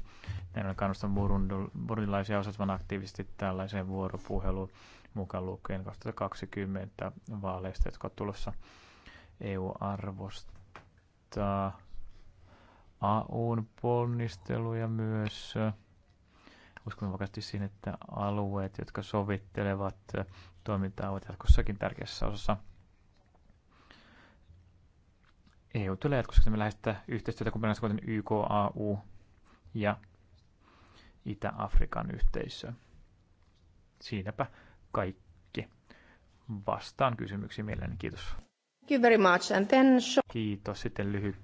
Näin on kannustan burundilaisia osallistumaan aktiivisesti tällaiseen vuoropuheluun mukaan lukien 2020 vaaleista, jotka ovat tulossa EU-arvostaa AUn ponnisteluja myös. Uskon vakaasti siihen, että alueet, jotka sovittelevat toimintaa, ovat jatkossakin tärkeässä osassa – EU tulee jatkossa lähettää yhteistyötä kumppanissa kuten YKAU ja Itä-Afrikan yhteisö. Siinäpä kaikki. Vastaan kysymyksiin mielelläni. Kiitos. Thank you very much. And then show... Kiitos. Sitten lyhyt,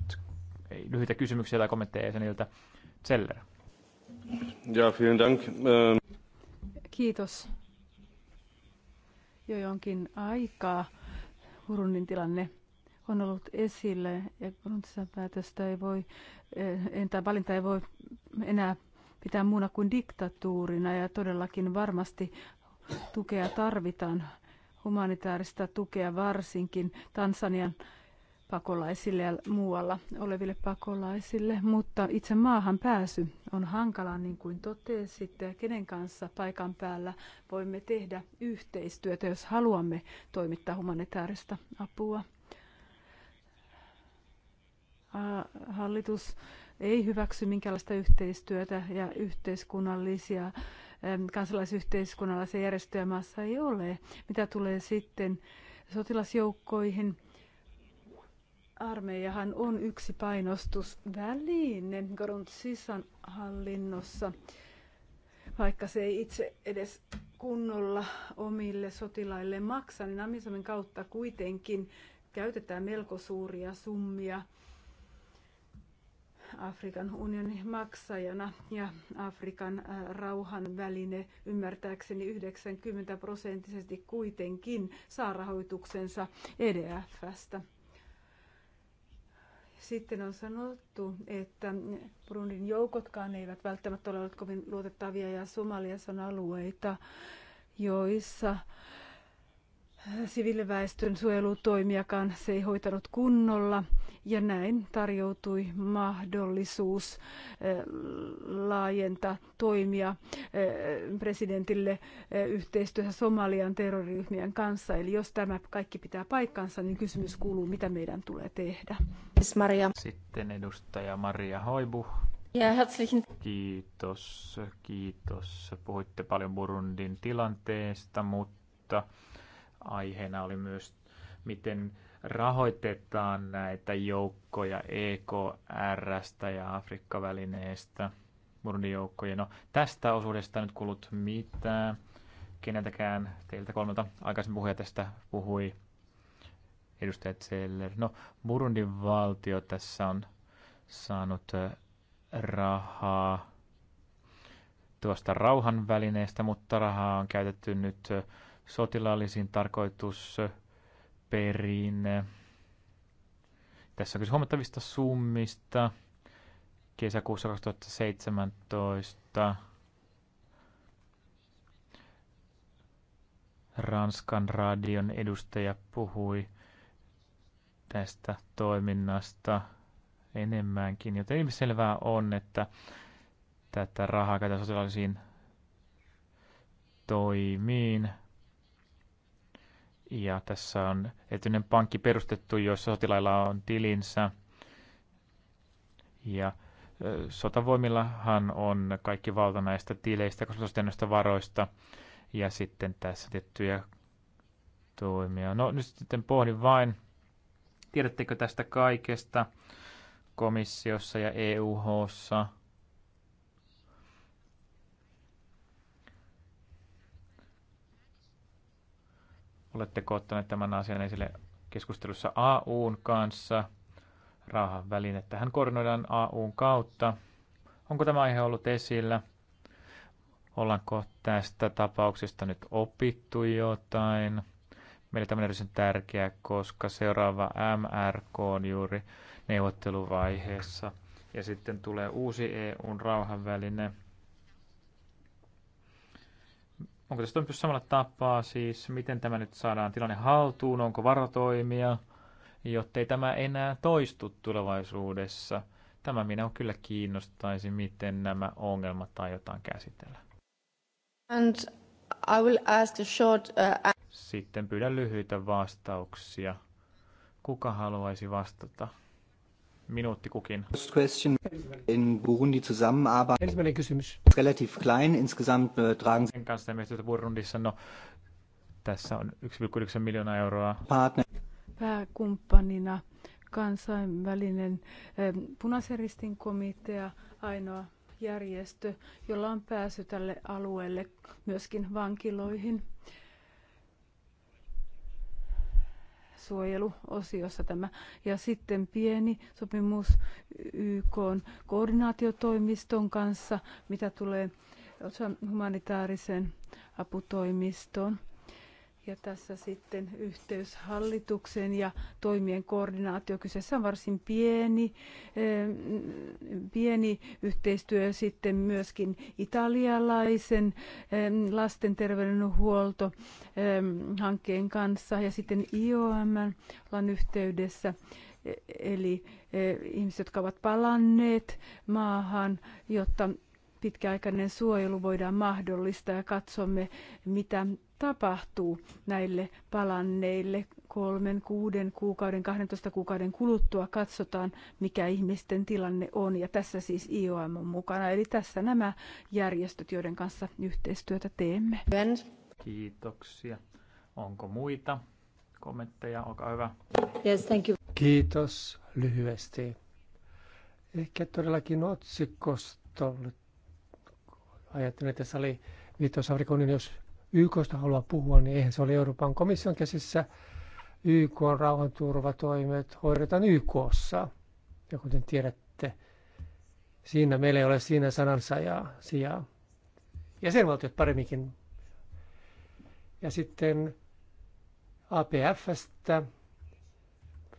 ei, lyhyitä kysymyksiä tai kommentteja jäseniltä. Zeller. Ja, vielen dank. Ähm. Kiitos. Jo jonkin aikaa Hurunnin tilanne on ollut esille ja kun päätöstä ei voi, eh, entä valinta ei voi enää pitää muuna kuin diktatuurina ja todellakin varmasti tukea tarvitaan, humanitaarista tukea varsinkin Tansanian pakolaisille ja muualla oleville pakolaisille, mutta itse maahan pääsy on hankalaa, niin kuin totesitte, ja kenen kanssa paikan päällä voimme tehdä yhteistyötä, jos haluamme toimittaa humanitaarista apua hallitus ei hyväksy minkäänlaista yhteistyötä ja yhteiskunnallisia kansalaisyhteiskunnallisia järjestöjä maassa ei ole. Mitä tulee sitten sotilasjoukkoihin, armeijahan on yksi painostusväline Gruntsisan hallinnossa, vaikka se ei itse edes kunnolla omille sotilaille maksa, niin Amisomen kautta kuitenkin käytetään melko suuria summia – Afrikan unionin maksajana ja Afrikan äh, rauhan väline ymmärtääkseni 90 prosenttisesti kuitenkin saa rahoituksensa EDFstä. Sitten on sanottu, että Brunin joukotkaan eivät välttämättä ole olleet kovin luotettavia ja Somaliassa on alueita, joissa äh, siviiliväestön suojelutoimiakaan se ei hoitanut kunnolla ja näin tarjoutui mahdollisuus eh, laajentaa toimia eh, presidentille eh, yhteistyössä Somalian terroriryhmien kanssa. Eli jos tämä kaikki pitää paikkansa, niin kysymys kuuluu, mitä meidän tulee tehdä. Maria. Sitten edustaja Maria Hoibu. Ja herzlichen. Kiitos, kiitos. Puhuitte paljon Burundin tilanteesta, mutta aiheena oli myös, miten rahoitetaan näitä joukkoja EKRstä ja Afrikka-välineestä, Burundin joukkoja. No, tästä osuudesta nyt kulut mitään. Keneltäkään teiltä kolmelta aikaisin puhuja tästä puhui edustaja Zeller. No, Burundin valtio tässä on saanut äh, rahaa tuosta rauhan mutta rahaa on käytetty nyt äh, sotilaallisiin tarkoitus äh, perinne. Tässä on kyse huomattavista summista. Kesäkuussa 2017 Ranskan radion edustaja puhui tästä toiminnasta enemmänkin, joten ilmiselvää on, että tätä rahaa käytetään sosiaalisiin toimiin. Ja tässä on erityinen pankki perustettu, jossa sotilailla on tilinsä. Ja sotavoimillahan on kaikki valta näistä tileistä, koska varoista. Ja sitten tässä tiettyjä toimia. No nyt sitten pohdin vain, tiedättekö tästä kaikesta komissiossa ja EUHssa? Oletteko ottaneet tämän asian esille keskustelussa AUn kanssa? Raahan välinettä hän koordinoidaan AUn kautta. Onko tämä aihe ollut esillä? Ollaanko tästä tapauksesta nyt opittu jotain? Meillä tämä on erityisen tärkeää, koska seuraava MRK on juuri neuvotteluvaiheessa. Ja sitten tulee uusi EUn rauhanväline – Onko tässä toimittu samalla tapaa siis? Miten tämä nyt saadaan tilanne haltuun? Onko varatoimia, jottei tämä enää toistu tulevaisuudessa? Tämä minä kyllä kiinnostaisi, miten nämä ongelmat tai jotain käsitellä. And I will ask a short, uh... Sitten pyydän lyhyitä vastauksia. Kuka haluaisi vastata? minuutti kukin. In Burundi zusammenarbeit. Ensimmäinen kysymys. Relativ klein, insgesamt äh, tragen Sen kanssa teemme Burundissa, no tässä on 1,9 miljoonaa euroa. Partner. Pääkumppanina kansainvälinen eh, ähm, punaisen ristin komitea, ainoa järjestö, jolla on pääsy tälle alueelle myöskin vankiloihin. Eh, suojeluosiossa tämä. Ja sitten pieni sopimus YK koordinaatiotoimiston kanssa, mitä tulee humanitaariseen aputoimistoon. Ja tässä sitten yhteys hallituksen ja toimien koordinaatio. Kyseessä on varsin pieni, pieni yhteistyö sitten myöskin italialaisen lasten terveydenhuolto hankkeen kanssa ja sitten IOM-lan yhteydessä e, eli e, ihmiset, jotka ovat palanneet maahan, jotta pitkäaikainen suojelu voidaan mahdollistaa ja katsomme, mitä tapahtuu näille palanneille kolmen, kuuden kuukauden, 12 kuukauden kuluttua katsotaan, mikä ihmisten tilanne on. Ja tässä siis IOM on mukana. Eli tässä nämä järjestöt, joiden kanssa yhteistyötä teemme. Kiitoksia. Onko muita kommentteja? Olkaa hyvä. Yes, thank you. Kiitos lyhyesti. Ehkä todellakin otsikosta ajattelin, että tässä oli viittaus jos YKsta haluaa puhua, niin eihän se ole Euroopan komission käsissä. YK on rauhanturvatoimet hoidetaan YKssa. Ja kuten tiedätte, siinä meillä ei ole siinä sanansa ja sijaa. Jäsenvaltiot paremminkin. Ja sitten APFstä,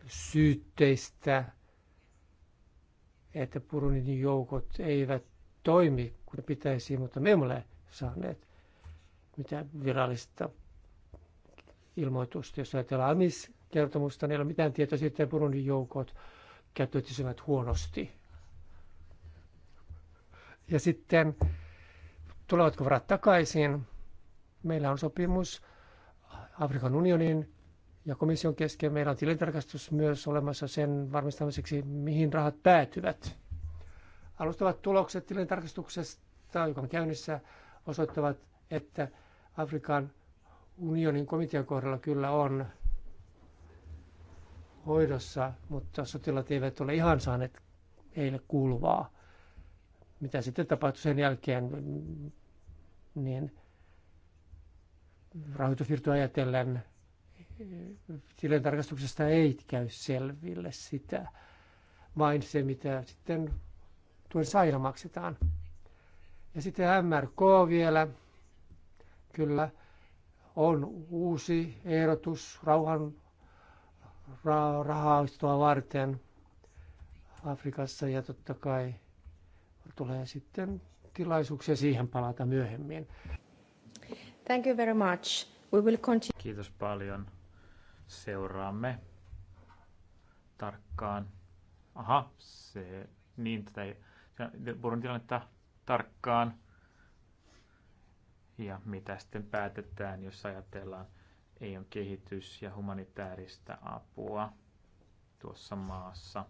syytteistä, että Purunin joukot eivät toimi, kun pitäisi, mutta me emme ole saaneet mitään virallista ilmoitusta. Jos ajatellaan AMIS-kertomusta, niin ei ole mitään tietoa siitä, että Burundin joukot käyttäytyisivät huonosti. Ja sitten tulevatko varat takaisin? Meillä on sopimus Afrikan unionin ja komission kesken. Meillä on tilintarkastus myös olemassa sen varmistamiseksi, mihin rahat päätyvät. Alustavat tulokset tilintarkastuksesta, joka on käynnissä, osoittavat, että Afrikan unionin komitean kohdalla kyllä on hoidossa, mutta sotilaat eivät ole ihan saaneet heille kuuluvaa. Mitä sitten tapahtui sen jälkeen, niin rahoitusvirtoa ajatellen silloin tarkastuksesta ei käy selville sitä, vain se mitä sitten tuen saira maksetaan. Ja sitten MRK vielä, kyllä on uusi ehdotus rauhan rahastoa varten Afrikassa ja totta kai tulee sitten tilaisuuksia siihen palata myöhemmin. Thank you very much. We will continue. Kiitos paljon. Seuraamme tarkkaan. Aha, se, niin tätä Burun tilannetta tarkkaan ja mitä sitten päätetään, jos ajatellaan on e kehitys- ja humanitaarista apua tuossa maassa.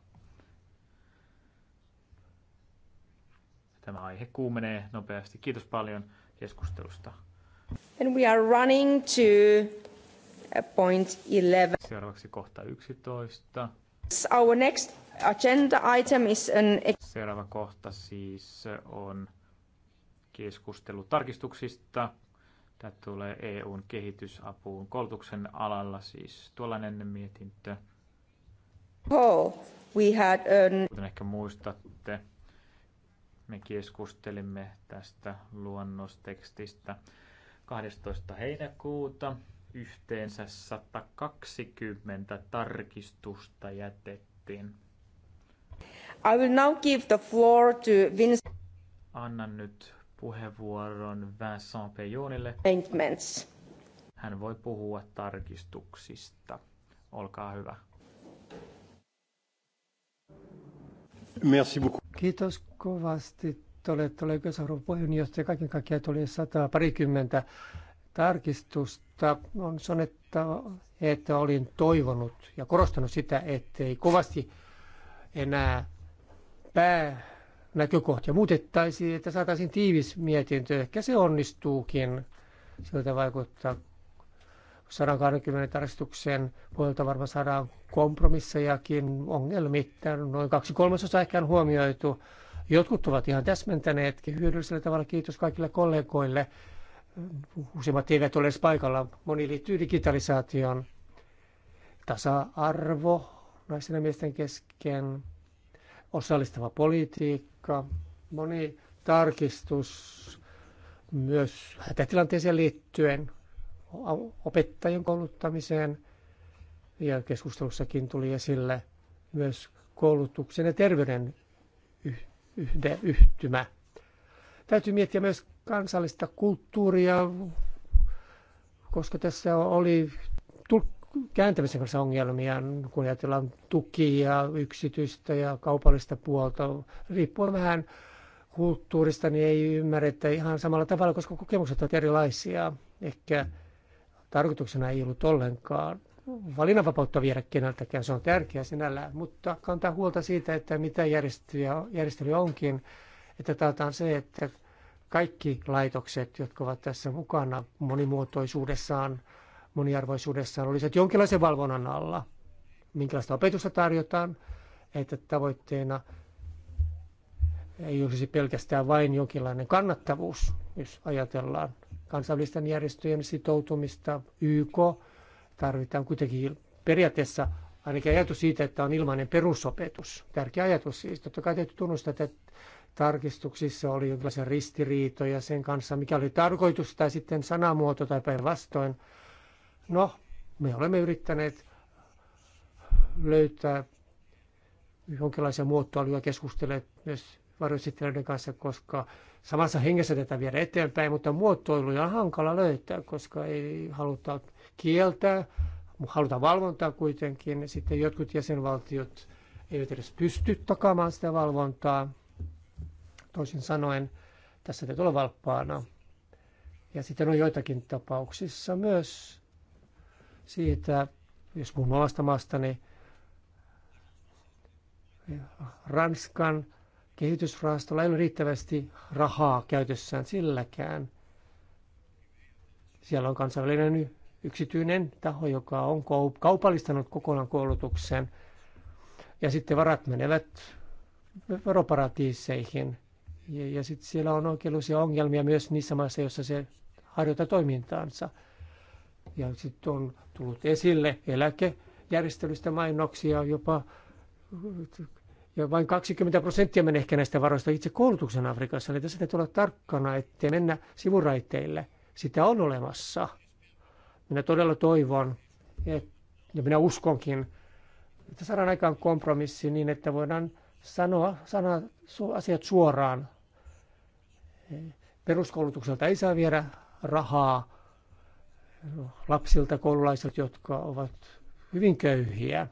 Tämä aihe kuumenee nopeasti. Kiitos paljon keskustelusta. And we are running to point 11. Seuraavaksi kohta 11. Our next agenda item is an... Seuraava kohta siis on keskustelu tarkistuksista. Tämä tulee EUn kehitysapuun koulutuksen alalla, siis tuollainen mietintö. Oh, we had an... Kuten ehkä muistatte, me keskustelimme tästä luonnostekstistä 12. heinäkuuta. Yhteensä 120 tarkistusta jätettiin. I will now give the floor to Vincent. Annan nyt puheenvuoron Vincent Pejonille. Payments. Hän voi puhua tarkistuksista. Olkaa hyvä. Merci beaucoup. Kiitos kovasti. Olette oikeusarvon puheenjohtaja. Kaiken kaikkiaan tuli parikymmentä tarkistusta. On sanottu, että olin toivonut ja korostanut sitä, ettei kovasti enää pää näkökohtia muutettaisiin, että saataisiin tiivis mietintö. Ehkä se onnistuukin. Siltä vaikuttaa 120 tarkistuksen puolelta varmaan saadaan kompromissejakin ongelmitta. Noin kaksi kolmasosaa ehkä on huomioitu. Jotkut ovat ihan täsmentäneetkin hyödyllisellä tavalla. Kiitos kaikille kollegoille. Useimmat eivät ole edes paikalla. Moni liittyy digitalisaation Tasa-arvo naisten ja miesten kesken osallistava politiikka, moni tarkistus myös hätätilanteeseen liittyen, opettajien kouluttamiseen ja keskustelussakin tuli esille myös koulutuksen ja terveyden yhde, yhtymä. Täytyy miettiä myös kansallista kulttuuria, koska tässä oli kääntämisen kanssa ongelmia, kun ajatellaan tukia, yksityistä ja kaupallista puolta. Riippuen vähän kulttuurista, niin ei ymmärretä ihan samalla tavalla, koska kokemukset ovat erilaisia. Ehkä tarkoituksena ei ollut ollenkaan valinnanvapautta viedä keneltäkään, se on tärkeää sinällään, mutta kantaa huolta siitä, että mitä järjestelyä, järjestelyä onkin, että taataan se, että kaikki laitokset, jotka ovat tässä mukana monimuotoisuudessaan, moniarvoisuudessaan olisivat jonkinlaisen valvonnan alla. Minkälaista opetusta tarjotaan, että tavoitteena ei olisi pelkästään vain jonkinlainen kannattavuus, jos ajatellaan kansainvälisten järjestöjen sitoutumista, YK, tarvitaan kuitenkin periaatteessa ainakin ajatus siitä, että on ilmainen perusopetus. Tärkeä ajatus siis. Totta kai täytyy tunnustaa, että tarkistuksissa oli jonkinlaisia ristiriitoja sen kanssa, mikä oli tarkoitus tai sitten sanamuoto tai päinvastoin. No, me olemme yrittäneet löytää jonkinlaisia muotoiluja, keskustelleet myös varjoesittelijöiden kanssa, koska samassa hengessä tätä viedä eteenpäin, mutta muotoiluja on hankala löytää, koska ei haluta kieltää, haluta valvontaa kuitenkin. Sitten jotkut jäsenvaltiot eivät edes pysty takaamaan sitä valvontaa. Toisin sanoen, tässä täytyy olla valppaana. Ja sitten on joitakin tapauksissa myös siitä, jos puhun omasta maastani, Ranskan kehitysrahastolla ei ole riittävästi rahaa käytössään silläkään. Siellä on kansainvälinen yksityinen taho, joka on kaupallistanut kokonaan koulutuksen. Ja sitten varat menevät veroparatiiseihin. Ja, ja sitten siellä on oikeudellisia ongelmia myös niissä maissa, joissa se harjoittaa toimintaansa – ja sitten on tullut esille eläkejärjestelystä mainoksia jopa, ja vain 20 prosenttia menee ehkä näistä varoista itse koulutuksen Afrikassa. Eli tässä täytyy olla tarkkana, ettei mennä sivuraiteille. Sitä on olemassa. Minä todella toivon, että, ja minä uskonkin, että saadaan aikaan kompromissi niin, että voidaan sanoa sanoa asiat suoraan. Peruskoulutukselta ei saa viedä rahaa lapsilta, koululaisilta, jotka ovat hyvin köyhiä.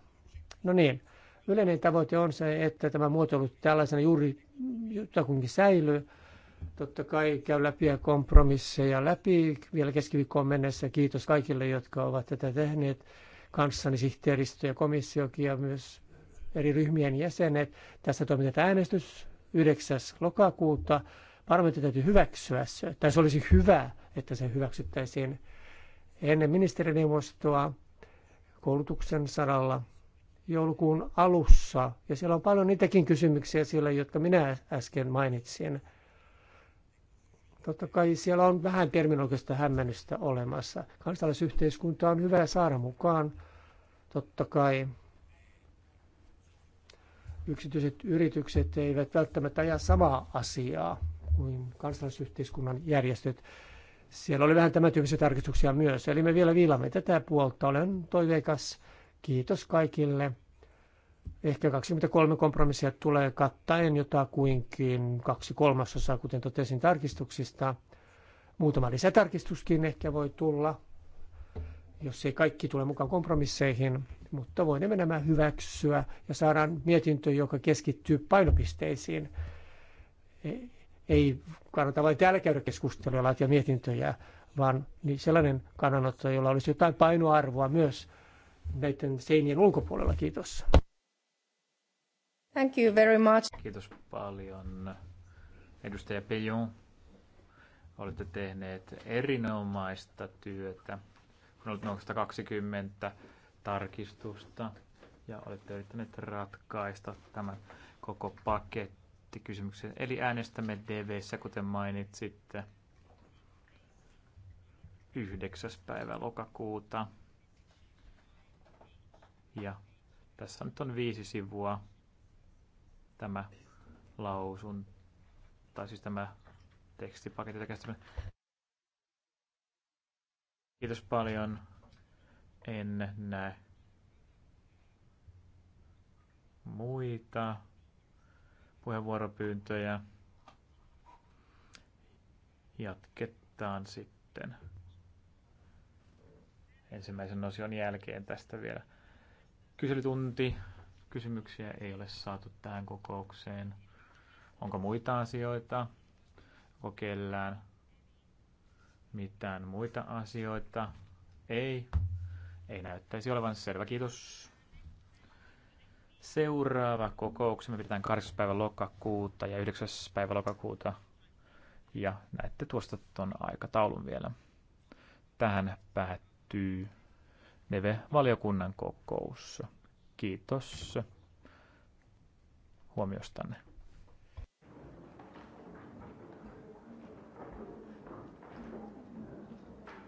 No niin, yleinen tavoite on se, että tämä muotoilu tällaisena juuri jotakunkin säilyy. Totta kai käy läpi ja kompromisseja läpi vielä keskiviikkoon mennessä. Kiitos kaikille, jotka ovat tätä tehneet kanssani sihteeristö ja komissiokin ja myös eri ryhmien jäsenet. Tässä toimitetaan äänestys 9. lokakuuta. Parlamentti täytyy hyväksyä se, tai se olisi hyvä, että se hyväksyttäisiin ennen ministerineuvostoa koulutuksen saralla joulukuun alussa. Ja siellä on paljon niitäkin kysymyksiä siellä, jotka minä äsken mainitsin. Totta kai siellä on vähän terminologista hämmennystä olemassa. Kansalaisyhteiskunta on hyvä saada mukaan, totta kai. Yksityiset yritykset eivät välttämättä aja samaa asiaa kuin kansalaisyhteiskunnan järjestöt. Siellä oli vähän tämän tyyppisiä tarkistuksia myös, eli me vielä viilamme tätä puolta. Olen toiveikas. Kiitos kaikille. Ehkä 23 kompromissia tulee kattaen jotakuinkin kaksi kolmasosaa, kuten totesin, tarkistuksista. Muutama lisätarkistuskin ehkä voi tulla, jos ei kaikki tule mukaan kompromisseihin, mutta voimme nämä hyväksyä ja saadaan mietintö, joka keskittyy painopisteisiin ei kannata vain täällä käydä keskustelua laatia mietintöjä, vaan niin sellainen kannanotto, jolla olisi jotain painoarvoa myös näiden seinien ulkopuolella. Kiitos. Thank you very much. Kiitos paljon. Edustaja Pejon, olette tehneet erinomaista työtä. Kun olette noin 120 tarkistusta ja olette yrittäneet ratkaista tämän koko paketti esitti kysymyksen. Eli äänestämme DVssä, kuten mainitsitte, 9. päivä lokakuuta. Ja tässä nyt on viisi sivua tämä lausun, tai siis tämä tekstipaketti. Kiitos paljon. En näe muita puheenvuoropyyntöjä. Jatketaan sitten ensimmäisen osion jälkeen tästä vielä. Kyselytunti. Kysymyksiä ei ole saatu tähän kokoukseen. Onko muita asioita? Onko kellään mitään muita asioita? Ei. Ei näyttäisi olevan selvä. Kiitos. Seuraava kokouksemme pidetään 8. päivä lokakuuta ja 9. päivä lokakuuta. Ja näette tuosta tuon aikataulun vielä. Tähän päättyy Neve-valiokunnan kokous. Kiitos huomiostanne.